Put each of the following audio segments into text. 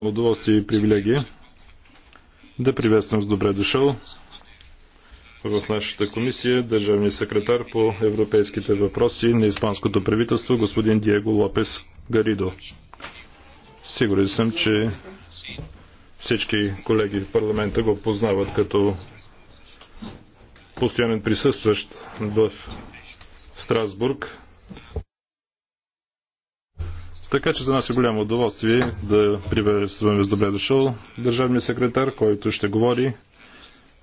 удоволствие и привилегия да приветствам с добре дошъл в нашата комисия държавния секретар по европейските въпроси на Испанското правителство господин Диего Лопес Гаридо. Сигурен съм, че всички колеги в парламента го познават като постоянен присъстващ в Страсбург така че за нас е голямо удоволствие да приветстваме с добре дошъл държавния секретар, който ще говори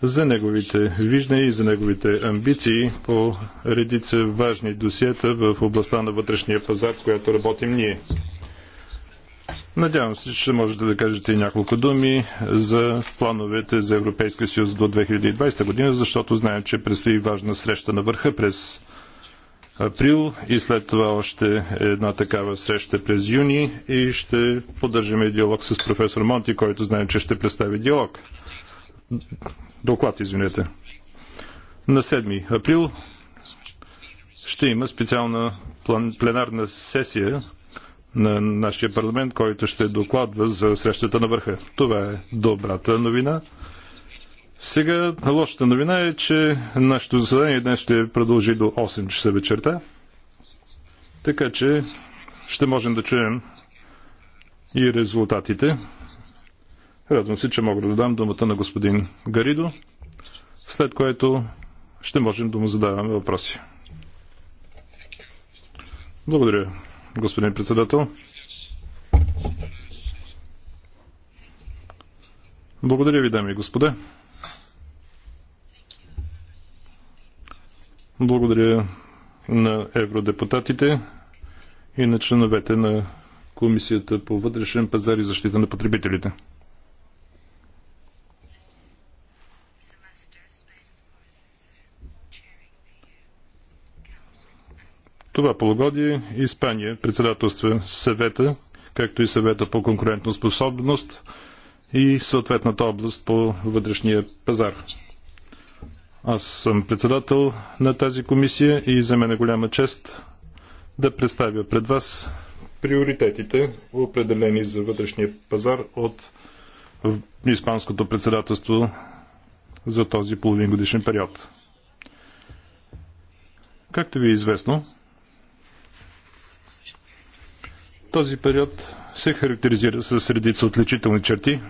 за неговите виждания и за неговите амбиции по редица важни досиета в областта на вътрешния пазар, която работим ние. Надявам се, че можете да кажете и няколко думи за плановете за Европейския съюз до 2020 година, защото знаем, че предстои важна среща на върха през април и след това още една такава среща през юни и ще поддържаме диалог с професор Монти, който знае, че ще представи диалог. Доклад, извинете. На 7 април ще има специална пленарна сесия на нашия парламент, който ще докладва за срещата на върха. Това е добрата новина. Сега лошата новина е, че нашето заседание днес ще продължи до 8 часа вечерта. Така че ще можем да чуем и резултатите. Радвам се, че мога да дам думата на господин Гаридо, след което ще можем да му задаваме въпроси. Благодаря, господин председател. Благодаря ви, дами и господа. Благодаря на евродепутатите и на членовете на Комисията по вътрешен пазар и защита на потребителите. Това полугодие Испания председателства съвета, както и съвета по конкурентоспособност и съответната област по вътрешния пазар. Аз съм председател на тази комисия и за мен е голяма чест да представя пред вас приоритетите, определени за вътрешния пазар от Испанското председателство за този половин годишен период. Както ви е известно, този период се характеризира с редица отличителни черти.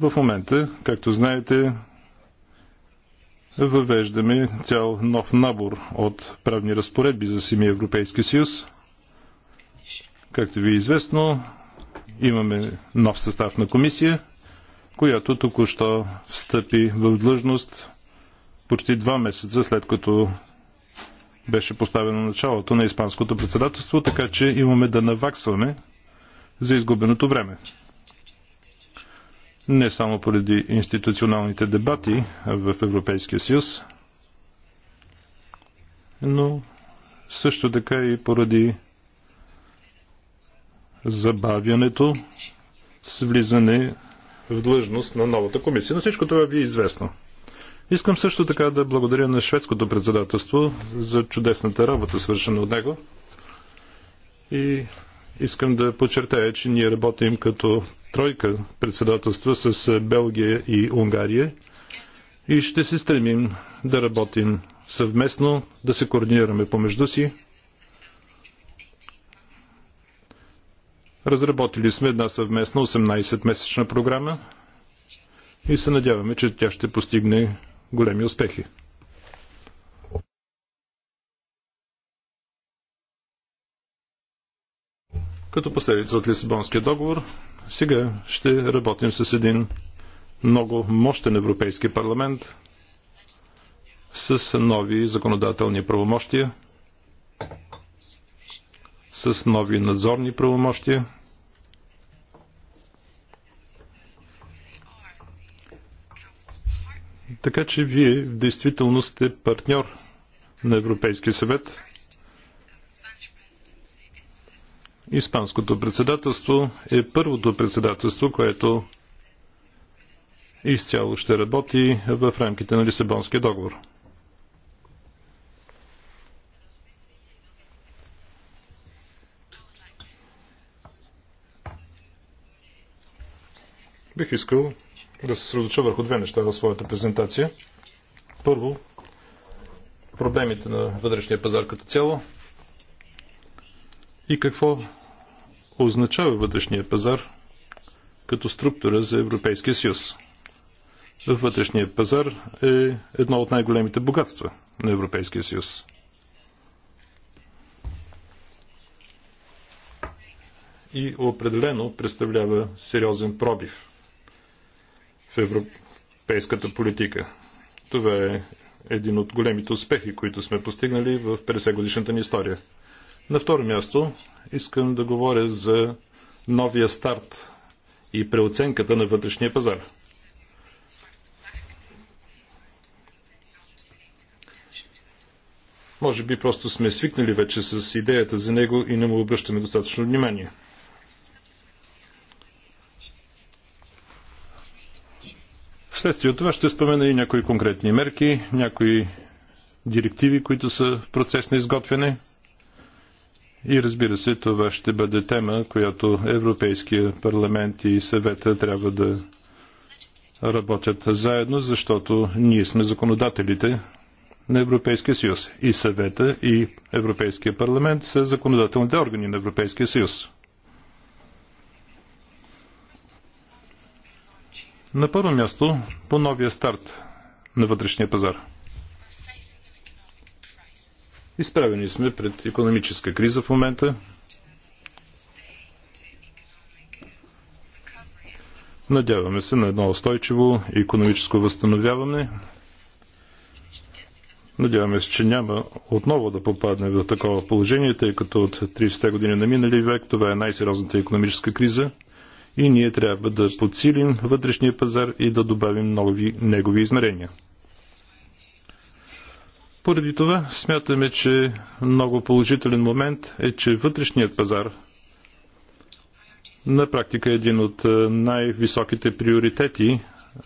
В момента, както знаете, въвеждаме цял нов набор от правни разпоредби за самия Европейски съюз. Както ви е известно, имаме нов състав на комисия, която току-що встъпи в длъжност почти два месеца след като беше поставено началото на Испанското председателство, така че имаме да наваксваме за изгубеното време не само поради институционалните дебати в Европейския съюз, но също така и поради забавянето с влизане в длъжност на новата комисия. На всичко това ви е известно. Искам също така да благодаря на шведското председателство за чудесната работа, свършена от него. И искам да подчертая, че ние работим като тройка председателства с е, Белгия и Унгария и ще се стремим да работим съвместно, да се координираме помежду си. Разработили сме една съвместна 18-месечна програма и се надяваме, че тя ще постигне големи успехи. като последица от Лисабонския договор, сега ще работим с един много мощен Европейски парламент с нови законодателни правомощия, с нови надзорни правомощия. Така че вие в действителност сте партньор на Европейския съвет – Испанското председателство е първото председателство, което изцяло ще работи в рамките на Лисабонския договор. Бих искал да се средоча върху две неща в своята презентация. Първо, проблемите на вътрешния пазар като цяло и какво означава вътрешния пазар като структура за Европейския съюз. Вътрешният пазар е едно от най-големите богатства на Европейския съюз. И определено представлява сериозен пробив в европейската политика. Това е един от големите успехи, които сме постигнали в 50 годишната ни история. На второ място искам да говоря за новия старт и преоценката на вътрешния пазар. Може би просто сме свикнали вече с идеята за него и не му обръщаме достатъчно внимание. Вследствие от това ще спомена и някои конкретни мерки, някои директиви, които са в процес на изготвяне – и разбира се, това ще бъде тема, която Европейския парламент и съвета трябва да работят заедно, защото ние сме законодателите на Европейския съюз. И съвета, и Европейския парламент са законодателните органи на Европейския съюз. На първо място по новия старт на вътрешния пазар. Изправени сме пред економическа криза в момента. Надяваме се на едно устойчиво економическо възстановяване. Надяваме се, че няма отново да попадне в такова положение, тъй като от 30-те години на минали век това е най-сериозната економическа криза и ние трябва да подсилим вътрешния пазар и да добавим нови негови измерения. Поради това смятаме, че много положителен момент е, че вътрешният пазар на практика е един от е, най-високите приоритети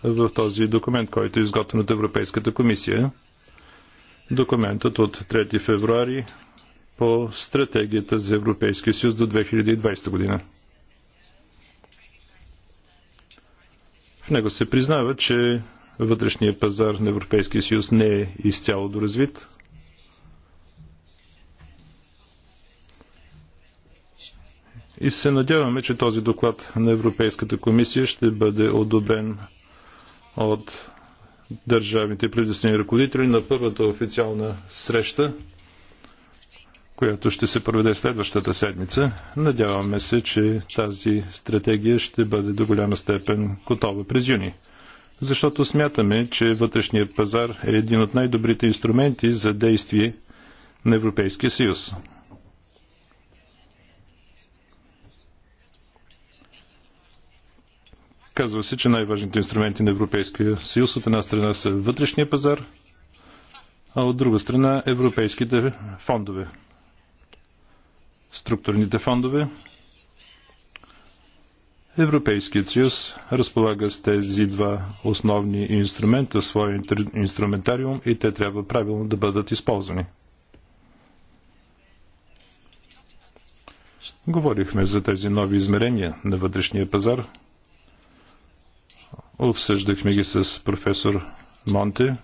в този документ, който е изготвен от Европейската комисия. Документът от 3 февруари по стратегията за Европейския съюз до 2020 година. В него се признава, че вътрешния пазар на Европейския съюз не е изцяло доразвит. И се надяваме, че този доклад на Европейската комисия ще бъде одобрен от държавните правителствени ръководители на първата официална среща, която ще се проведе следващата седмица. Надяваме се, че тази стратегия ще бъде до голяма степен готова през юни защото смятаме, че вътрешният пазар е един от най-добрите инструменти за действие на Европейския съюз. Казва се, че най-важните инструменти на Европейския съюз от една страна са вътрешния пазар, а от друга страна европейските фондове. Структурните фондове, Европейският съюз разполага с тези два основни инструмента, своя инструментариум и те трябва правилно да бъдат използвани. Говорихме за тези нови измерения на вътрешния пазар. Обсъждахме ги с професор Монте,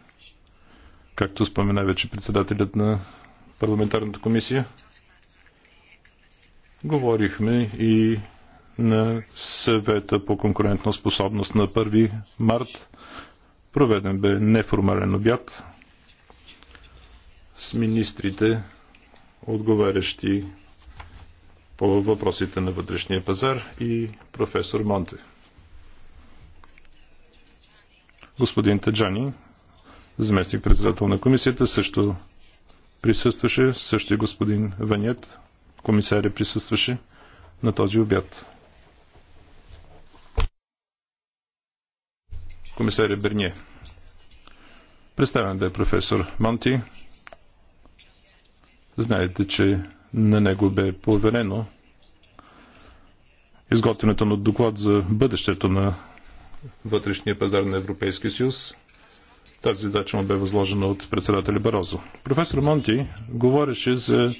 както спомена вече председателят на парламентарната комисия. Говорихме и на съвета по конкурентна способност на 1 март. Проведен бе неформален обяд с министрите, отговарящи по въпросите на вътрешния пазар и професор Монте. Господин Таджани, заместник председател на комисията, също присъстваше, също и господин Ванет, комисаря присъстваше на този обяд. комисаря Берние. Представен да е професор Монти. Знаете, че на него бе поверено изготвянето на доклад за бъдещето на вътрешния пазар на Европейския съюз. Тази задача му бе възложена от председателя Барозо. Професор Монти говореше за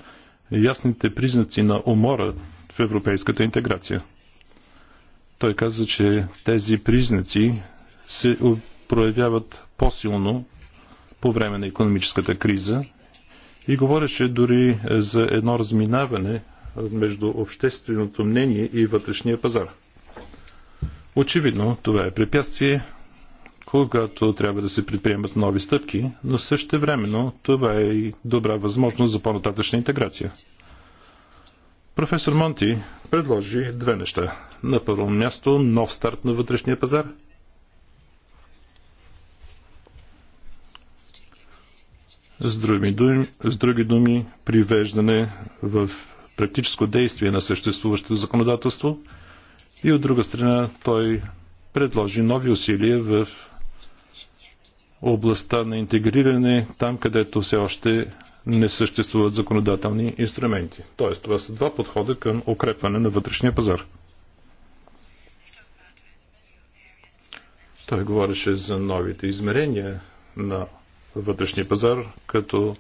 ясните признаци на умора в европейската интеграция. Той каза, че тези признаци се проявяват по-силно по време на економическата криза и говореше дори за едно разминаване между общественото мнение и вътрешния пазар. Очевидно, това е препятствие, когато трябва да се предприемат нови стъпки, но също времено това е и добра възможност за по-нататъчна интеграция. Професор Монти предложи две неща. На първо място нов старт на вътрешния пазар – С други, думи, с други думи, привеждане в практическо действие на съществуващото законодателство и от друга страна той предложи нови усилия в областта на интегриране там, където все още не съществуват законодателни инструменти. Тоест, това са два подхода към укрепване на вътрешния пазар. Той говореше за новите измерения на вътрешния пазар, като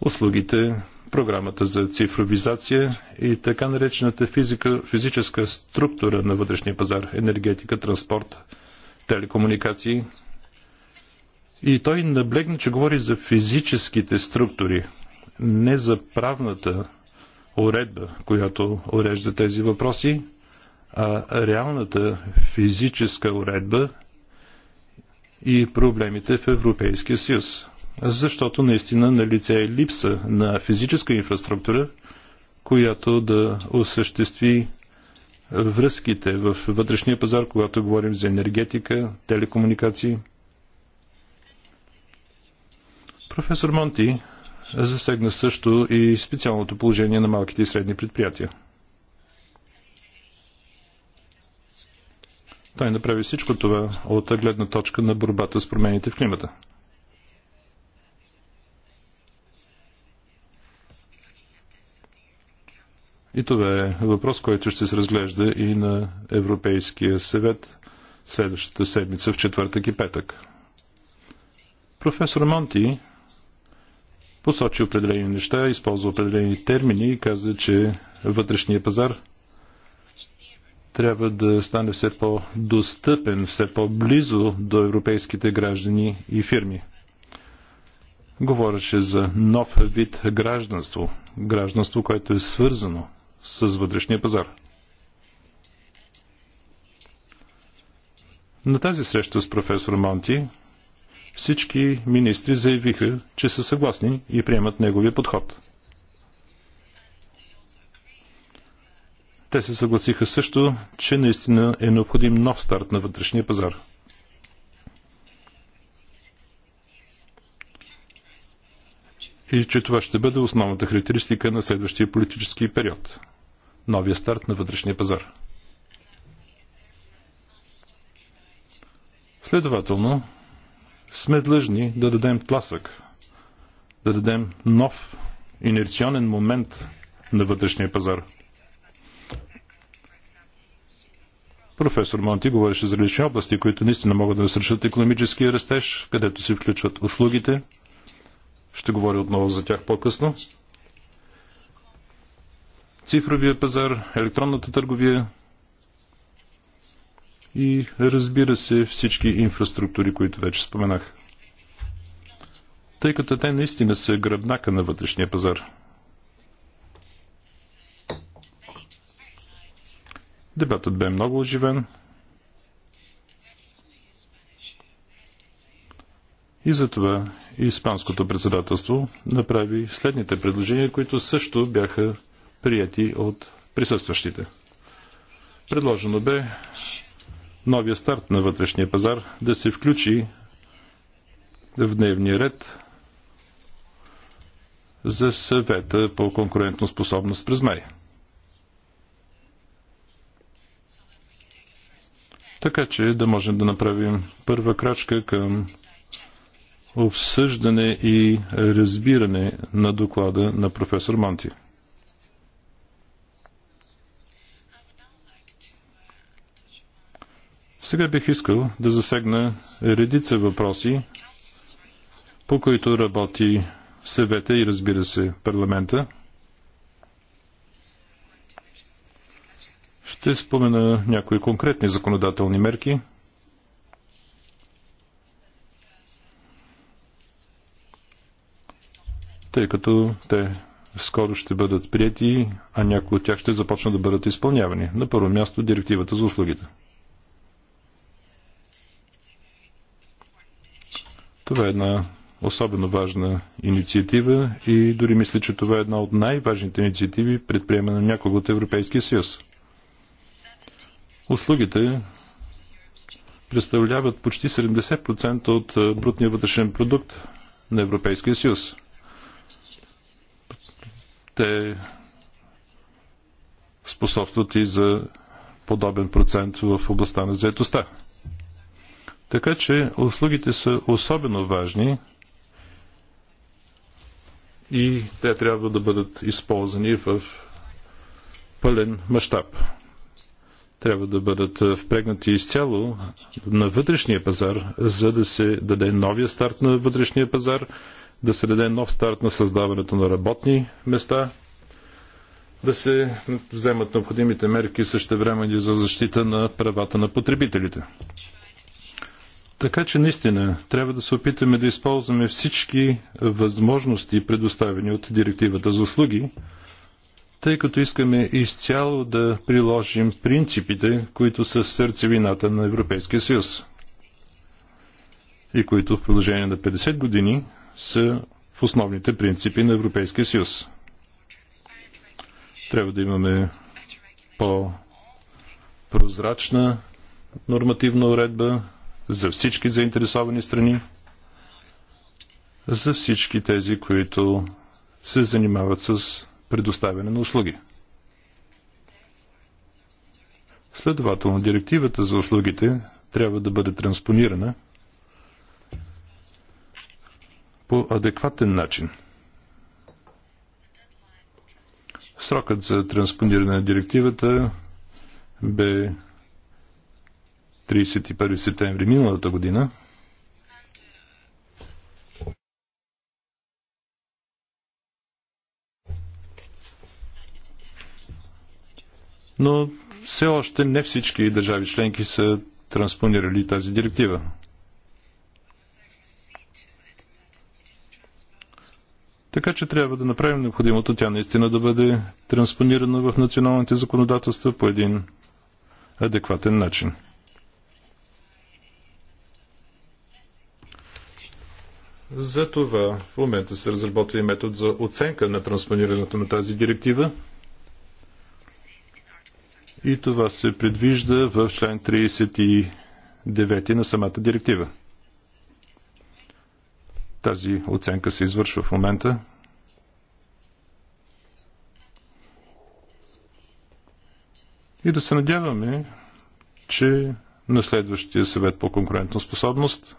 услугите, програмата за цифровизация и така наречената физика, физическа структура на вътрешния пазар, енергетика, транспорт, телекомуникации. И той наблегна, че говори за физическите структури, не за правната уредба, която урежда тези въпроси, а реалната физическа уредба и проблемите в Европейския съюз. Защото наистина на лице е липса на физическа инфраструктура, която да осъществи връзките в вътрешния пазар, когато говорим за енергетика, телекомуникации. Професор Монти засегна също и специалното положение на малките и средни предприятия. Той направи всичко това от гледна точка на борбата с промените в климата. И това е въпрос, който ще се разглежда и на Европейския съвет следващата седмица в четвъртък и петък. Професор Монти посочи определени неща, използва определени термини и каза, че вътрешния пазар – трябва да стане все по-достъпен, все по-близо до европейските граждани и фирми. Говореше за нов вид гражданство. Гражданство, което е свързано с вътрешния пазар. На тази среща с професор Монти всички министри заявиха, че са съгласни и приемат неговия подход – Те се съгласиха също, че наистина е необходим нов старт на вътрешния пазар. И че това ще бъде основната характеристика на следващия политически период новия старт на вътрешния пазар. Следователно, сме длъжни да дадем тласък, да дадем нов инерционен момент на вътрешния пазар – Професор Монти говореше за различни области, които наистина могат да насръчат економическия растеж, където се включват услугите. Ще говоря отново за тях по-късно. Цифровия пазар, електронната търговия и разбира се всички инфраструктури, които вече споменах. Тъй като те наистина са гръбнака на вътрешния пазар. Дебатът бе много оживен. И затова Испанското председателство направи следните предложения, които също бяха прияти от присъстващите. Предложено бе новия старт на вътрешния пазар да се включи в дневния ред за съвета по конкурентоспособност през май. така че да можем да направим първа крачка към обсъждане и разбиране на доклада на професор Манти. Сега бих искал да засегна редица въпроси, по които работи съвета и разбира се парламента – Ще спомена някои конкретни законодателни мерки. Тъй като те скоро ще бъдат прияти, а някои от тях ще започнат да бъдат изпълнявани. На първо място директивата за услугите. Това е една особено важна инициатива и дори мисля, че това е една от най-важните инициативи, предприемана някога от Европейския съюз. Услугите представляват почти 70% от брутния вътрешен продукт на Европейския съюз. Те способстват и за подобен процент в областта на заетостта. Така че услугите са особено важни и те трябва да бъдат използвани в пълен мащаб трябва да бъдат впрегнати изцяло на вътрешния пазар, за да се даде новия старт на вътрешния пазар, да се даде нов старт на създаването на работни места, да се вземат необходимите мерки също време за защита на правата на потребителите. Така че наистина трябва да се опитаме да използваме всички възможности, предоставени от директивата за услуги, тъй като искаме изцяло да приложим принципите, които са в сърцевината на Европейския съюз и които в продължение на 50 години са в основните принципи на Европейския съюз. Трябва да имаме по-прозрачна нормативна уредба за всички заинтересовани страни, за всички тези, които се занимават с предоставяне на услуги. Следователно, директивата за услугите трябва да бъде транспонирана по адекватен начин. Срокът за транспониране на директивата бе 31 септември миналата година – но все още не всички държави членки са транспонирали тази директива. Така че трябва да направим необходимото тя наистина да бъде транспонирана в националните законодателства по един адекватен начин. Затова в момента се разработва и метод за оценка на транспонирането на тази директива – и това се предвижда в член 39 на самата директива. Тази оценка се извършва в момента. И да се надяваме, че на следващия съвет по конкурентна способност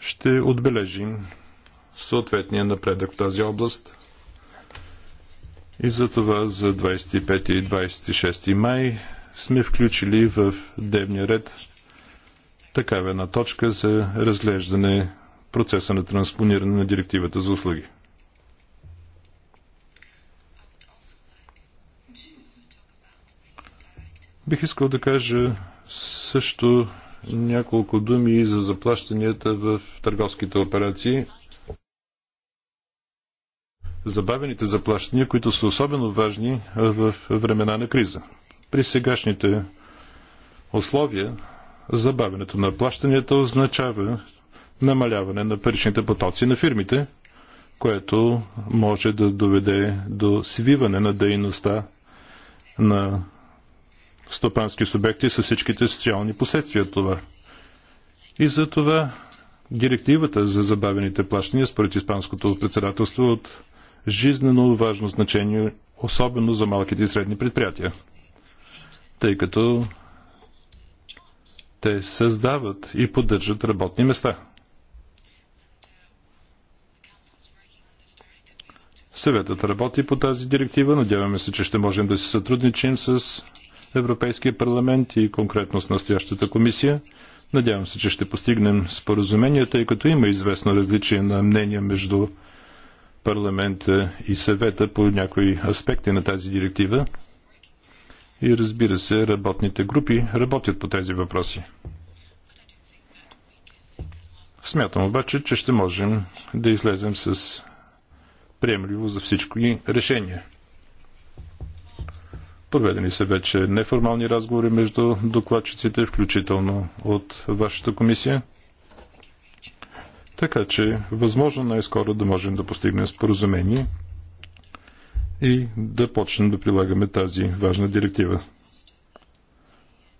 ще отбележим съответния напредък в тази област – и за това за 25 и 26 май сме включили в дневния ред такава една точка за разглеждане процеса на транспониране на директивата за услуги. Бих искал да кажа също няколко думи за заплащанията в търговските операции – забавените заплащания, които са особено важни в времена на криза. При сегашните условия забавянето на плащанията означава намаляване на паричните потоци на фирмите, което може да доведе до свиване на дейността на стопански субекти с всичките социални последствия от това. И за това директивата за забавените плащания според Испанското председателство от жизнено важно значение, особено за малките и средни предприятия, тъй като те създават и поддържат работни места. Съветът работи по тази директива. Надяваме се, че ще можем да се сътрудничим с Европейския парламент и конкретно с настоящата комисия. Надявам се, че ще постигнем споразумение, тъй като има известно различие на мнения между парламента и съвета по някои аспекти на тази директива. И разбира се, работните групи работят по тези въпроси. Смятам обаче, че ще можем да излезем с приемливо за всичко и решение. Проведени са вече неформални разговори между докладчиците, включително от вашата комисия така че възможно най-скоро да можем да постигнем споразумение и да почнем да прилагаме тази важна директива.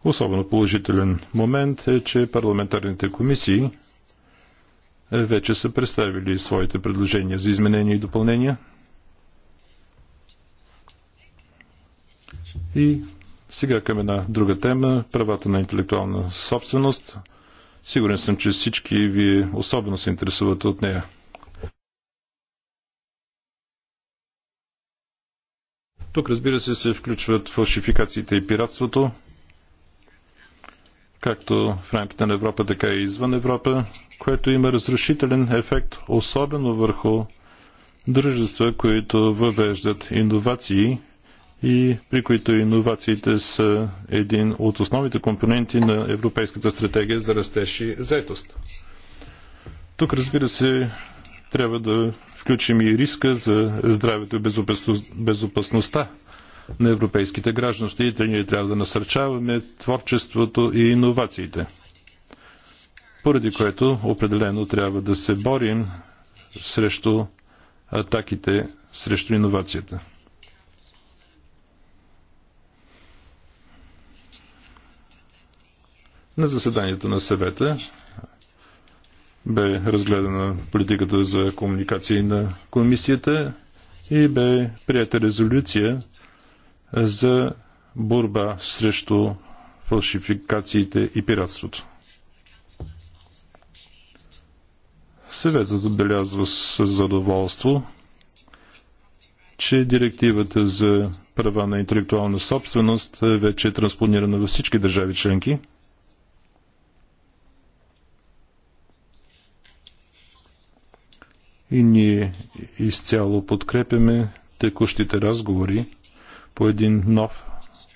Особено положителен момент е, че парламентарните комисии вече са представили своите предложения за изменения и допълнения и сега към една друга тема правата на интелектуална собственост – Сигурен съм, че всички ви особено се интересувате от нея. Тук, разбира се, се включват фалшификациите и пиратството, както в рамките на Европа, така и извън Европа, което има разрушителен ефект, особено върху дружества, които въвеждат иновации и при които иновациите са един от основните компоненти на Европейската стратегия за растеж и заетост. Тук, разбира се, трябва да включим и риска за здравето и безопасността на европейските граждани и да ние трябва да насърчаваме творчеството и иновациите. Поради което определено трябва да се борим срещу атаките срещу иновацията. На заседанието на съвета бе разгледана политиката за комуникации на комисията и бе прията резолюция за борба срещу фалшификациите и пиратството. Съветът отбелязва с задоволство, че директивата за права на интелектуална собственост вече е транспонирана във всички държави членки – и ние изцяло подкрепяме текущите разговори по един нов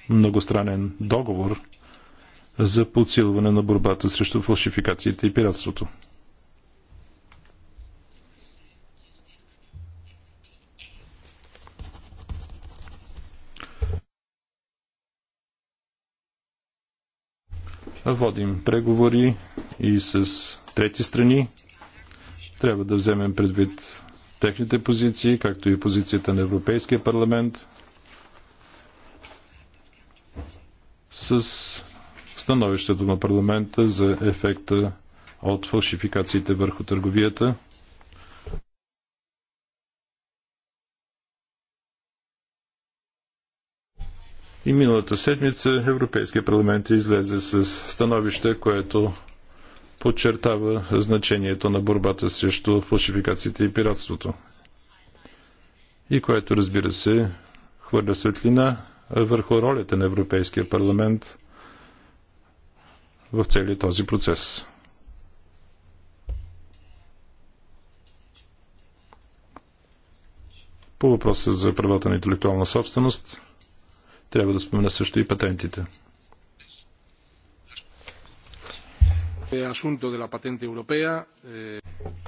многостранен договор за подсилване на борбата срещу фалшификациите и пиратството. Водим преговори и с трети страни, трябва да вземем предвид техните позиции, както и позицията на Европейския парламент с становището на парламента за ефекта от фалшификациите върху търговията. И миналата седмица Европейския парламент излезе с становище, което подчертава значението на борбата срещу фалшификациите и пиратството. И което, разбира се, хвърля светлина върху ролята на Европейския парламент в целият този процес. По въпроса за правата на интелектуална собственост, трябва да спомена също и патентите – Eh,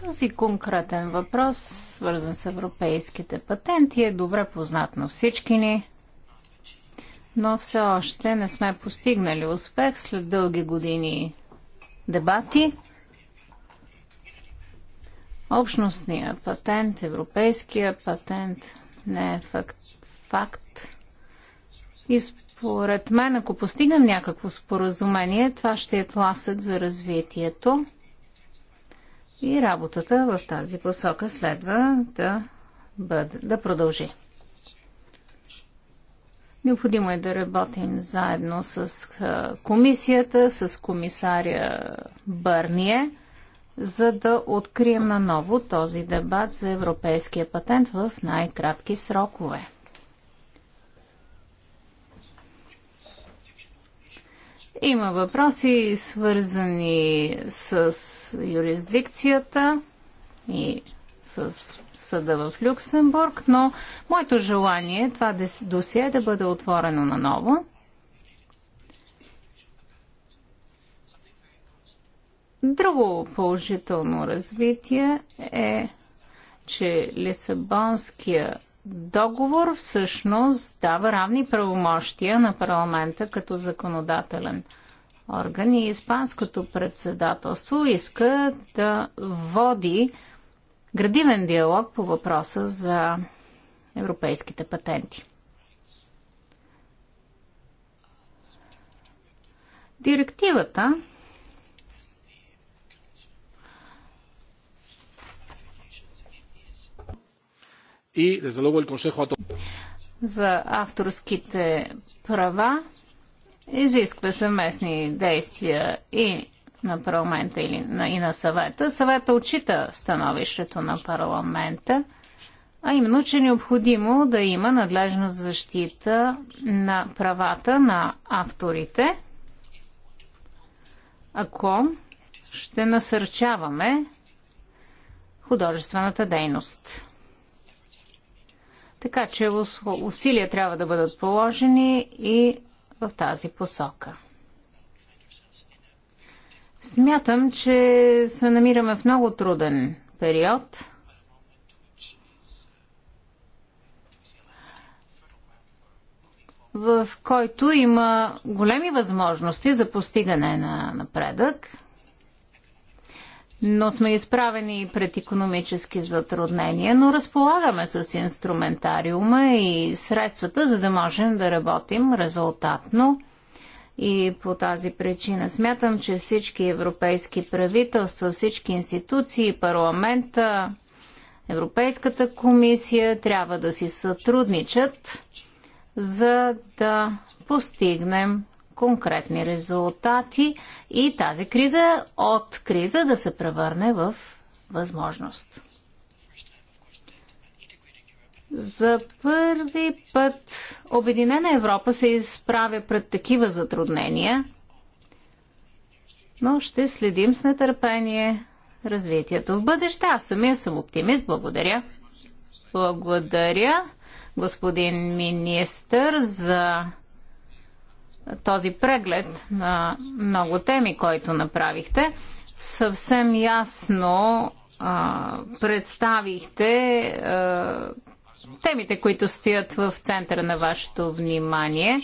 Този конкретен въпрос, свързан с европейските патенти, е добре познат на всички ни, но все още не сме постигнали успех след дълги години дебати. общностният патент, европейския патент не е факт. факт. Според мен, ако постигнем някакво споразумение, това ще е тласък за развитието и работата в тази посока следва да, бъде, да продължи. Необходимо е да работим заедно с комисията, с комисаря Бърние, за да открием наново този дебат за европейския патент в най-кратки срокове. Има въпроси, свързани с юрисдикцията и с съда в Люксембург, но моето желание е това досие да бъде отворено наново. Друго положително развитие е, че Лисабонския договор всъщност дава равни правомощия на парламента като законодателен орган и Испанското председателство иска да води градивен диалог по въпроса за европейските патенти. Директивата и, desde luego, el Consejo ha за авторските права изисква съвместни действия и на парламента или на, и на съвета. Съвета отчита становището на парламента, а именно, че е необходимо да има надлежна защита на правата на авторите, ако ще насърчаваме художествената дейност. Така че усилия трябва да бъдат положени и в тази посока. Смятам, че се намираме в много труден период. в който има големи възможности за постигане на напредък – но сме изправени и пред економически затруднения, но разполагаме с инструментариума и средствата, за да можем да работим резултатно. И по тази причина смятам, че всички европейски правителства, всички институции, парламента, Европейската комисия трябва да си сътрудничат, за да постигнем конкретни резултати и тази криза от криза да се превърне в възможност. За първи път Обединена Европа се изправя пред такива затруднения, но ще следим с нетърпение развитието в бъдеще. Аз самия съм оптимист. Благодаря. Благодаря, господин министър, за този преглед на много теми, който направихте. Съвсем ясно а, представихте а, темите, които стоят в центъра на вашето внимание.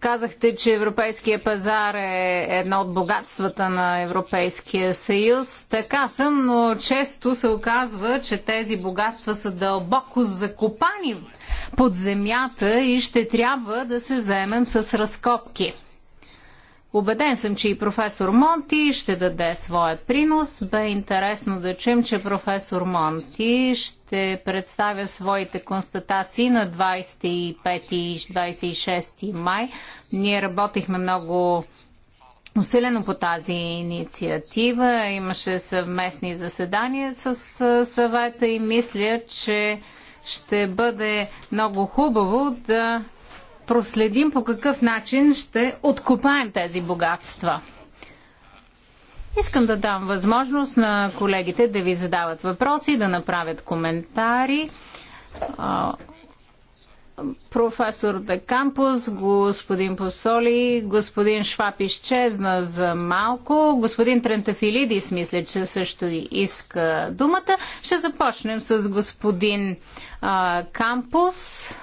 Казахте, че европейския пазар е едно от богатствата на Европейския съюз. Така съм, но често се оказва, че тези богатства са дълбоко закопани под земята и ще трябва да се заемем с разкопки. Обеден съм, че и професор Монти ще даде своя принос. Бе интересно да чуем, че професор Монти ще представя своите констатации на 25 и 26 май. Ние работихме много усилено по тази инициатива. Имаше съвместни заседания с съвета и мисля, че ще бъде много хубаво да проследим по какъв начин ще откопаем тези богатства. Искам да дам възможност на колегите да ви задават въпроси, да направят коментари. Професор Декампус, господин Посоли, господин Шваб изчезна за малко, господин Трентафилидис мисля, че също иска думата. Ще започнем с господин а, Кампус. Кампус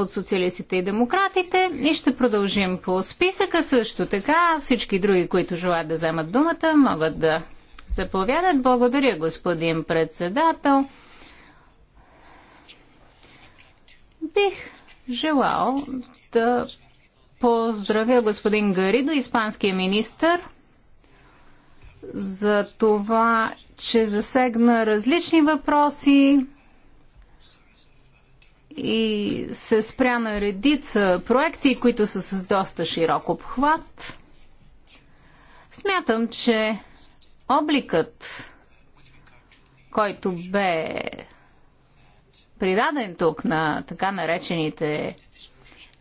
от социалистите и демократите и ще продължим по списъка също така. Всички други, които желаят да вземат думата, могат да заповядат. Благодаря, господин председател. Бих желал да поздравя господин Гаридо, испанския министр, за това, че засегна различни въпроси, и се спря на редица проекти, които са с доста широк обхват. Смятам, че обликът, който бе придаден тук на така наречените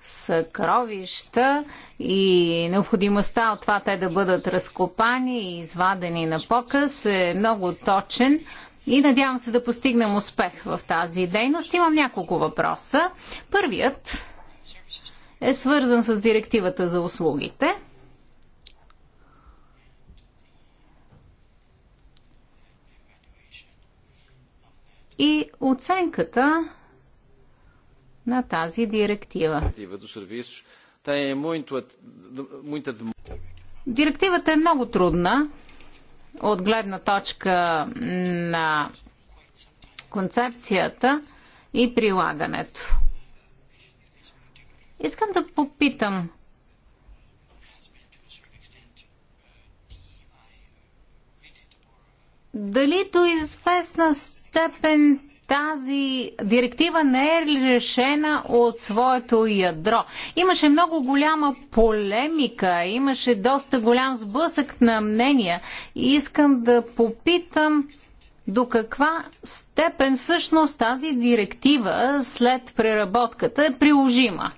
съкровища и необходимостта от това те да бъдат разкопани и извадени на показ е много точен и надявам се да постигнем успех в тази дейност. Имам няколко въпроса. Първият е свързан с директивата за услугите. И оценката на тази директива. Директивата е много трудна от гледна точка на концепцията и прилагането. Искам да попитам. Дали до известна степен тази директива не е решена от своето ядро. Имаше много голяма полемика, имаше доста голям сблъсък на мнения и искам да попитам до каква степен всъщност тази директива след преработката е приложима.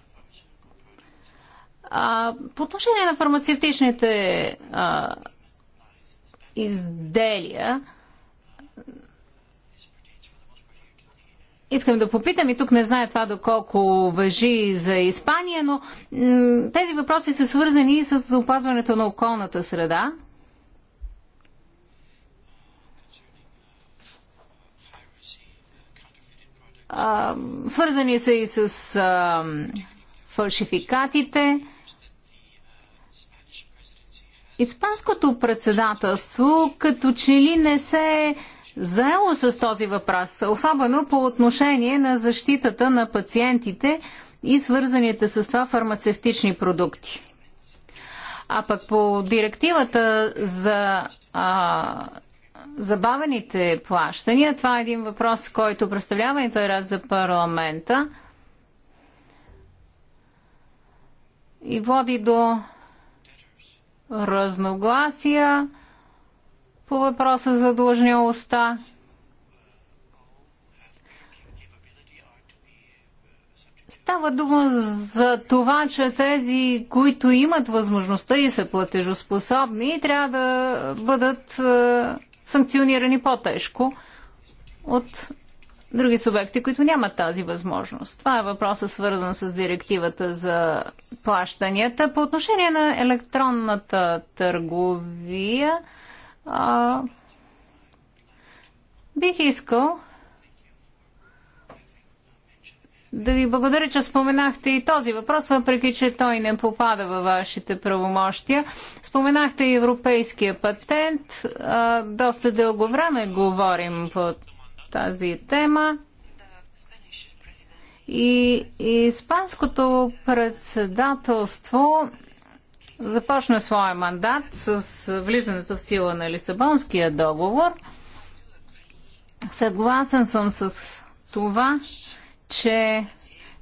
А, по отношение на фармацевтичните а, изделия, Искам да попитам и тук не знае това доколко въжи за Испания, но тези въпроси са свързани и с опазването на околната среда. А, свързани са и с а, фалшификатите. Испанското председателство като че ли не се заело с този въпрос, особено по отношение на защитата на пациентите и свързаните с това фармацевтични продукти. А пък по директивата за а, забавените плащания, това е един въпрос, който представлява интерес за парламента и води до разногласия по въпроса за длъжнялостта, Става дума за това, че тези, които имат възможността и са платежоспособни, трябва да бъдат е, санкционирани по-тежко от други субекти, които нямат тази възможност. Това е въпросът свързан с директивата за плащанията. По отношение на електронната търговия, а, бих искал да ви благодаря, че споменахте и този въпрос, въпреки че той не попада във вашите правомощия. Споменахте и европейския патент. А, доста дълго време говорим по тази тема. И, испанското председателство започна своя мандат с влизането в сила на Лисабонския договор. Съгласен съм с това, че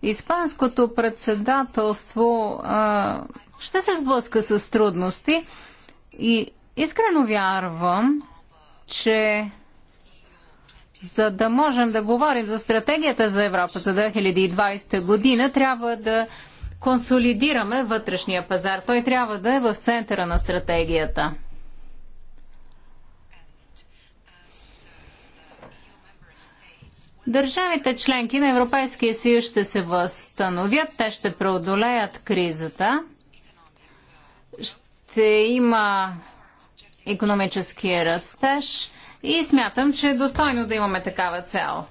Испанското председателство а, ще се сблъска с трудности и искрено вярвам, че за да можем да говорим за стратегията за Европа за 2020 година, трябва да консолидираме вътрешния пазар. Той трябва да е в центъра на стратегията. Държавите членки на Европейския съюз ще се възстановят, те ще преодолеят кризата, ще има економическия растеж и смятам, че е достойно да имаме такава цел.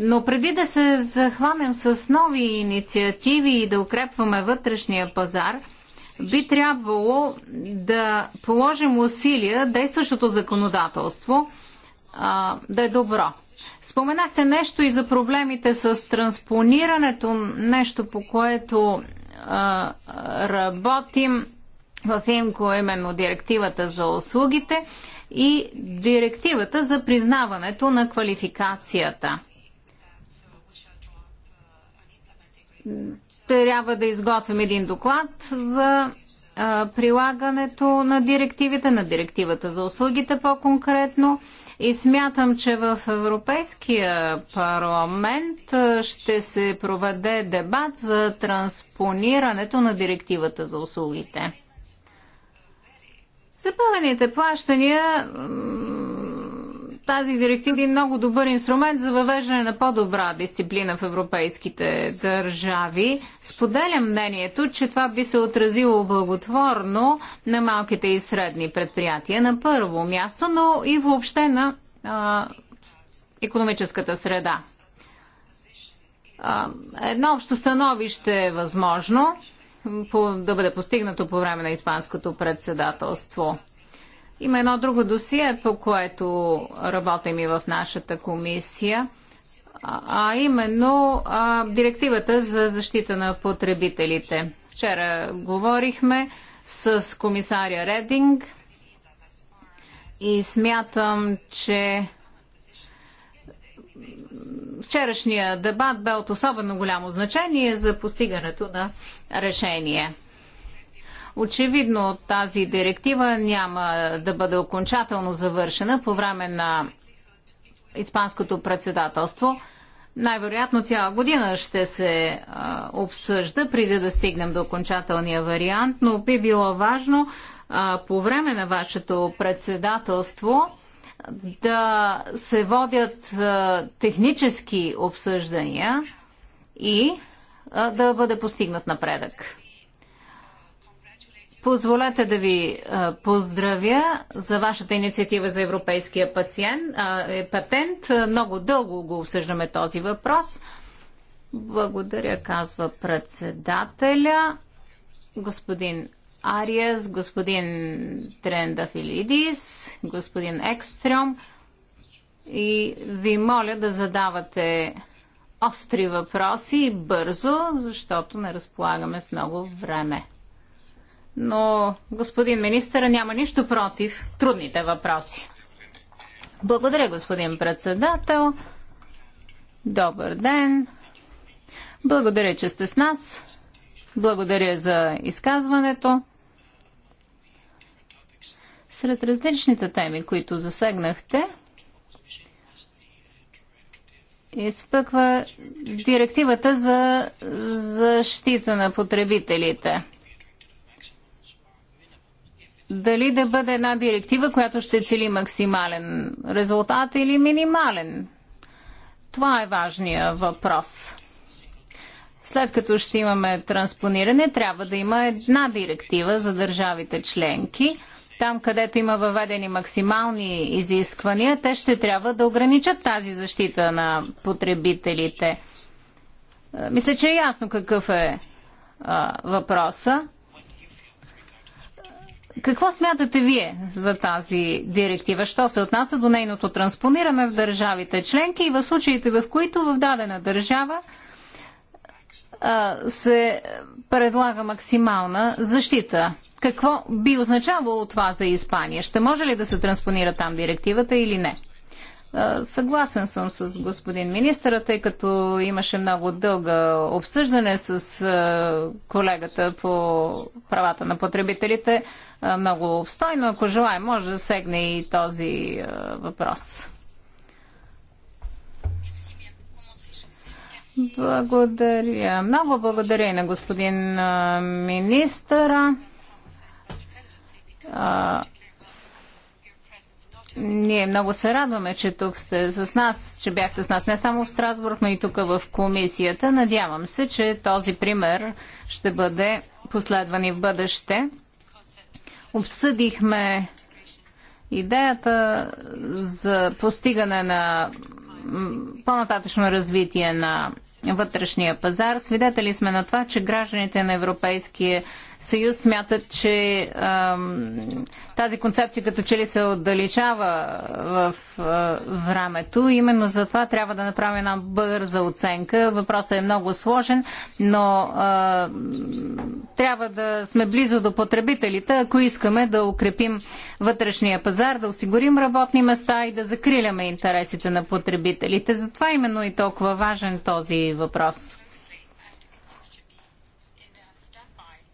Но преди да се захванем с нови инициативи и да укрепваме вътрешния пазар, би трябвало да положим усилия действащото законодателство а, да е добро. Споменахте нещо и за проблемите с транспонирането, нещо по което а, работим в ЕМКО, именно директивата за услугите и директивата за признаването на квалификацията. трябва да изготвим един доклад за а, прилагането на директивите, на директивата за услугите по-конкретно. И смятам, че в Европейския парламент ще се проведе дебат за транспонирането на директивата за услугите. Забавените плащания тази директива е много добър инструмент за въвеждане на по-добра дисциплина в европейските държави. Споделям мнението, че това би се отразило благотворно на малките и средни предприятия на първо място, но и въобще на а, економическата среда. А, едно общо становище е възможно по, да бъде постигнато по време на Испанското председателство. Има едно друго досие, по което работим и в нашата комисия, а именно а, директивата за защита на потребителите. Вчера говорихме с комисаря Рединг и смятам, че вчерашния дебат бе от особено голямо значение за постигането на решение. Очевидно тази директива няма да бъде окончателно завършена по време на Испанското председателство. Най-вероятно цяла година ще се а, обсъжда, преди да стигнем до окончателния вариант, но би било важно а, по време на вашето председателство да се водят а, технически обсъждания и а, да бъде постигнат напредък. Позволете да ви поздравя за вашата инициатива за европейския пациент, е, патент. Много дълго го обсъждаме този въпрос. Благодаря, казва председателя. Господин Ариас, господин Трендафилидис, господин Екстрем. И ви моля да задавате остри въпроси и бързо, защото не разполагаме с много време но господин министър няма нищо против трудните въпроси. Благодаря, господин председател. Добър ден. Благодаря, че сте с нас. Благодаря за изказването. Сред различните теми, които засегнахте, изпъква директивата за защита на потребителите – дали да бъде една директива, която ще цели максимален резултат или минимален. Това е важният въпрос. След като ще имаме транспониране, трябва да има една директива за държавите членки. Там, където има въведени максимални изисквания, те ще трябва да ограничат тази защита на потребителите. Мисля, че е ясно какъв е а, въпроса. Какво смятате вие за тази директива? Що се отнася до нейното транспониране в държавите членки и в случаите, в които в дадена държава а, се предлага максимална защита? Какво би означавало това за Испания? Ще може ли да се транспонира там директивата или не? Съгласен съм с господин министъра, тъй като имаше много дълга обсъждане с колегата по правата на потребителите. Много обстойно, ако желая, може да сегне и този въпрос. Благодаря. Много благодаря и на господин министъра ние много се радваме, че тук сте с нас, че бяхте с нас не само в Страсбург, но и тук в комисията. Надявам се, че този пример ще бъде последван и в бъдеще. Обсъдихме идеята за постигане на по-нататъчно развитие на вътрешния пазар. Свидетели сме на това, че гражданите на Европейския съюз смятат, че ам, тази концепция като че ли се отдалечава в а, времето. Именно за това трябва да направим една бърза оценка. Въпросът е много сложен, но а, трябва да сме близо до потребителите, ако искаме да укрепим вътрешния пазар, да осигурим работни места и да закриляме интересите на потребителите. Затова именно и толкова важен този въпрос.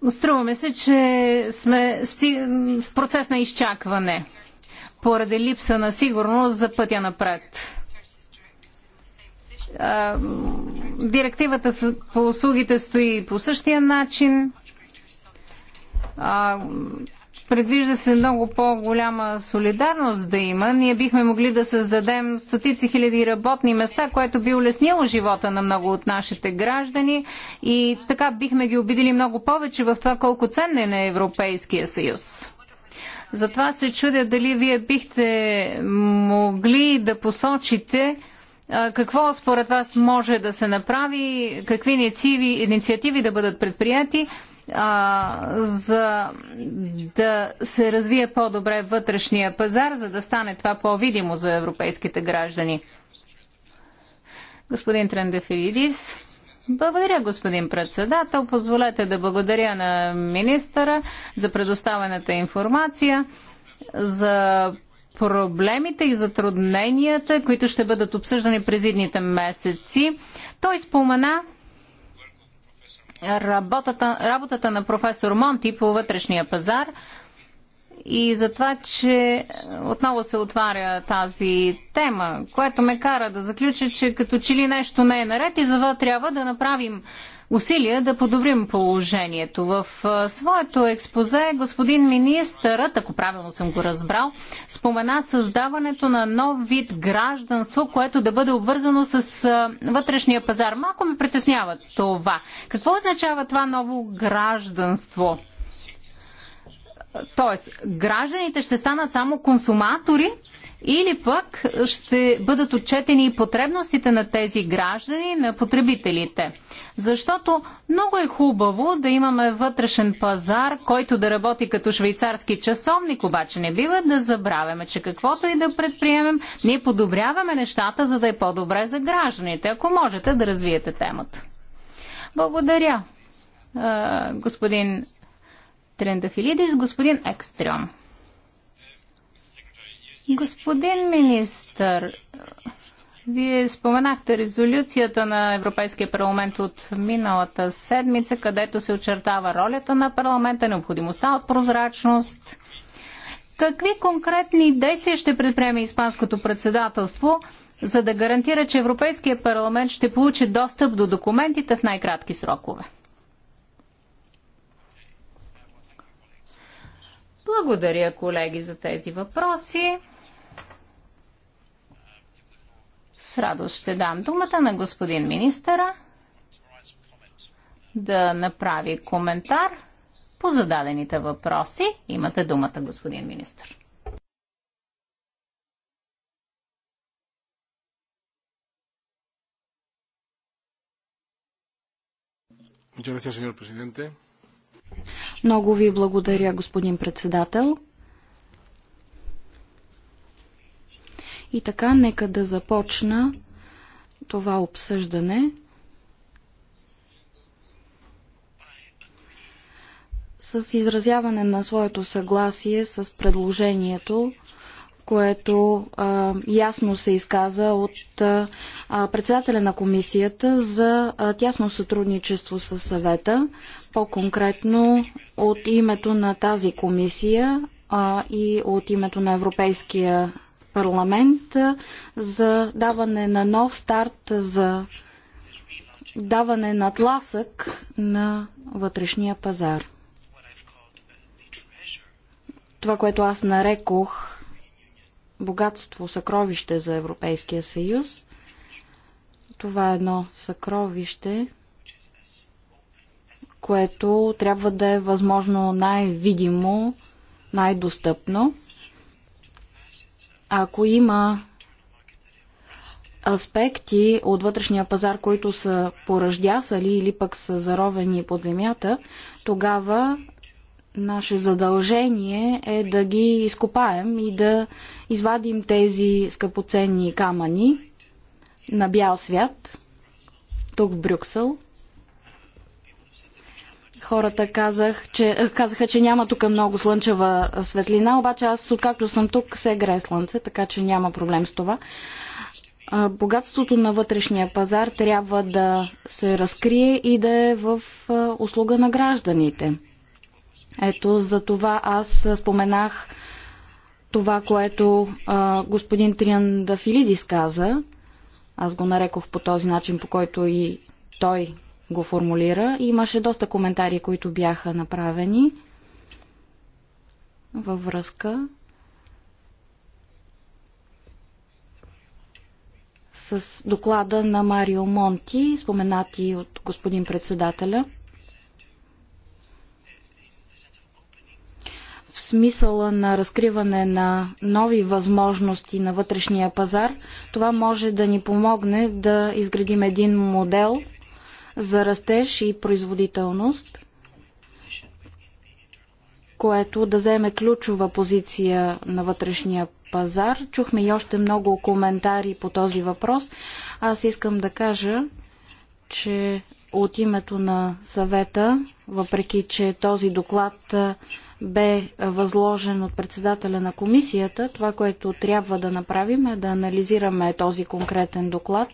Струваме се, че сме в процес на изчакване поради липса на сигурност за пътя напред. Директивата по услугите стои по същия начин. Предвижда се много по-голяма солидарност да има. Ние бихме могли да създадем стотици хиляди работни места, което би улеснило живота на много от нашите граждани и така бихме ги убедили много повече в това колко ценен е на Европейския съюз. Затова се чудя дали вие бихте могли да посочите какво според вас може да се направи, какви инициативи, инициативи да бъдат предприяти, а, за да се развие по-добре вътрешния пазар, за да стане това по-видимо за европейските граждани. Господин Трендефилидис. Благодаря, господин председател. Позволете да благодаря на министъра за предоставената информация, за проблемите и затрудненията, които ще бъдат обсъждани през идните месеци. Той спомена работата, работата на професор Монти по вътрешния пазар и за това, че отново се отваря тази тема, което ме кара да заключа, че като че ли нещо не е наред и за това трябва да направим усилия да подобрим положението. В своето експозе господин министърът, ако правилно съм го разбрал, спомена създаването на нов вид гражданство, което да бъде обвързано с вътрешния пазар. Малко ме притеснява това. Какво означава това ново гражданство? Тоест, гражданите ще станат само консуматори или пък ще бъдат отчетени и потребностите на тези граждани, на потребителите. Защото много е хубаво да имаме вътрешен пазар, който да работи като швейцарски часовник, обаче не бива да забравяме, че каквото и да предприемем, ние подобряваме нещата, за да е по-добре за гражданите. Ако можете да развиете темата. Благодаря, господин Трендафилидис, господин Екстрем. Господин Министър, вие споменахте резолюцията на Европейския парламент от миналата седмица, където се очертава ролята на парламента, необходимостта от прозрачност. Какви конкретни действия ще предприеме Испанското председателство, за да гарантира, че Европейския парламент ще получи достъп до документите в най-кратки срокове? Благодаря, колеги, за тези въпроси. С радост ще дам думата на господин министъра да направи коментар по зададените въпроси. Имате думата, господин министър. Много ви благодаря, господин председател. И така, нека да започна това обсъждане. с изразяване на своето съгласие с предложението, което а, ясно се изказа от а, председателя на комисията за а, тясно сътрудничество с съвета, по-конкретно от името на тази комисия а, и от името на Европейския парламент за даване на нов старт, за даване на тласък на вътрешния пазар. Това, което аз нарекох богатство, съкровище за Европейския съюз. Това е едно съкровище, което трябва да е възможно най-видимо, най-достъпно ако има аспекти от вътрешния пазар, които са поръждясали или пък са заровени под земята, тогава наше задължение е да ги изкопаем и да извадим тези скъпоценни камъни на бял свят, тук в Брюксел – Хората казах, че, е, казаха, че няма тук много слънчева е, светлина, обаче аз откакто съм тук се грее слънце, така че няма проблем с това. Богатството на вътрешния пазар трябва да се разкрие и да е в е, услуга на гражданите. Ето за това аз споменах това, което а, господин Триан Дафилидис каза. Аз го нарекох по този начин, по който и той го формулира. Имаше доста коментари, които бяха направени във връзка с доклада на Марио Монти, споменати от господин председателя. В смисъла на разкриване на нови възможности на вътрешния пазар, това може да ни помогне да изградим един модел – за растеж и производителност, което да вземе ключова позиция на вътрешния пазар. Чухме и още много коментари по този въпрос. Аз искам да кажа, че от името на съвета, въпреки че този доклад бе възложен от председателя на комисията. Това, което трябва да направим е да анализираме този конкретен доклад.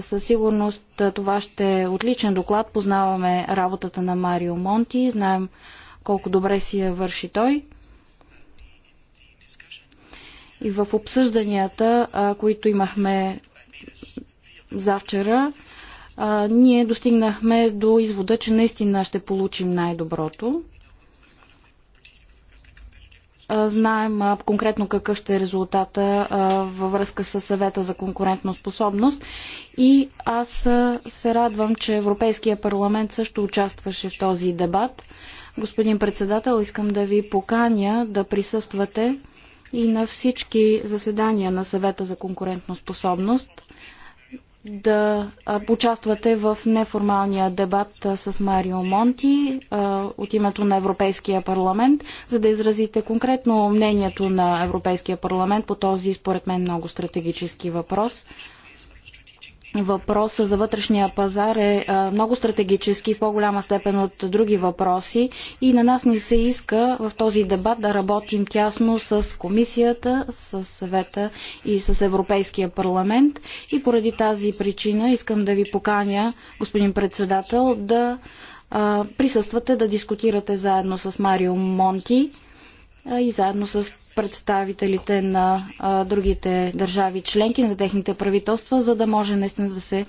Със сигурност това ще е отличен доклад. Познаваме работата на Марио Монти, знаем колко добре си я върши той. И в обсъжданията, които имахме завчера, ние достигнахме до извода, че наистина ще получим най-доброто знаем конкретно какъв ще е резултата във връзка с съвета за конкурентно способност. И аз се радвам, че Европейския парламент също участваше в този дебат. Господин председател, искам да ви поканя да присъствате и на всички заседания на съвета за конкурентно способност – да участвате в неформалния дебат с Марио Монти от името на Европейския парламент, за да изразите конкретно мнението на Европейския парламент по този, според мен, много стратегически въпрос въпроса за вътрешния пазар е много стратегически в по-голяма степен от други въпроси и на нас ни се иска в този дебат да работим тясно с комисията, с съвета и с Европейския парламент и поради тази причина искам да ви поканя, господин председател, да присъствате да дискутирате заедно с Марио Монти и заедно с представителите на а, другите държави членки, на техните правителства, за да може наистина да се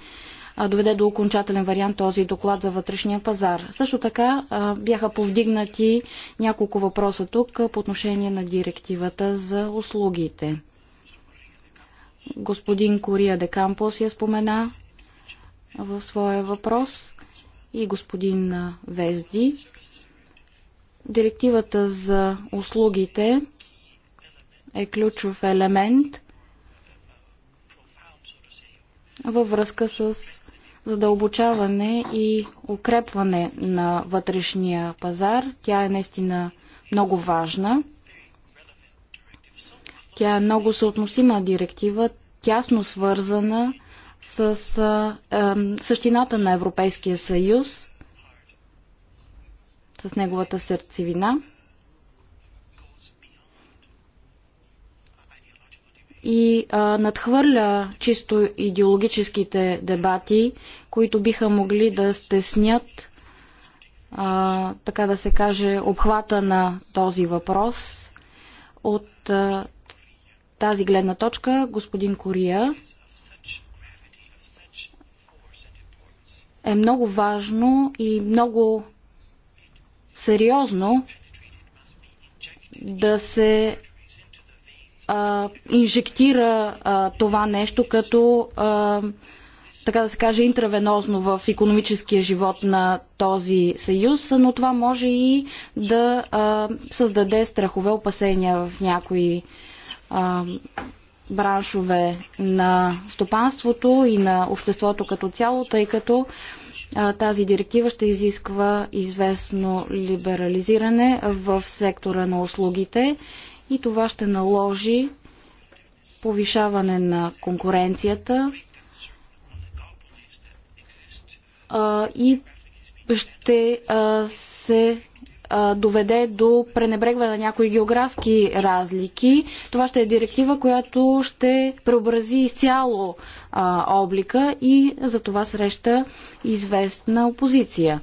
а, доведе до окончателен вариант този доклад за вътрешния пазар. Също така а, бяха повдигнати няколко въпроса тук по отношение на директивата за услугите. Господин Кория де Кампос я спомена в своя въпрос и господин Везди. Директивата за услугите е ключов елемент във връзка с задълбочаване и укрепване на вътрешния пазар. Тя е наистина много важна. Тя е много съотносима директива, тясно свързана с е, същината на Европейския съюз, с неговата сърцевина. и а, надхвърля чисто идеологическите дебати, които биха могли да стеснят, а, така да се каже, обхвата на този въпрос. От а, тази гледна точка, господин Кория, е много важно и много сериозно да се а, инжектира а, това нещо като, а, така да се каже, интравенозно в економическия живот на този съюз, но това може и да а, създаде страхове, опасения в някои а, браншове на стопанството и на обществото като цяло, тъй като тази директива ще изисква известно либерализиране в сектора на услугите и това ще наложи повишаване на конкуренцията а, и ще а, се доведе до пренебрегване на някои географски разлики. Това ще е директива, която ще преобрази изцяло а, облика и за това среща известна опозиция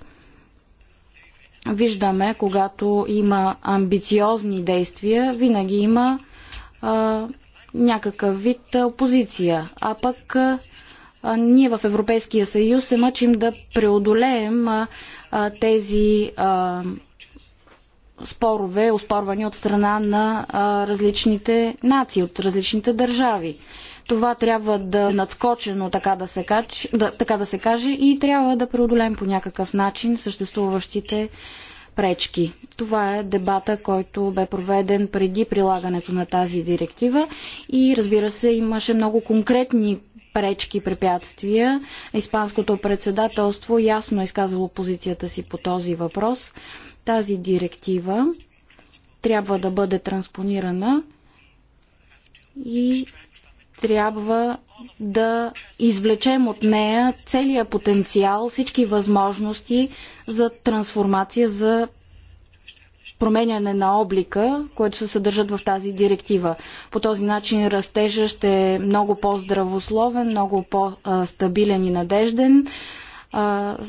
виждаме, когато има амбициозни действия, винаги има а, някакъв вид опозиция. А пък а, ние в Европейския съюз се мъчим да преодолеем а, а, тези а, спорове, оспорвани от страна на а, различните нации, от различните държави. Това трябва да е надскочено, така да, се кач, да, така да се каже, и трябва да преодолеем по някакъв начин съществуващите пречки. Това е дебата, който бе проведен преди прилагането на тази директива и разбира се имаше много конкретни пречки, препятствия. Испанското председателство ясно е изказало позицията си по този въпрос. Тази директива трябва да бъде транспонирана и трябва да извлечем от нея целия потенциал, всички възможности за трансформация, за променяне на облика, което се съдържат в тази директива. По този начин растежа ще е много по-здравословен, много по-стабилен и надежден.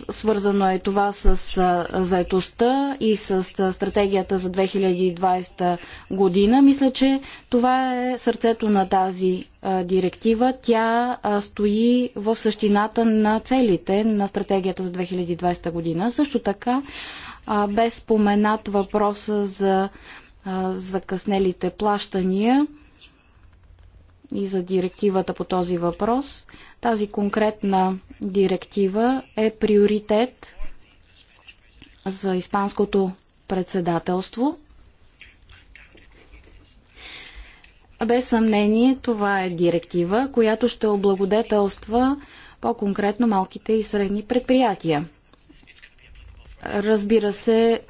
Свързано е това с заетостта и с стратегията за 2020 година. Мисля, че това е сърцето на тази директива. Тя стои в същината на целите на стратегията за 2020 година. Също така без споменат въпроса за закъснелите плащания и за директивата по този въпрос. Тази конкретна директива е приоритет за Испанското председателство. Без съмнение, това е директива, която ще облагодетелства по-конкретно малките и средни предприятия. Разбира се,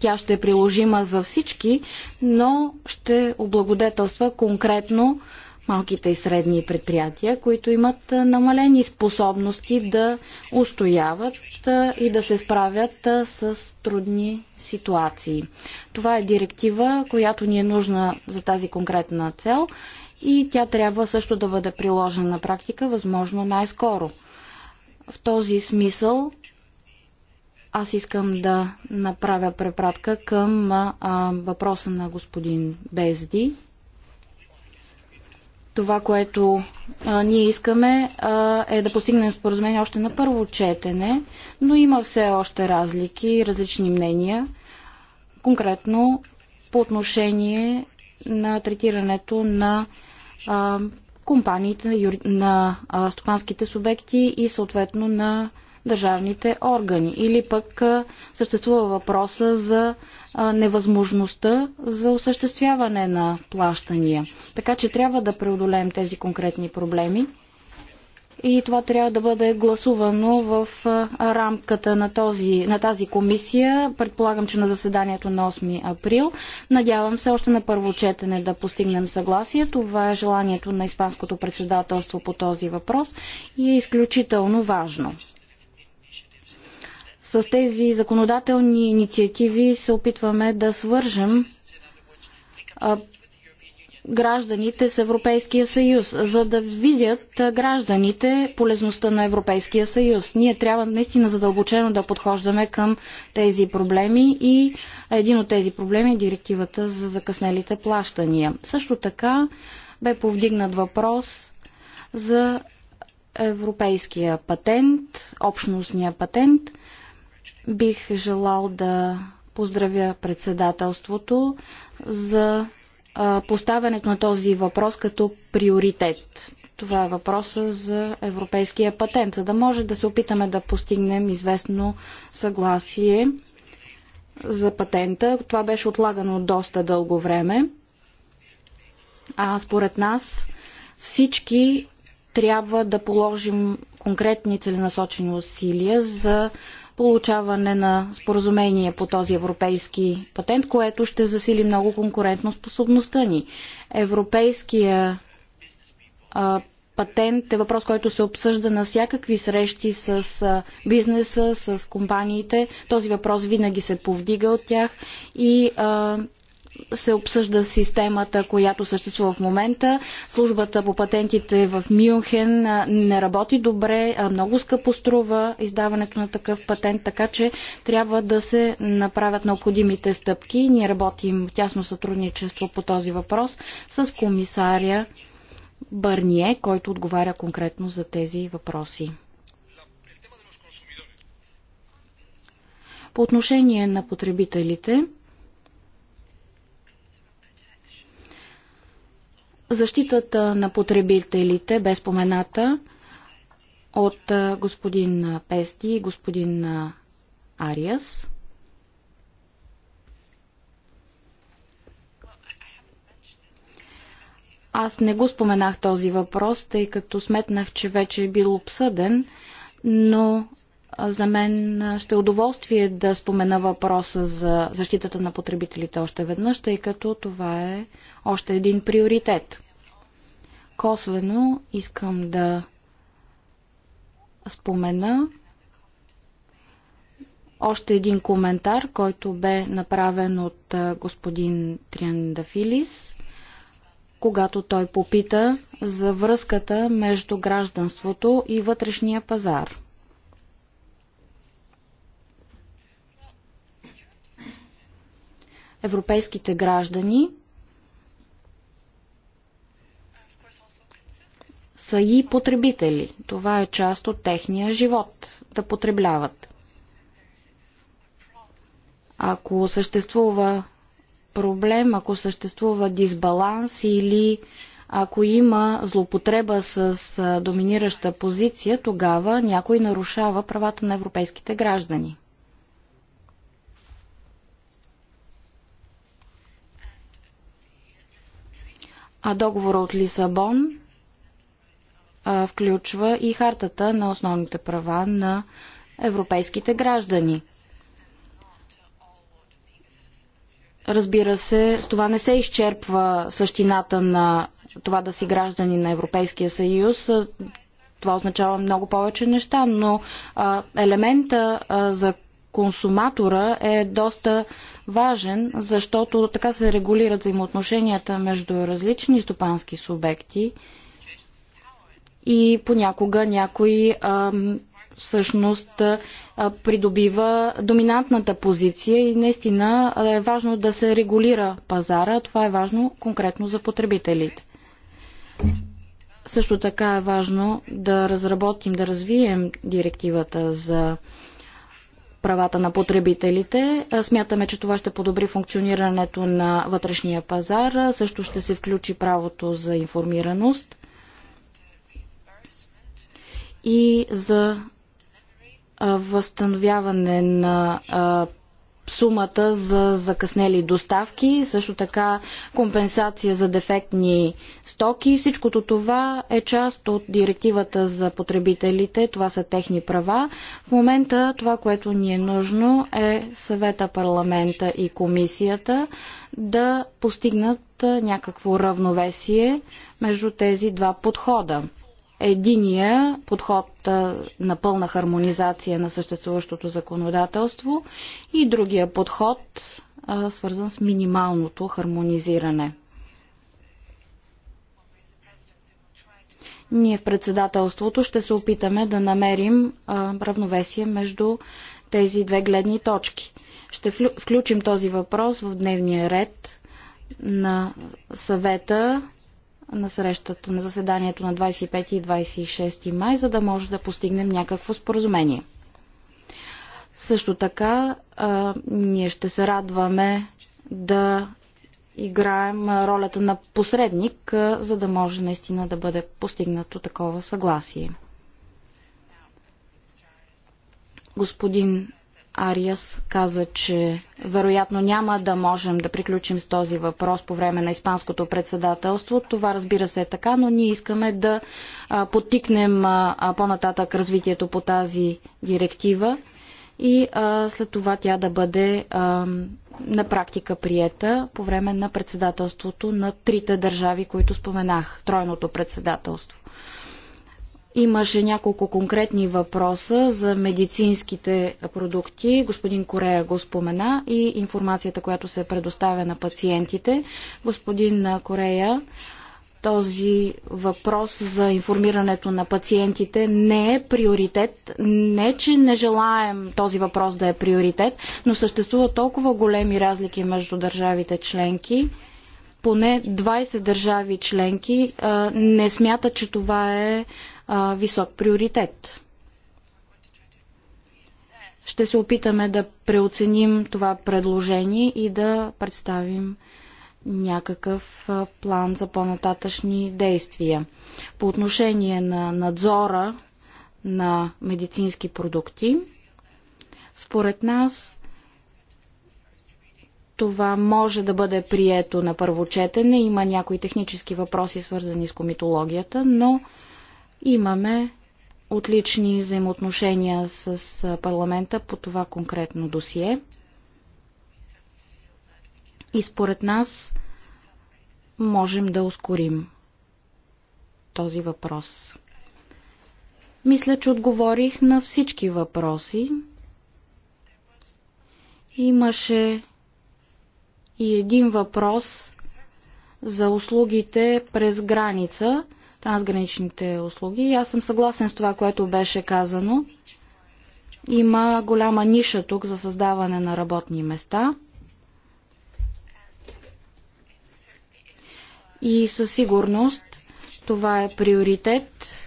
тя ще е приложима за всички, но ще облагодетелства конкретно малките и средни предприятия, които имат намалени способности да устояват и да се справят с трудни ситуации. Това е директива, която ни е нужна за тази конкретна цел и тя трябва също да бъде приложена на практика, възможно най-скоро. В този смисъл аз искам да направя препратка към а, въпроса на господин Безди, това, което а, ние искаме а, е да постигнем споразумение още на първо четене, но има все още разлики, различни мнения, конкретно по отношение на третирането на а, компаниите, на, на а, стопанските субекти и съответно на държавните органи. Или пък съществува въпроса за невъзможността за осъществяване на плащания. Така че трябва да преодолеем тези конкретни проблеми и това трябва да бъде гласувано в рамката на, този, на тази комисия. Предполагам, че на заседанието на 8 април. Надявам се още на първо четене да постигнем съгласие. Това е желанието на Испанското председателство по този въпрос и е изключително важно. С тези законодателни инициативи се опитваме да свържем гражданите с Европейския съюз, за да видят гражданите полезността на Европейския съюз. Ние трябва наистина задълбочено да подхождаме към тези проблеми и един от тези проблеми е директивата за закъснелите плащания. Също така бе повдигнат въпрос за европейския патент, общностния патент – Бих желал да поздравя председателството за поставянето на този въпрос като приоритет. Това е въпроса за европейския патент, за да може да се опитаме да постигнем известно съгласие за патента. Това беше отлагано доста дълго време. А според нас всички трябва да положим конкретни целенасочени усилия за получаване на споразумение по този европейски патент, което ще засили много конкурентоспособността способността ни. Европейския а, патент е въпрос, който се обсъжда на всякакви срещи с бизнеса, с компаниите. Този въпрос винаги се повдига от тях и а, се обсъжда системата, която съществува в момента. Службата по патентите в Мюнхен не работи добре, много скъпо струва издаването на такъв патент, така че трябва да се направят необходимите стъпки. Ние работим в тясно сътрудничество по този въпрос с комисаря Бърние, който отговаря конкретно за тези въпроси. По отношение на потребителите, Защитата на потребителите бе спомената от господин Пести и господин Ариас. Аз не го споменах този въпрос, тъй като сметнах, че вече е бил обсъден, но за мен ще е удоволствие да спомена въпроса за защитата на потребителите още веднъж, тъй като това е още един приоритет. Косвено искам да спомена още един коментар, който бе направен от господин Триандафилис, когато той попита за връзката между гражданството и вътрешния пазар. Европейските граждани – са и потребители. Това е част от техния живот да потребляват. Ако съществува проблем, ако съществува дисбаланс или ако има злоупотреба с доминираща позиция, тогава някой нарушава правата на европейските граждани. А договора от Лисабон а, включва и хартата на основните права на европейските граждани. Разбира се, с това не се изчерпва същината на това да си граждани на Европейския съюз. Това означава много повече неща, но а, елемента а, за консуматора е доста важен, защото така се регулират взаимоотношенията между различни стопански субекти и понякога някой всъщност придобива доминантната позиция и наистина е важно да се регулира пазара. Това е важно конкретно за потребителите. Също така е важно да разработим, да развием директивата за правата на потребителите. Смятаме, че това ще подобри функционирането на вътрешния пазар. Също ще се включи правото за информираност и за възстановяване на сумата за закъснели доставки, също така компенсация за дефектни стоки. Всичкото това е част от директивата за потребителите. Това са техни права. В момента това, което ни е нужно е съвета, парламента и комисията да постигнат някакво равновесие между тези два подхода. Единия подход на пълна хармонизация на съществуващото законодателство и другия подход, свързан с минималното хармонизиране. Ние в председателството ще се опитаме да намерим равновесие между тези две гледни точки. Ще включим този въпрос в дневния ред на съвета на срещата, на заседанието на 25 и 26 май, за да може да постигнем някакво споразумение. Също така, а, ние ще се радваме да играем ролята на посредник, а, за да може наистина да бъде постигнато такова съгласие. Господин Ариас каза, че вероятно няма да можем да приключим с този въпрос по време на Испанското председателство. Това разбира се е така, но ние искаме да подтикнем по-нататък развитието по тази директива и а, след това тя да бъде а, на практика приета по време на председателството на трите държави, които споменах, тройното председателство. Имаше няколко конкретни въпроса за медицинските продукти. Господин Корея го спомена и информацията, която се предоставя на пациентите. Господин Корея, този въпрос за информирането на пациентите не е приоритет. Не, че не желаем този въпрос да е приоритет, но съществуват толкова големи разлики между държавите членки. Поне 20 държави членки а, не смятат, че това е а, висок приоритет. Ще се опитаме да преоценим това предложение и да представим някакъв план за по-нататъчни действия. По отношение на надзора на медицински продукти, според нас това може да бъде прието на първо четене. Има някои технически въпроси, свързани с комитологията, но Имаме отлични взаимоотношения с парламента по това конкретно досие. И според нас можем да ускорим този въпрос. Мисля, че отговорих на всички въпроси. Имаше и един въпрос за услугите през граница трансграничните услуги. Аз съм съгласен с това, което беше казано. Има голяма ниша тук за създаване на работни места. И със сигурност това е приоритет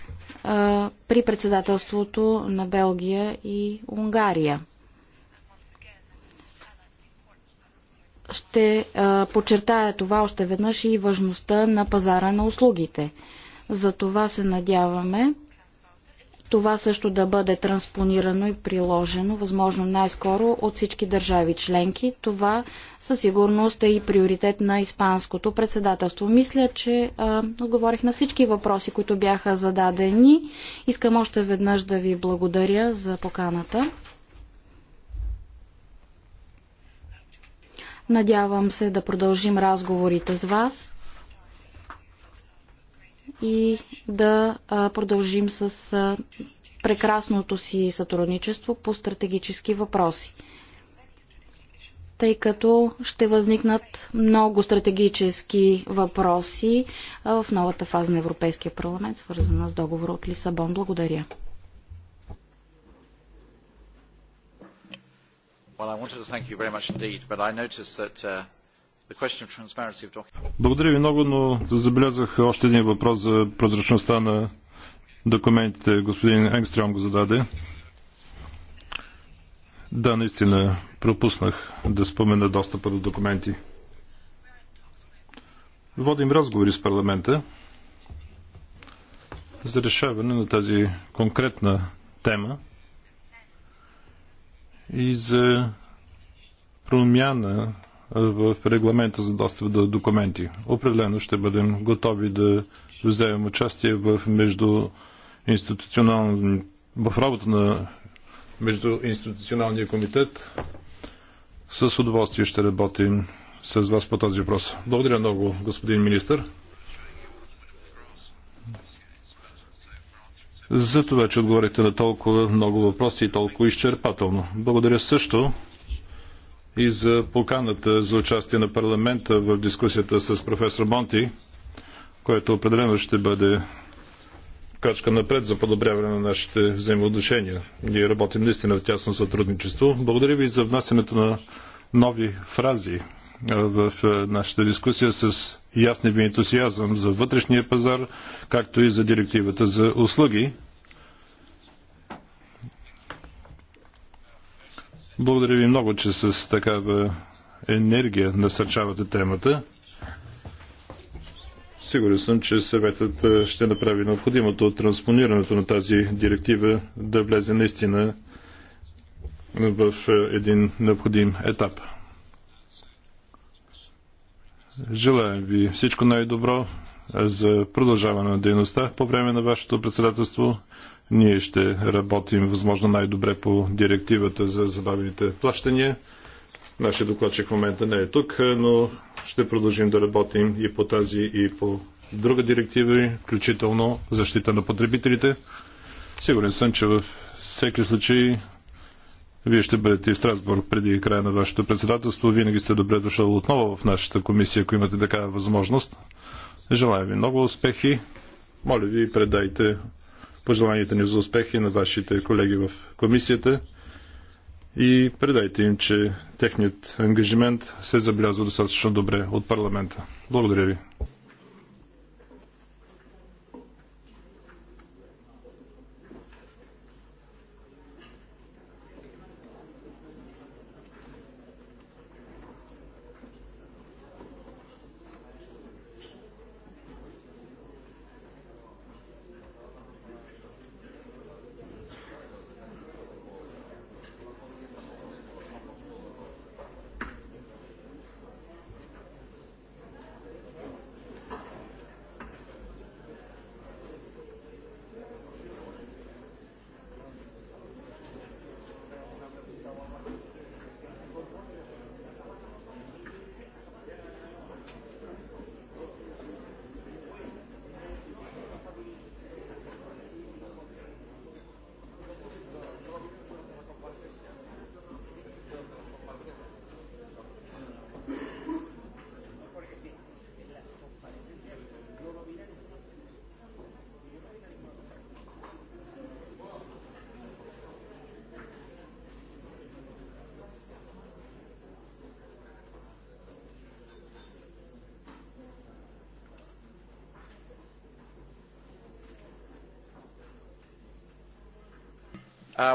а, при председателството на Белгия и Унгария. Ще а, подчертая това още веднъж и важността на пазара на услугите. За това се надяваме това също да бъде транспонирано и приложено, възможно най-скоро от всички държави членки. Това със сигурност е и приоритет на Испанското председателство. Мисля, че а, отговорих на всички въпроси, които бяха зададени. Искам още веднъж да ви благодаря за поканата. Надявам се да продължим разговорите с вас и да продължим с прекрасното си сътрудничество по стратегически въпроси. Тъй като ще възникнат много стратегически въпроси в новата фаза на Европейския парламент, свързана с договора от Лисабон. Благодаря. Well, I wanted to thank you very much indeed, but I noticed that uh, благодаря ви много, но забелязах още един въпрос за прозрачността на документите. Господин Енгстрем го зададе. Да, наистина пропуснах да спомена достъпа до документи. Водим разговори с парламента за решаване на тази конкретна тема и за промяна в регламента за достъп до документи. Определено ще бъдем готови да вземем участие в между в работа на междуинституционалния комитет. С удоволствие ще работим с вас по този въпрос. Благодаря много, господин министр. за това, че отговорите на толкова много въпроси и толкова изчерпателно. Благодаря също и за поканата за участие на парламента в дискусията с професор Монти, което определено ще бъде крачка напред за подобряване на нашите взаимоотношения. Ние работим наистина в тясно сътрудничество. Благодаря ви за внасянето на нови фрази в нашата дискусия с ясния ви ентусиазъм за вътрешния пазар, както и за директивата за услуги. Благодаря ви много, че с такава е, енергия насърчавате темата. Сигурен съм, че съветът е, ще направи необходимото от транспонирането на тази директива да влезе наистина в е, един необходим етап. Желаем ви всичко най-добро за продължаване на дейността по време на вашето председателство. Ние ще работим възможно най-добре по директивата за забавените плащания. Нашия докладчик в момента не е тук, е, но ще продължим да работим и по тази, и по друга директива, включително защита на потребителите. Сигурен съм, че във всеки случай вие ще бъдете в Страсбург преди края на вашето председателство. Винаги сте добре дошъл отново в нашата комисия, ако имате такава възможност. Желая ви много успехи. Моля ви, предайте пожеланията ни за успехи на вашите колеги в комисията и предайте им, че техният ангажимент се забелязва достатъчно добре от парламента. Благодаря ви.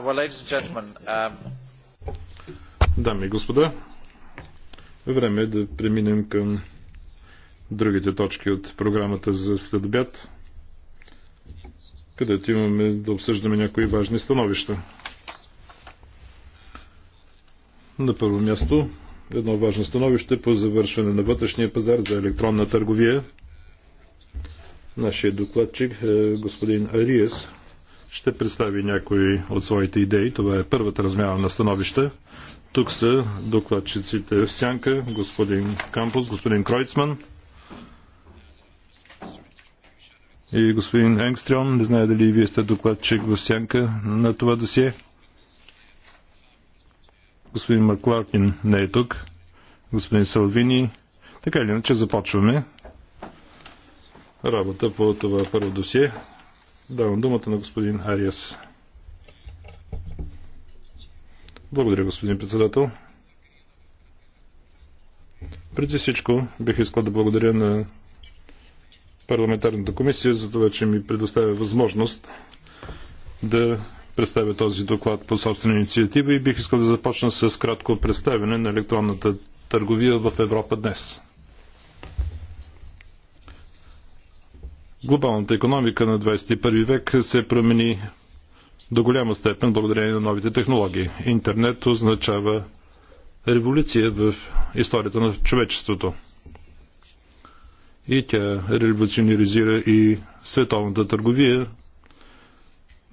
Um, Дами и господа, време е да преминем към другите точки от програмата за следобят, където имаме да обсъждаме някои важни становища. На първо място едно важно становище по завършване на вътрешния пазар за електронна търговия. Нашия докладчик е господин Ариес, ще представи някои от своите идеи. Това е първата размяна на становища. Тук са докладчиците в сянка, господин Кампус, господин Кройцман и господин Енгстрион. Не знае дали вие сте докладчик в сянка на това досие. Господин Макларкин не е тук. Господин Салвини. Така или иначе започваме работа по това първо досие. Давам думата на господин Ариас. Благодаря, господин председател. Преди всичко бих искал да благодаря на парламентарната комисия за това, че ми предоставя възможност да представя този доклад по собствена инициатива и бих искал да започна с кратко представяне на електронната търговия в Европа днес. Глобалната економика на 21 век се промени до голяма степен благодарение на новите технологии. Интернет означава революция в историята на човечеството. И тя революционеризира и световната търговия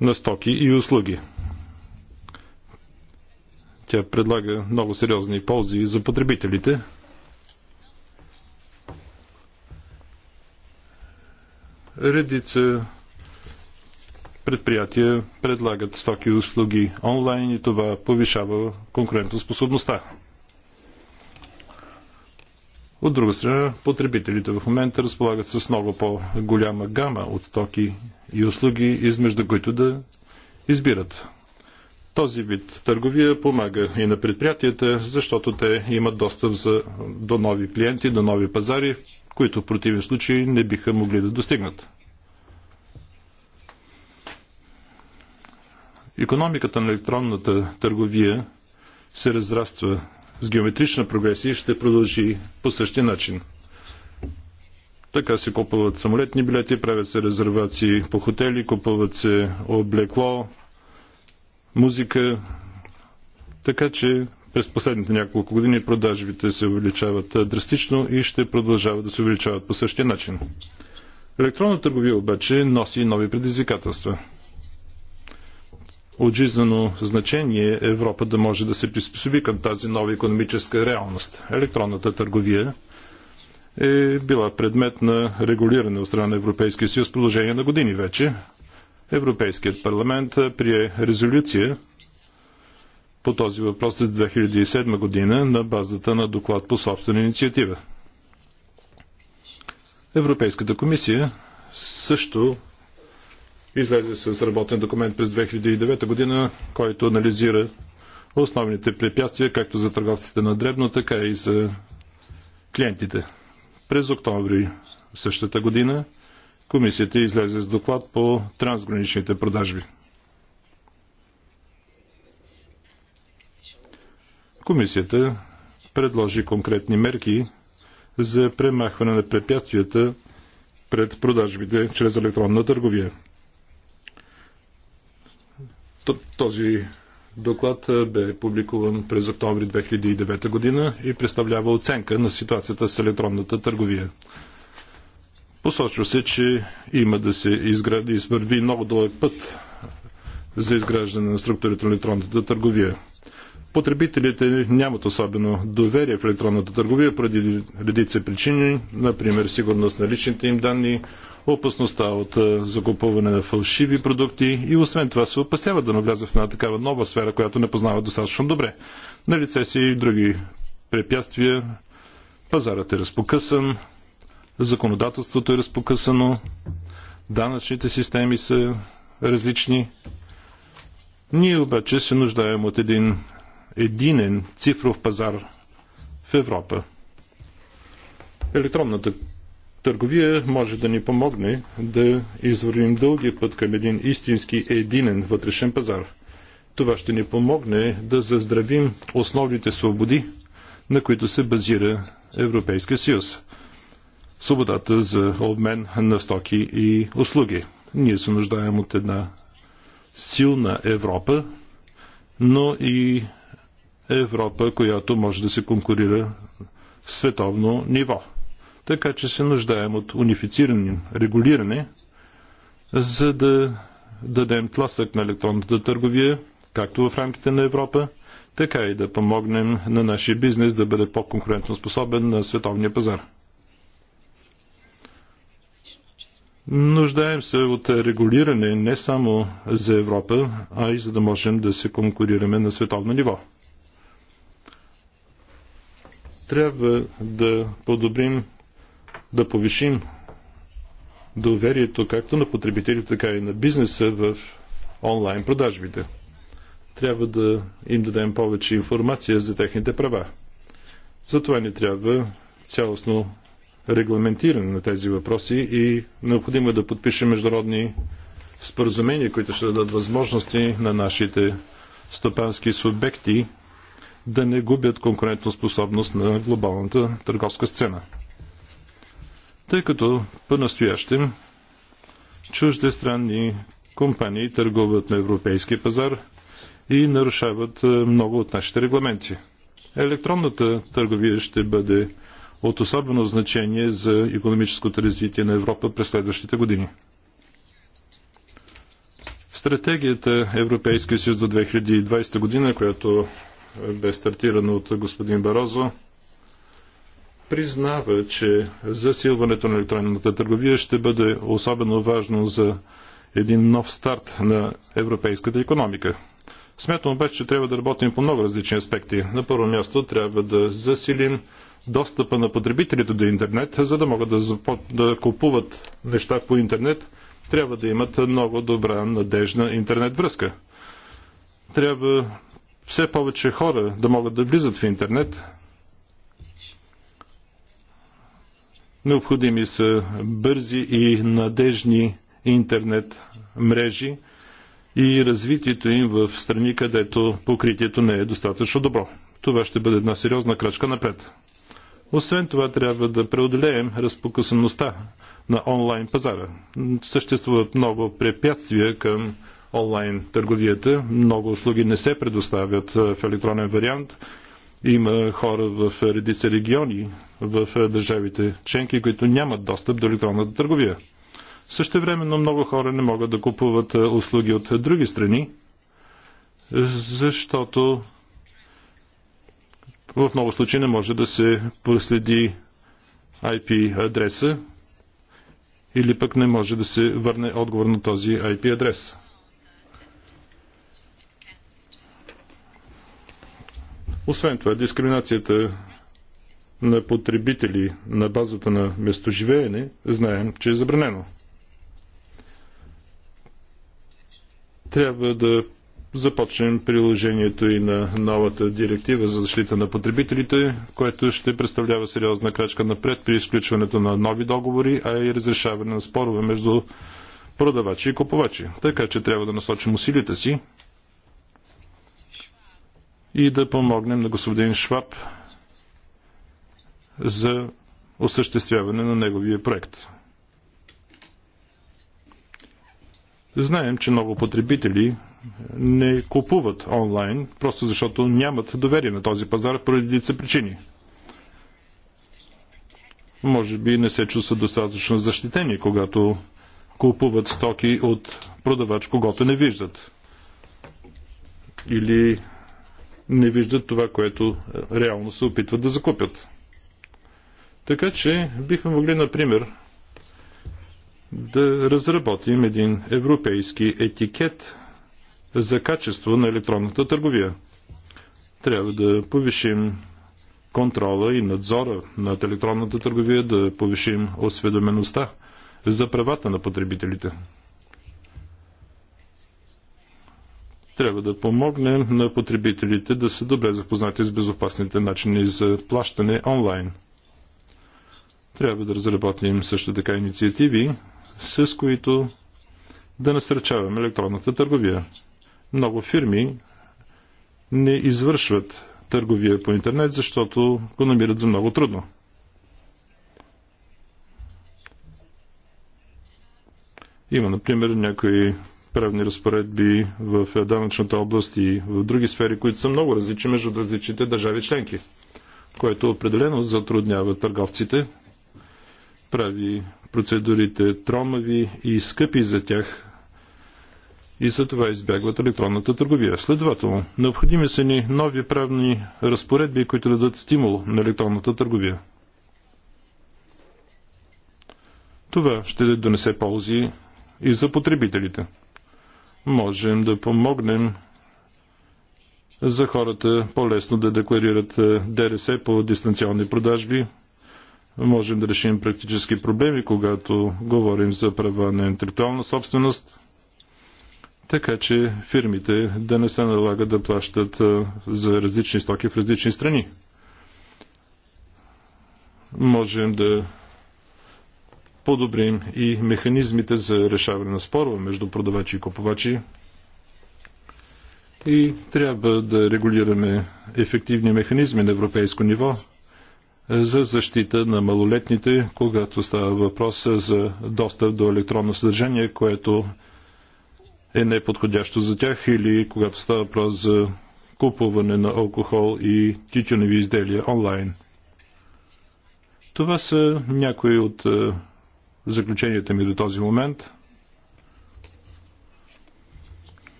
на стоки и услуги. Тя предлага много сериозни ползи за потребителите – редица предприятия предлагат стоки и услуги онлайн и това повишава конкурентоспособността. От друга страна, потребителите в момента разполагат с много по-голяма гама от стоки и услуги, измежду които да избират. Този вид търговия помага и на предприятията, защото те имат достъп за, до нови клиенти, до нови пазари, които в противен случай не биха могли да достигнат. Економиката на електронната търговия се разраства с геометрична прогресия и ще продължи по същия начин. Така се купуват самолетни билети, правят се резервации по хотели, купуват се облекло, музика. Така че през последните няколко години продажбите се увеличават драстично и ще продължават да се увеличават по същия начин. Електронната търговия обаче носи нови предизвикателства. От жизнено значение е Европа да може да се приспособи към тази нова економическа реалност. Електронната търговия е била предмет на регулиране от страна на Европейския съюз в продължение на години вече. Европейският парламент прие резолюция по този въпрос през 2007 година на базата на доклад по собствена инициатива. Европейската комисия също излезе с работен документ през 2009 година, който анализира основните препятствия, както за търговците на дребно, така и за клиентите. През октомври същата година комисията излезе с доклад по трансграничните продажби. Комисията предложи конкретни мерки за премахване на препятствията пред продажбите чрез електронна търговия. Този доклад бе публикуван през октомври 2009 година и представлява оценка на ситуацията с електронната търговия. Посочва се, че има да се изгради и свърви много дълъг път за изграждане на структурите на електронната търговия. Потребителите нямат особено доверие в електронната търговия преди редица причини, например сигурност на личните им данни, опасността от закупуване на фалшиви продукти и освен това се опасяват да навлязат в една такава нова сфера, която не познават достатъчно добре. На лице си и други препятствия, пазарът е разпокъсан, законодателството е разпокъсано, данъчните системи са различни. Ние обаче се нуждаем от един единен цифров пазар в Европа. Електронната търговия може да ни помогне да извървим дългия път към един истински единен вътрешен пазар. Това ще ни помогне да заздравим основните свободи, на които се базира Европейския съюз. Свободата за обмен на стоки и услуги. Ние се нуждаем от една силна Европа, но и Европа, която може да се конкурира в световно ниво. Така че се нуждаем от унифициране, регулиране, за да дадем тласък на електронната търговия, както в рамките на Европа, така и да помогнем на нашия бизнес да бъде по-конкурентно способен на световния пазар. Нуждаем се от регулиране не само за Европа, а и за да можем да се конкурираме на световно ниво. Трябва да подобрим, да повишим доверието както на потребителите, така и на бизнеса в онлайн продажбите. Трябва да им дадем повече информация за техните права. Затова ни трябва цялостно регламентиране на тези въпроси и необходимо е да подпишем международни споразумения, които ще дадат възможности на нашите стопански субекти да не губят конкурентоспособност на глобалната търговска сцена. Тъй като по-настоящем чужди странни компании търгуват на европейски пазар и нарушават е, много от нашите регламенти. Електронната търговия ще бъде от особено значение за економическото развитие на Европа през следващите години. Стратегията Европейския съюз до 2020 година, която бе стартирано от господин Барозо, признава, че засилването на електронната търговия ще бъде особено важно за един нов старт на европейската економика. Смятам обаче, че трябва да работим по много различни аспекти. На първо място трябва да засилим достъпа на потребителите до интернет, за да могат да, да купуват неща по интернет, трябва да имат много добра, надежна интернет връзка. Трябва все повече хора да могат да влизат в интернет. Необходими са бързи и надежни интернет мрежи и развитието им в страни, където покритието не е достатъчно добро. Това ще бъде една сериозна крачка напред. Освен това трябва да преодолеем разпокъсаността на онлайн пазара. Съществуват много препятствия към онлайн търговията. Много услуги не се предоставят в електронен вариант. Има хора в редица региони в държавите членки, които нямат достъп до електронната търговия. Също времено много хора не могат да купуват услуги от други страни, защото в много случаи не може да се проследи IP адреса или пък не може да се върне отговор на този IP адрес. Освен това, дискриминацията на потребители на базата на местоживеене знаем, че е забранено. Трябва да започнем приложението и на новата директива за защита на потребителите, което ще представлява сериозна крачка напред при изключването на нови договори, а и разрешаване на спорове между продавачи и купувачи. Така че трябва да насочим усилията си и да помогнем на господин Шваб за осъществяване на неговия проект. Знаем, че много потребители не купуват онлайн, просто защото нямат доверие на този пазар поради лица причини. Може би не се чувстват достатъчно защитени, когато купуват стоки от продавач, когато не виждат. Или не виждат това, което е, реално се опитват да закупят. Така че бихме могли, например, да разработим един европейски етикет за качество на електронната търговия. Трябва да повишим контрола и надзора над електронната търговия, да повишим осведомеността за правата на потребителите. Трябва да помогнем на потребителите да са добре запознати с безопасните начини за плащане онлайн. Трябва да разработим също така инициативи, с които да насърчаваме електронната търговия. Много фирми не извършват търговия по интернет, защото го намират за много трудно. Има, например, някои правни разпоредби в данъчната област и в други сфери, които са много различни между различните държави членки, което определено затруднява търговците, прави процедурите тромави и скъпи за тях и за това избягват електронната търговия. Следователно, необходими са ни нови правни разпоредби, които дадат стимул на електронната търговия. Това ще донесе ползи и за потребителите можем да помогнем за хората по-лесно да декларират е, ДРС по дистанционни продажби. Можем да решим практически проблеми, когато говорим за права на интелектуална собственост, така че фирмите да не се налагат да плащат е, за различни стоки в различни страни. Можем да подобрим и механизмите за решаване на спорове между продавачи и купувачи. И трябва да регулираме ефективни механизми на европейско ниво за защита на малолетните, когато става въпрос за достъп до електронно съдържание, което е неподходящо за тях или когато става въпрос за купуване на алкохол и титюневи изделия онлайн. Това са някои от е, заключенията ми до този момент,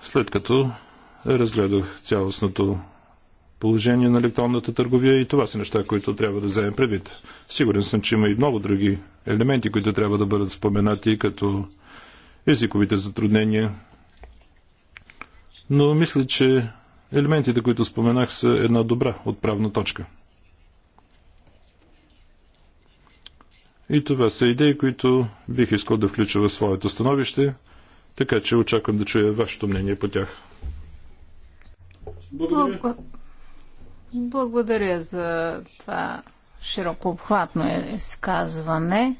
след като разгледах цялостното положение на електронната търговия и това са неща, които трябва да вземем предвид. Сигурен съм, че има и много други елементи, които трябва да бъдат споменати, като езиковите затруднения. Но мисля, че елементите, които споменах, са една добра отправна точка. И това са идеи, които бих искал да включа в своето становище, така че очаквам да чуя вашето мнение по тях. Благодаря. Благодаря за това широко обхватно изказване.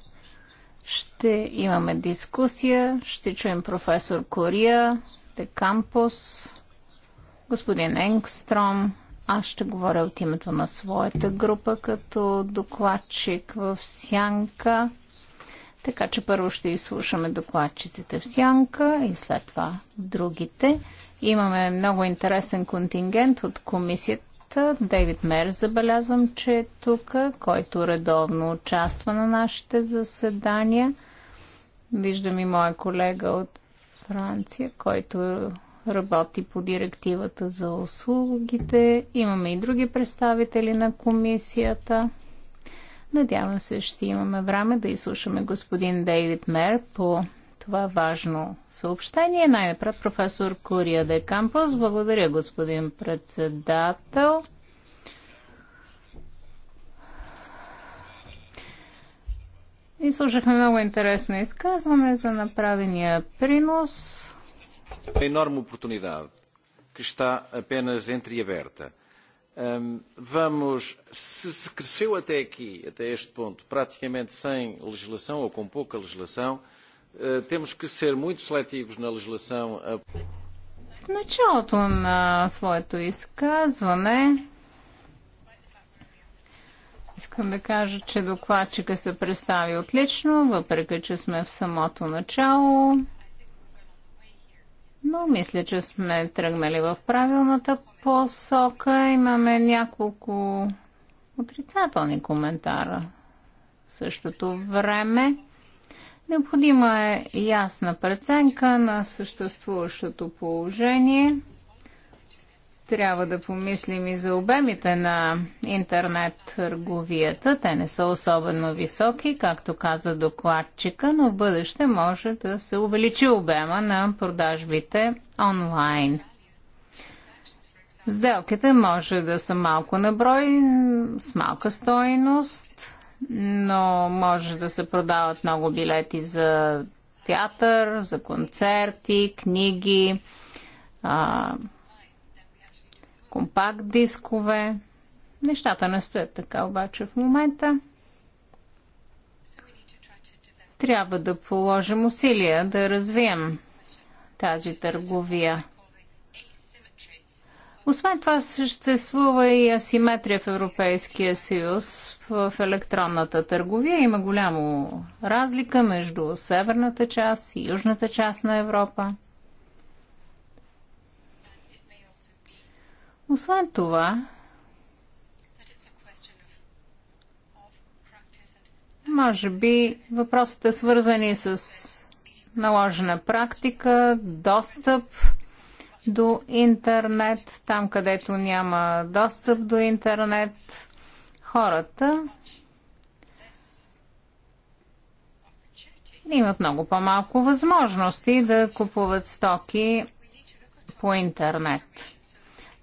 Ще имаме дискусия. Ще чуем професор Кория, Декампус, господин Енгстром, аз ще говоря от името на своята група като докладчик в Сянка. Така че първо ще изслушаме докладчиците в Сянка и след това другите. Имаме много интересен контингент от комисията. Дейвид Мер забелязвам, че е тук, който редовно участва на нашите заседания. Виждам и моя колега от Франция, който работи по директивата за услугите. Имаме и други представители на комисията. Надявам се, ще имаме време да изслушаме господин Дейвид Мер по това важно съобщение. Най-напред професор Кория де Кампус. Благодаря, господин председател. И слушахме много интересно изказване за направения принос uma Enorme oportunidade que está apenas entreaberta. Vamos, se, se cresceu até aqui, até este ponto, praticamente sem legislação ou com pouca legislação, temos que ser muito seletivos na legislação. A... началото на своето изказване искам да кажа, че докладчика се представи отлично, въпреки че сме в самото начало но мисля, че сме тръгнали в правилната посока. Имаме няколко отрицателни коментара. В същото време необходима е ясна преценка на съществуващото положение – трябва да помислим и за обемите на интернет търговията. Те не са особено високи, както каза докладчика, но в бъдеще може да се увеличи обема на продажбите онлайн. Сделките може да са малко наброй, с малка стойност, но може да се продават много билети за театър, за концерти, книги, компакт дискове. Нещата не стоят така обаче в момента. Трябва да положим усилия да развием тази търговия. Освен това съществува и асиметрия в Европейския съюз в електронната търговия. Има голямо разлика между северната част и южната част на Европа. Освен това, може би въпросите свързани с наложена практика, достъп до интернет, там където няма достъп до интернет, хората имат много по-малко възможности да купуват стоки по интернет.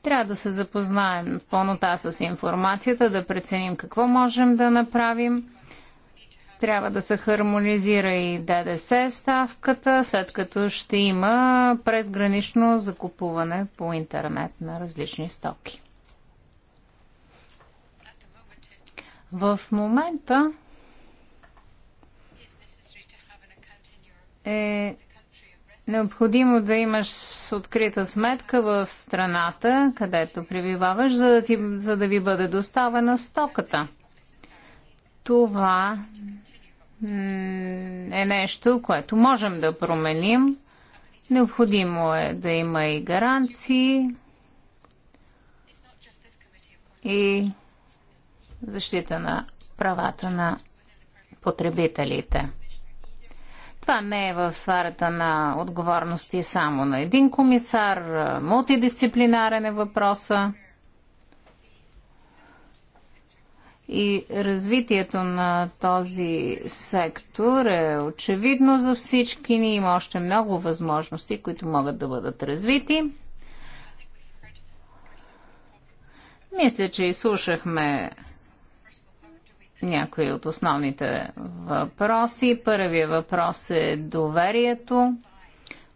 Трябва да се запознаем в пълнота с информацията, да преценим какво можем да направим. Трябва да се хармонизира и ДДС ставката, след като ще има презгранично закупуване по интернет на различни стоки. В момента е Необходимо да имаш открита сметка в страната, където прибиваваш, за да, ти, за да ви бъде доставена стоката. Това е нещо, което можем да променим. Необходимо е да има и гаранции и защита на правата на потребителите. Това не е в сферата на отговорности само на един комисар. Мултидисциплинарен е въпроса. И развитието на този сектор е очевидно за всички ни. Има още много възможности, които могат да бъдат развити. Мисля, че изслушахме някои от основните въпроси. Първият въпрос е доверието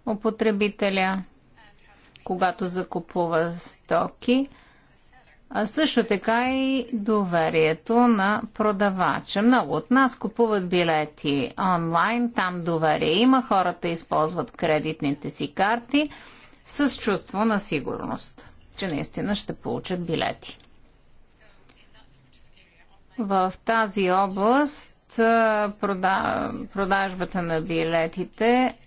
у потребителя, когато закупува стоки, а също така и доверието на продавача. Много от нас купуват билети онлайн, там доверие има, хората използват кредитните си карти с чувство на сигурност, че наистина ще получат билети. В тази област продажбата на билетите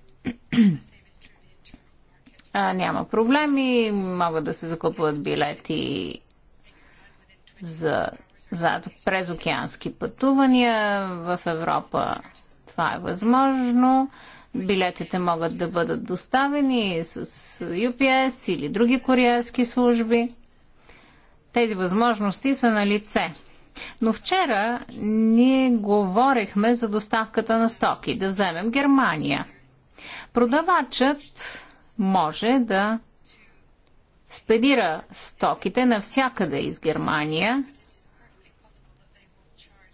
няма проблеми, могат да се закупват билети за, за през океански пътувания. В Европа това е възможно. Билетите могат да бъдат доставени с UPS или други куриерски служби. Тези възможности са на лице. Но вчера ние говорихме за доставката на стоки. Да вземем Германия. Продавачът може да спедира стоките навсякъде из Германия,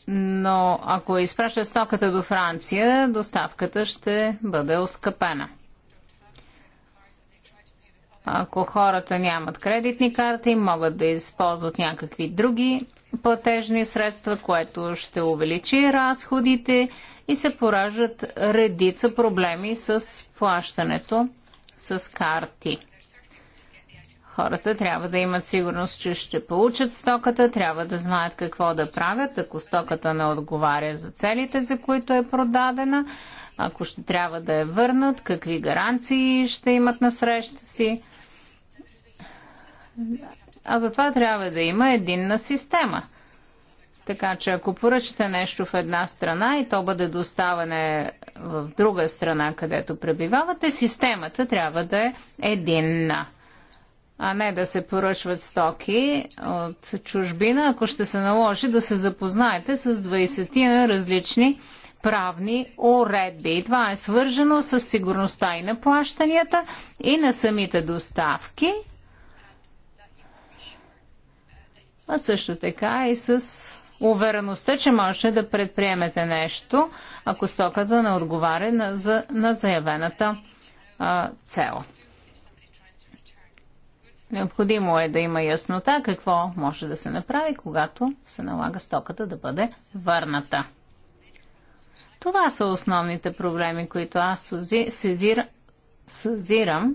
но ако изпраща стоката до Франция, доставката ще бъде оскъпена. Ако хората нямат кредитни карти, могат да използват някакви други платежни средства, което ще увеличи разходите и се поражат редица проблеми с плащането с карти. Хората трябва да имат сигурност, че ще получат стоката, трябва да знаят какво да правят, ако стоката не отговаря за целите, за които е продадена, ако ще трябва да я върнат, какви гаранции ще имат на среща си а затова трябва да има единна система. Така че ако поръчате нещо в една страна и то бъде доставане в друга страна, където пребивавате, системата трябва да е единна а не да се поръчват стоки от чужбина, ако ще се наложи да се запознаете с 20 на различни правни уредби. И това е свържено с сигурността и на плащанията, и на самите доставки – а също така и с увереността, че можете да предприемете нещо, ако стоката не отговаря на, за, на заявената а, цел. Необходимо е да има яснота какво може да се направи, когато се налага стоката да бъде върната. Това са основните проблеми, които аз съзирам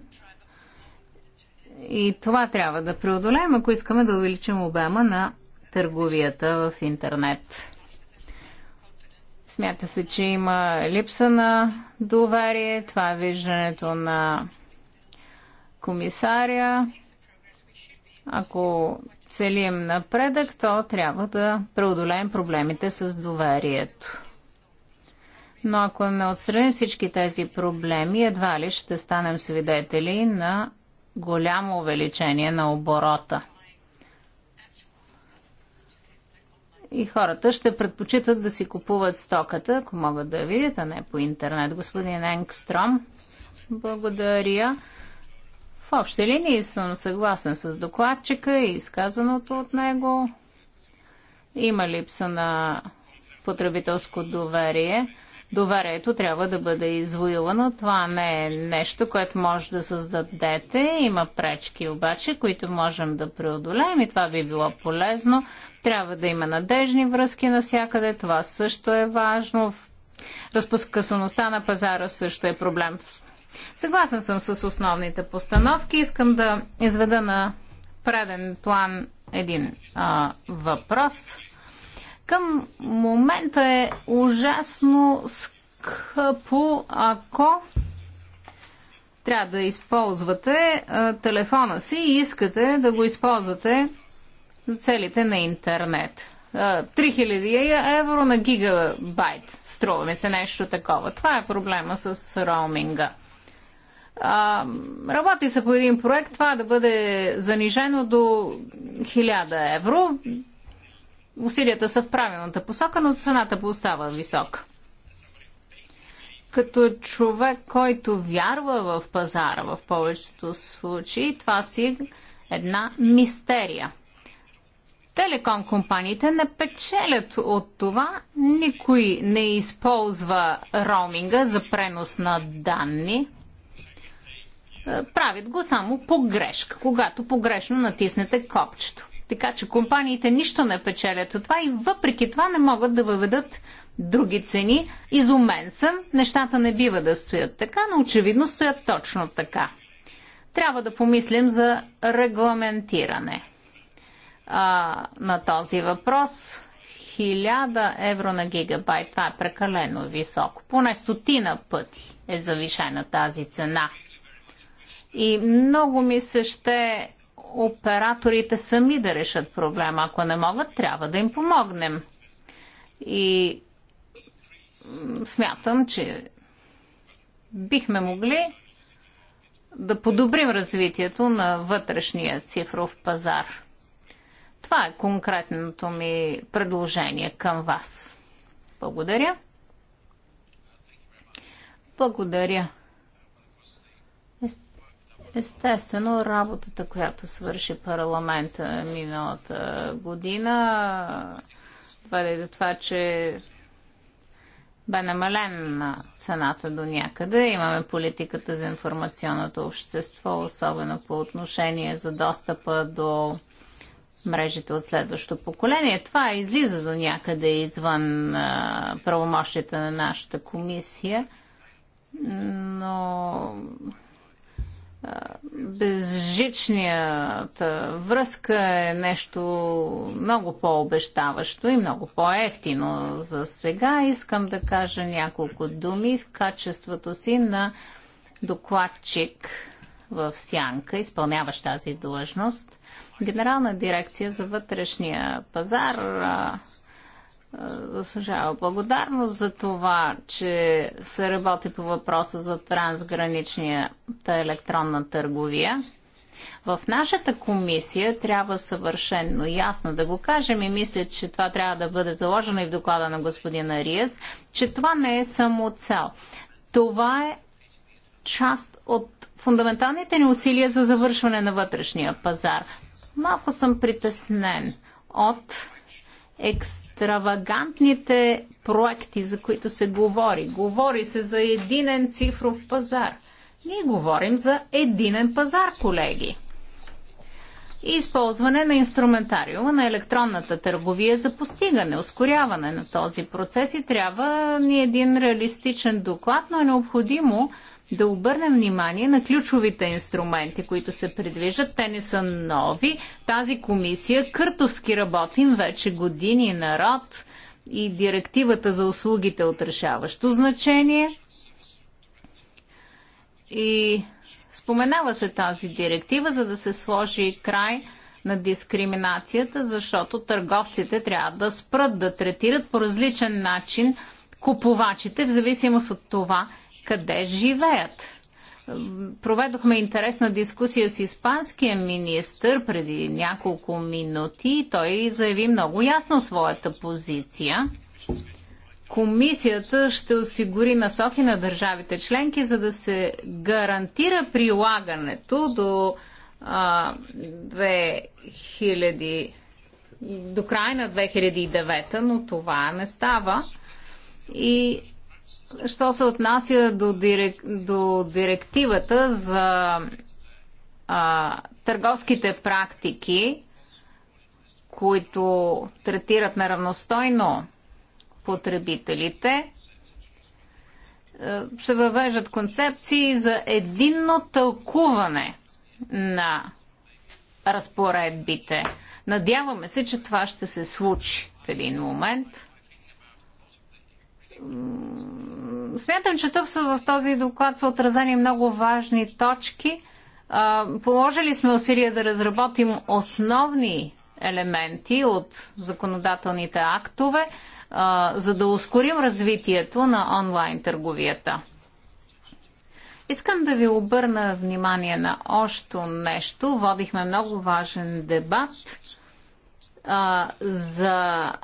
и това трябва да преодолеем, ако искаме да увеличим обема на търговията в интернет. Смята се, че има липса на доверие. Това е виждането на комисаря. Ако целим напредък, то трябва да преодолеем проблемите с доверието. Но ако не отстраним всички тези проблеми, едва ли ще станем свидетели на голямо увеличение на оборота. И хората ще предпочитат да си купуват стоката, ако могат да я видят, а не по интернет. Господин Енгстром, благодаря. В общи линии съм съгласен с докладчика и изказаното от него. Има липса на потребителско доверие доверието трябва да бъде извоювано. Това не е нещо, което може да създадете. Има пречки обаче, които можем да преодолеем и това би било полезно. Трябва да има надежни връзки навсякъде. Това също е важно. Разпускъсаността на пазара също е проблем. Съгласен съм с основните постановки. Искам да изведа на преден план един а, въпрос към момента е ужасно скъпо, ако трябва да използвате а, е, телефона си и искате да го използвате за целите на интернет. А, е, 3000 евро на гигабайт струва ми се нещо такова. Това е проблема с роуминга. А, работи се по един проект, това да бъде занижено до 1000 евро усилията са в правилната посока, но цената остава висока. Като човек, който вярва в пазара в повечето случаи, това си една мистерия. Телеком компаниите не печелят от това, никой не използва роуминга за пренос на данни. Е, правят го само по грешка, когато погрешно натиснете копчето. Така че компаниите нищо не печелят от това и въпреки това не могат да въведат други цени. Изумен съм, нещата не бива да стоят така, но очевидно стоят точно така. Трябва да помислим за регламентиране а, на този въпрос. 1000 евро на гигабайт, това е прекалено високо. Поне стотина пъти е завишена тази цена. И много ми се ще операторите сами да решат проблема. Ако не могат, трябва да им помогнем. И смятам, че бихме могли да подобрим развитието на вътрешния цифров пазар. Това е конкретното ми предложение към вас. Благодаря. Благодаря Естествено, работата, която свърши парламента миналата година, доведе до това, че бе намалена цената до някъде. Имаме политиката за информационното общество, особено по отношение за достъпа до мрежите от следващото поколение. Това излиза до някъде извън правомощите правомощията на нашата комисия, но безжичнията връзка е нещо много по-обещаващо и много по-ефтино за сега. Искам да кажа няколко думи в качеството си на докладчик в Сянка, изпълняващ тази длъжност. Генерална дирекция за вътрешния пазар заслужава благодарност за това, че се работи по въпроса за трансграничната електронна търговия. В нашата комисия трябва съвършенно ясно да го кажем и мисля, че това трябва да бъде заложено и в доклада на господина Риес, че това не е само цел. Това е част от фундаменталните ни усилия за завършване на вътрешния пазар. Малко съм притеснен от екстравагантните проекти, за които се говори. Говори се за единен цифров пазар. Ние говорим за единен пазар, колеги. И използване на инструментариума на електронната търговия за постигане, ускоряване на този процес и трябва ни един реалистичен доклад, но е необходимо да обърнем внимание на ключовите инструменти, които се предвижат. Те не са нови. Тази комисия къртовски работим вече години народ и директивата за услугите е от решаващо значение. И споменава се тази директива, за да се сложи край на дискриминацията, защото търговците трябва да спрат да третират по различен начин купувачите, в зависимост от това къде живеят. Проведохме интересна дискусия с испанския министр преди няколко минути и той заяви много ясно своята позиция. Комисията ще осигури насоки на държавите членки, за да се гарантира прилагането до, а, 2000, до края на 2009, но това не става. И Що се отнася до, дирек, до директивата за а, търговските практики, които третират неравностойно потребителите, е, се въвеждат концепции за единно тълкуване на разпоредбите. Надяваме се, че това ще се случи в един момент смятам, че тук в този доклад са отразени много важни точки. Положили сме усилия да разработим основни елементи от законодателните актове, за да ускорим развитието на онлайн търговията. Искам да ви обърна внимание на още нещо. Водихме много важен дебат а, за,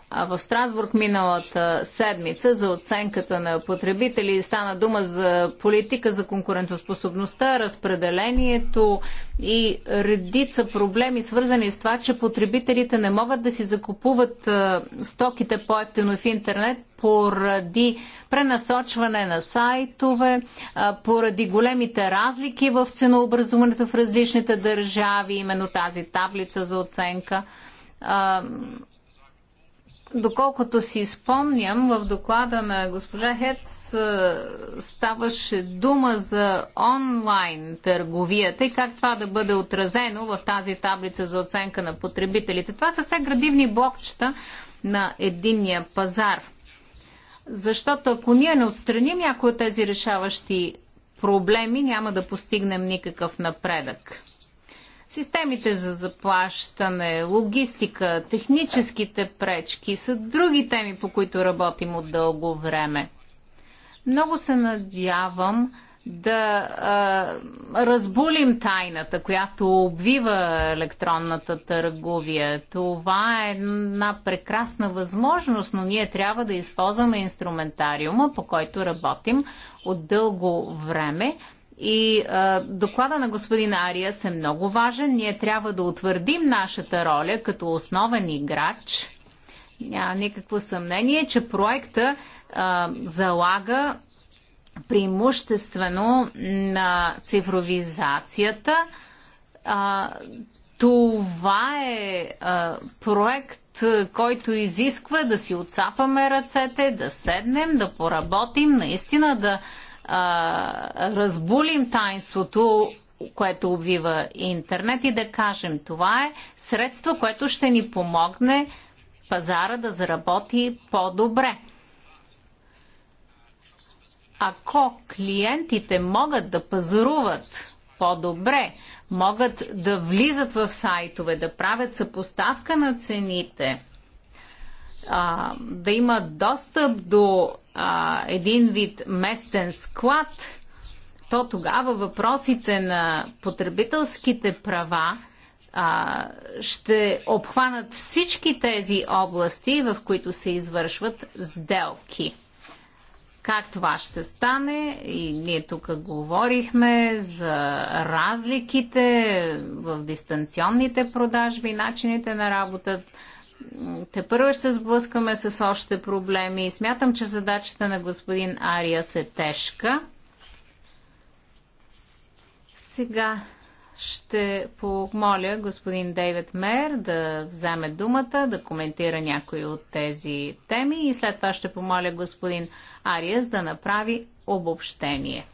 а в Страсбург миналата седмица за оценката на потребители. Стана дума за политика за конкурентоспособността, разпределението и редица проблеми, свързани с това, че потребителите не могат да си закупуват а, стоките по-ефтино в интернет поради пренасочване на сайтове, а, поради големите разлики в ценообразуването в различните държави, именно тази таблица за оценка доколкото си спомням, в доклада на госпожа Хец ставаше дума за онлайн търговията и как това да бъде отразено в тази таблица за оценка на потребителите. Това са все градивни блокчета на единния пазар. Защото ако ние не отстраним някои от тези решаващи проблеми, няма да постигнем никакъв напредък. Системите за заплащане, логистика, техническите пречки са други теми, по които работим от дълго време. Много се надявам да а, разбулим тайната, която обвива електронната търговия. Това е една прекрасна възможност, но ние трябва да използваме инструментариума, по който работим от дълго време и а, доклада на господин Ариас е много важен. Ние трябва да утвърдим нашата роля като основен играч. Няма никакво съмнение, че проекта а, залага преимуществено на цифровизацията. А, това е а, проект, който изисква да си отцапаме ръцете, да седнем, да поработим, наистина да а, разбулим тайнството, което обвива интернет и да кажем, това е средство, което ще ни помогне пазара да заработи по-добре. Ако клиентите могат да пазаруват по-добре, могат да влизат в сайтове, да правят съпоставка на цените, да имат достъп до а, един вид местен склад, то тогава въпросите на потребителските права а, ще обхванат всички тези области, в които се извършват сделки. Как това ще стане? И ние тук говорихме за разликите в дистанционните продажби, начините на работа, те първо ще се сблъскаме с още проблеми и смятам, че задачата на господин Ариас е тежка. Сега ще помоля господин Дейвид Мер да вземе думата, да коментира някои от тези теми и след това ще помоля господин Ариас да направи обобщение.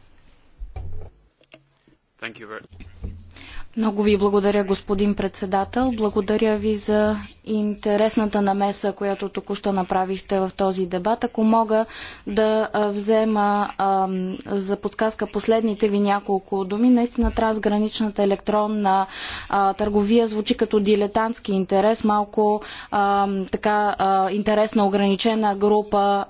Много ви благодаря, господин председател. Благодаря ви за интересната намеса, която току-що направихте в този дебат. Ако мога да взема а, за подсказка последните ви няколко думи, наистина трансграничната електронна а, търговия звучи като дилетантски интерес, малко така интересна ограничена група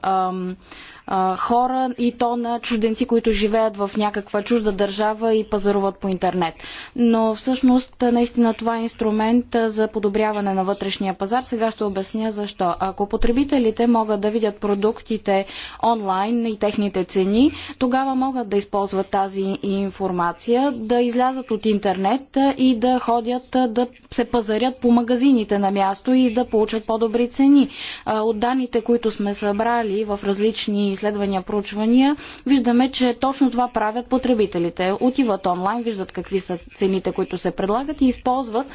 хора и то на чужденци, които живеят в някаква чужда държава и пазаруват по интернет. Но всъщност наистина това е инструмент за подобряване на вътрешния пазар. Сега ще обясня защо. Ако потребителите могат да видят продуктите онлайн и техните цени, тогава могат да използват тази информация, да излязат от интернет и да ходят да се пазарят по магазините на място и да получат по-добри цени. От данните, които сме събрали в различни изследвания, проучвания, виждаме, че точно това правят потребителите. Отиват онлайн, виждат какви са цените, които се предлагат и използват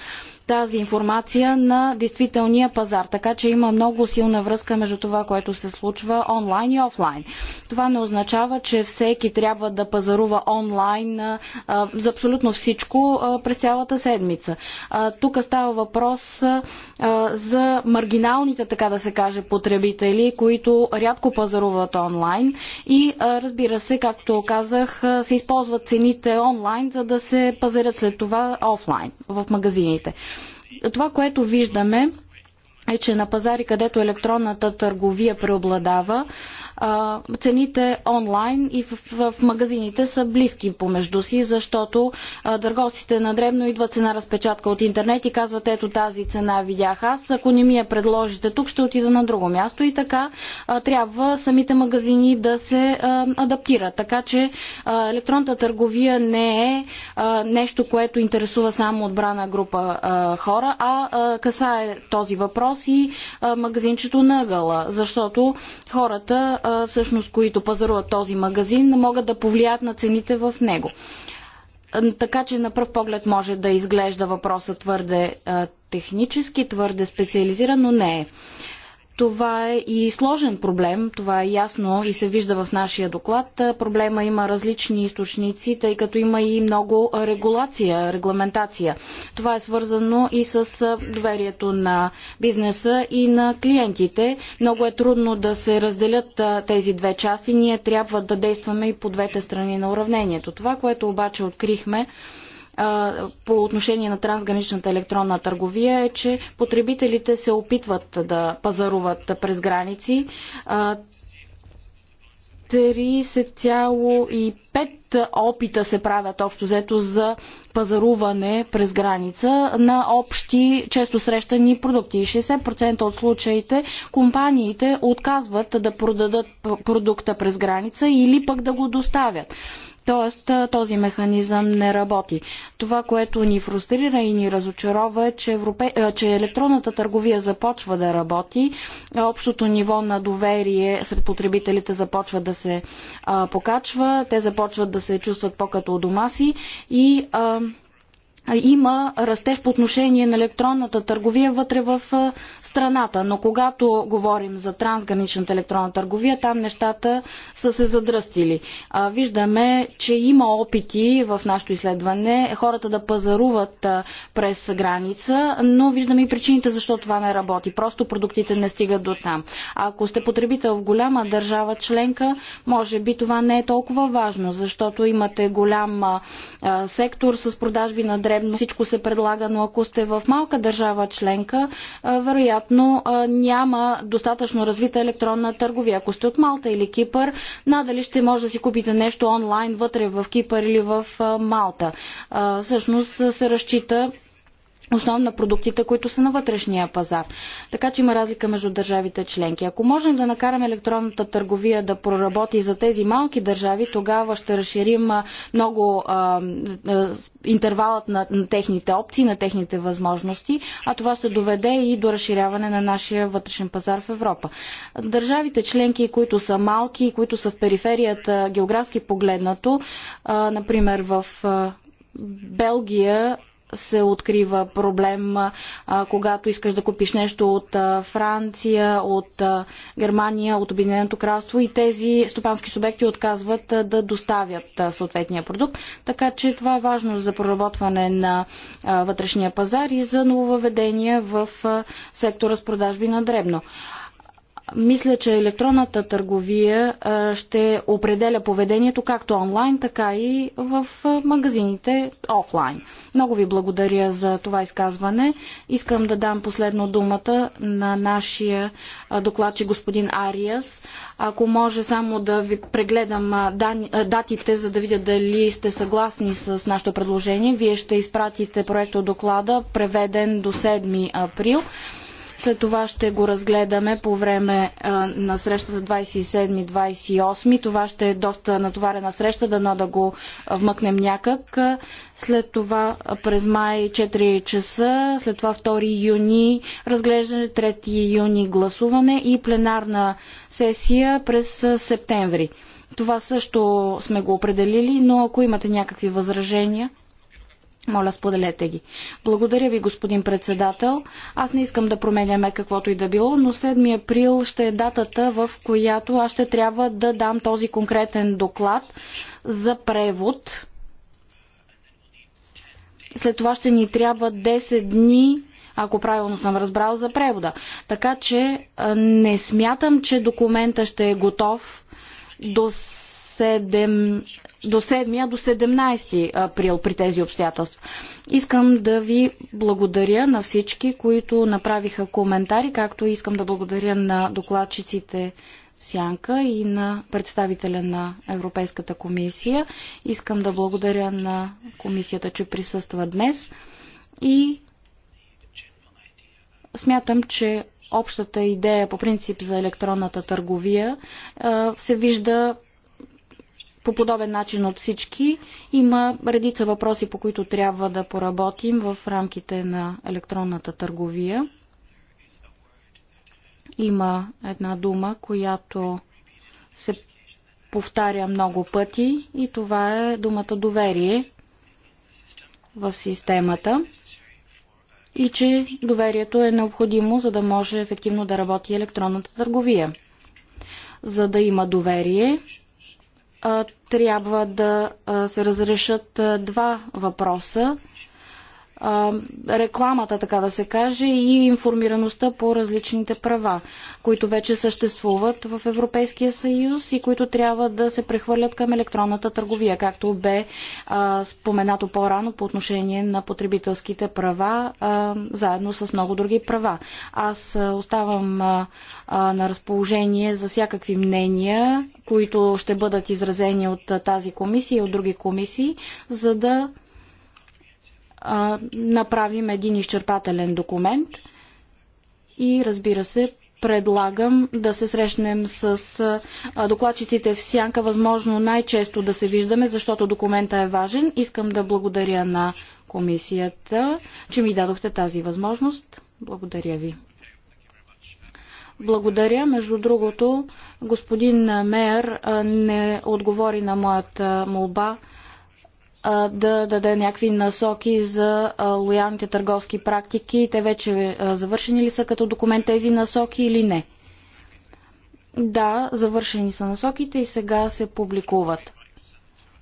тази информация на действителния пазар. Така че има много силна връзка между това, което се случва онлайн и офлайн. Това не означава, че всеки трябва да пазарува онлайн а, за абсолютно всичко а, през цялата седмица. А, тук става въпрос а, за маргиналните, така да се каже, потребители, които рядко пазаруват онлайн и а, разбира се, както казах, се използват цените онлайн, за да се пазарят след това офлайн в магазините. Това, което виждаме е, че на пазари, където електронната търговия преобладава, цените онлайн и в, в, магазините са близки помежду си, защото търговците на дребно идват с една разпечатка от интернет и казват ето тази цена видях аз, ако не ми я предложите тук ще отида на друго място и така а, трябва самите магазини да се а, адаптират. Така че а, електронната търговия не е а, нещо, което интересува само отбрана група а, хора, а, а касае този въпрос и а, магазинчето на ъгъла, защото хората всъщност, които пазаруват този магазин, могат да повлияят на цените в него. Така че на пръв поглед може да изглежда въпроса твърде технически, твърде специализиран, но не е. Това е и сложен проблем, това е ясно и се вижда в нашия доклад. Е, проблема има различни източници, тъй като има и много регулация, регламентация. Това е свързано и с е, доверието на бизнеса и на клиентите. Много е трудно да се разделят е, тези две части. Ние трябва да действаме и по двете страни на уравнението. Това, което обаче открихме, по отношение на трансграничната електронна търговия е, че потребителите се опитват да пазаруват през граници. 30,5 опита се правят общо взето за пазаруване през граница на общи, често срещани продукти. 60% от случаите компаниите отказват да продадат продукта през граница или пък да го доставят. Тоест този механизъм не работи. Това, което ни фрустрира и ни разочарова е, че, европе... че електронната търговия започва да работи, общото ниво на доверие сред потребителите започва да се а, покачва, те започват да се чувстват по-като у дома си и а, има растеж по отношение на електронната търговия вътре в страната. Но когато говорим за трансграничната електронна търговия, там нещата са се задръстили. Виждаме, че има опити в нашето изследване хората да пазаруват през граница, но виждаме и причините защо това не работи. Просто продуктите не стигат до там. Ако сте потребител в голяма държава членка, може би това не е толкова важно, защото имате голям сектор с продажби на древни подребно всичко се предлага, но ако сте в малка държава членка, вероятно няма достатъчно развита електронна търговия. Ако сте от Малта или Кипър, надали ще може да си купите нещо онлайн вътре в Кипър или в Малта. Всъщност се разчита основно на продуктите, които са на вътрешния пазар. Така че има разлика между държавите членки. Ако можем да накараме електронната търговия да проработи за тези малки държави, тогава ще разширим много а, а, интервалът на, на техните опции, на техните възможности, а това ще доведе и до разширяване на нашия вътрешен пазар в Европа. Държавите членки, които са малки, които са в периферията географски погледнато, а, например в Белгия се открива проблем, когато искаш да купиш нещо от Франция, от Германия, от Обединеното кралство и тези стопански субекти отказват да доставят съответния продукт. Така че това е важно за проработване на вътрешния пазар и за нововведения в сектора с продажби на дребно. Мисля, че електронната търговия ще определя поведението както онлайн, така и в магазините офлайн. Много ви благодаря за това изказване. Искам да дам последно думата на нашия докладчик господин Ариас. Ако може само да ви прегледам датите, за да видя дали сте съгласни с нашето предложение. Вие ще изпратите проекто доклада, преведен до 7 април. След това ще го разгледаме по време на срещата 27-28. Това ще е доста натоварена среща, дано да го вмъкнем някак. След това през май 4 часа, след това 2 юни разглеждане, 3 юни гласуване и пленарна сесия през септември. Това също сме го определили, но ако имате някакви възражения. Моля, споделете ги. Благодаря ви, господин председател. Аз не искам да променяме каквото и да било, но 7 април ще е датата, в която аз ще трябва да дам този конкретен доклад за превод. След това ще ни трябва 10 дни ако правилно съм разбрал, за превода. Така че не смятам, че документа ще е готов до 7 до 7 до 17 април при тези обстоятелства. Искам да ви благодаря на всички, които направиха коментари, както искам да благодаря на докладчиците Сянка и на представителя на Европейската комисия. Искам да благодаря на комисията, че присъства днес и смятам, че общата идея по принцип за електронната търговия се вижда по подобен начин от всички. Има редица въпроси, по които трябва да поработим в рамките на електронната търговия. Има една дума, която се повтаря много пъти и това е думата доверие в системата и че доверието е необходимо, за да може ефективно да работи електронната търговия. За да има доверие, трябва да се разрешат два въпроса рекламата, така да се каже, и информираността по различните права, които вече съществуват в Европейския съюз и които трябва да се прехвърлят към електронната търговия, както бе а, споменато по-рано по отношение на потребителските права, а, заедно с много други права. Аз оставам а, на разположение за всякакви мнения, които ще бъдат изразени от тази комисия и от други комисии, за да направим един изчерпателен документ и разбира се, предлагам да се срещнем с докладчиците в Сянка, възможно най-често да се виждаме, защото документа е важен. Искам да благодаря на комисията, че ми дадохте тази възможност. Благодаря ви. Благодаря. Между другото, господин Мейер не отговори на моята молба да даде някакви насоки за лоялните търговски практики. Те вече завършени ли са като документ тези насоки или не? Да, завършени са насоките и сега се публикуват.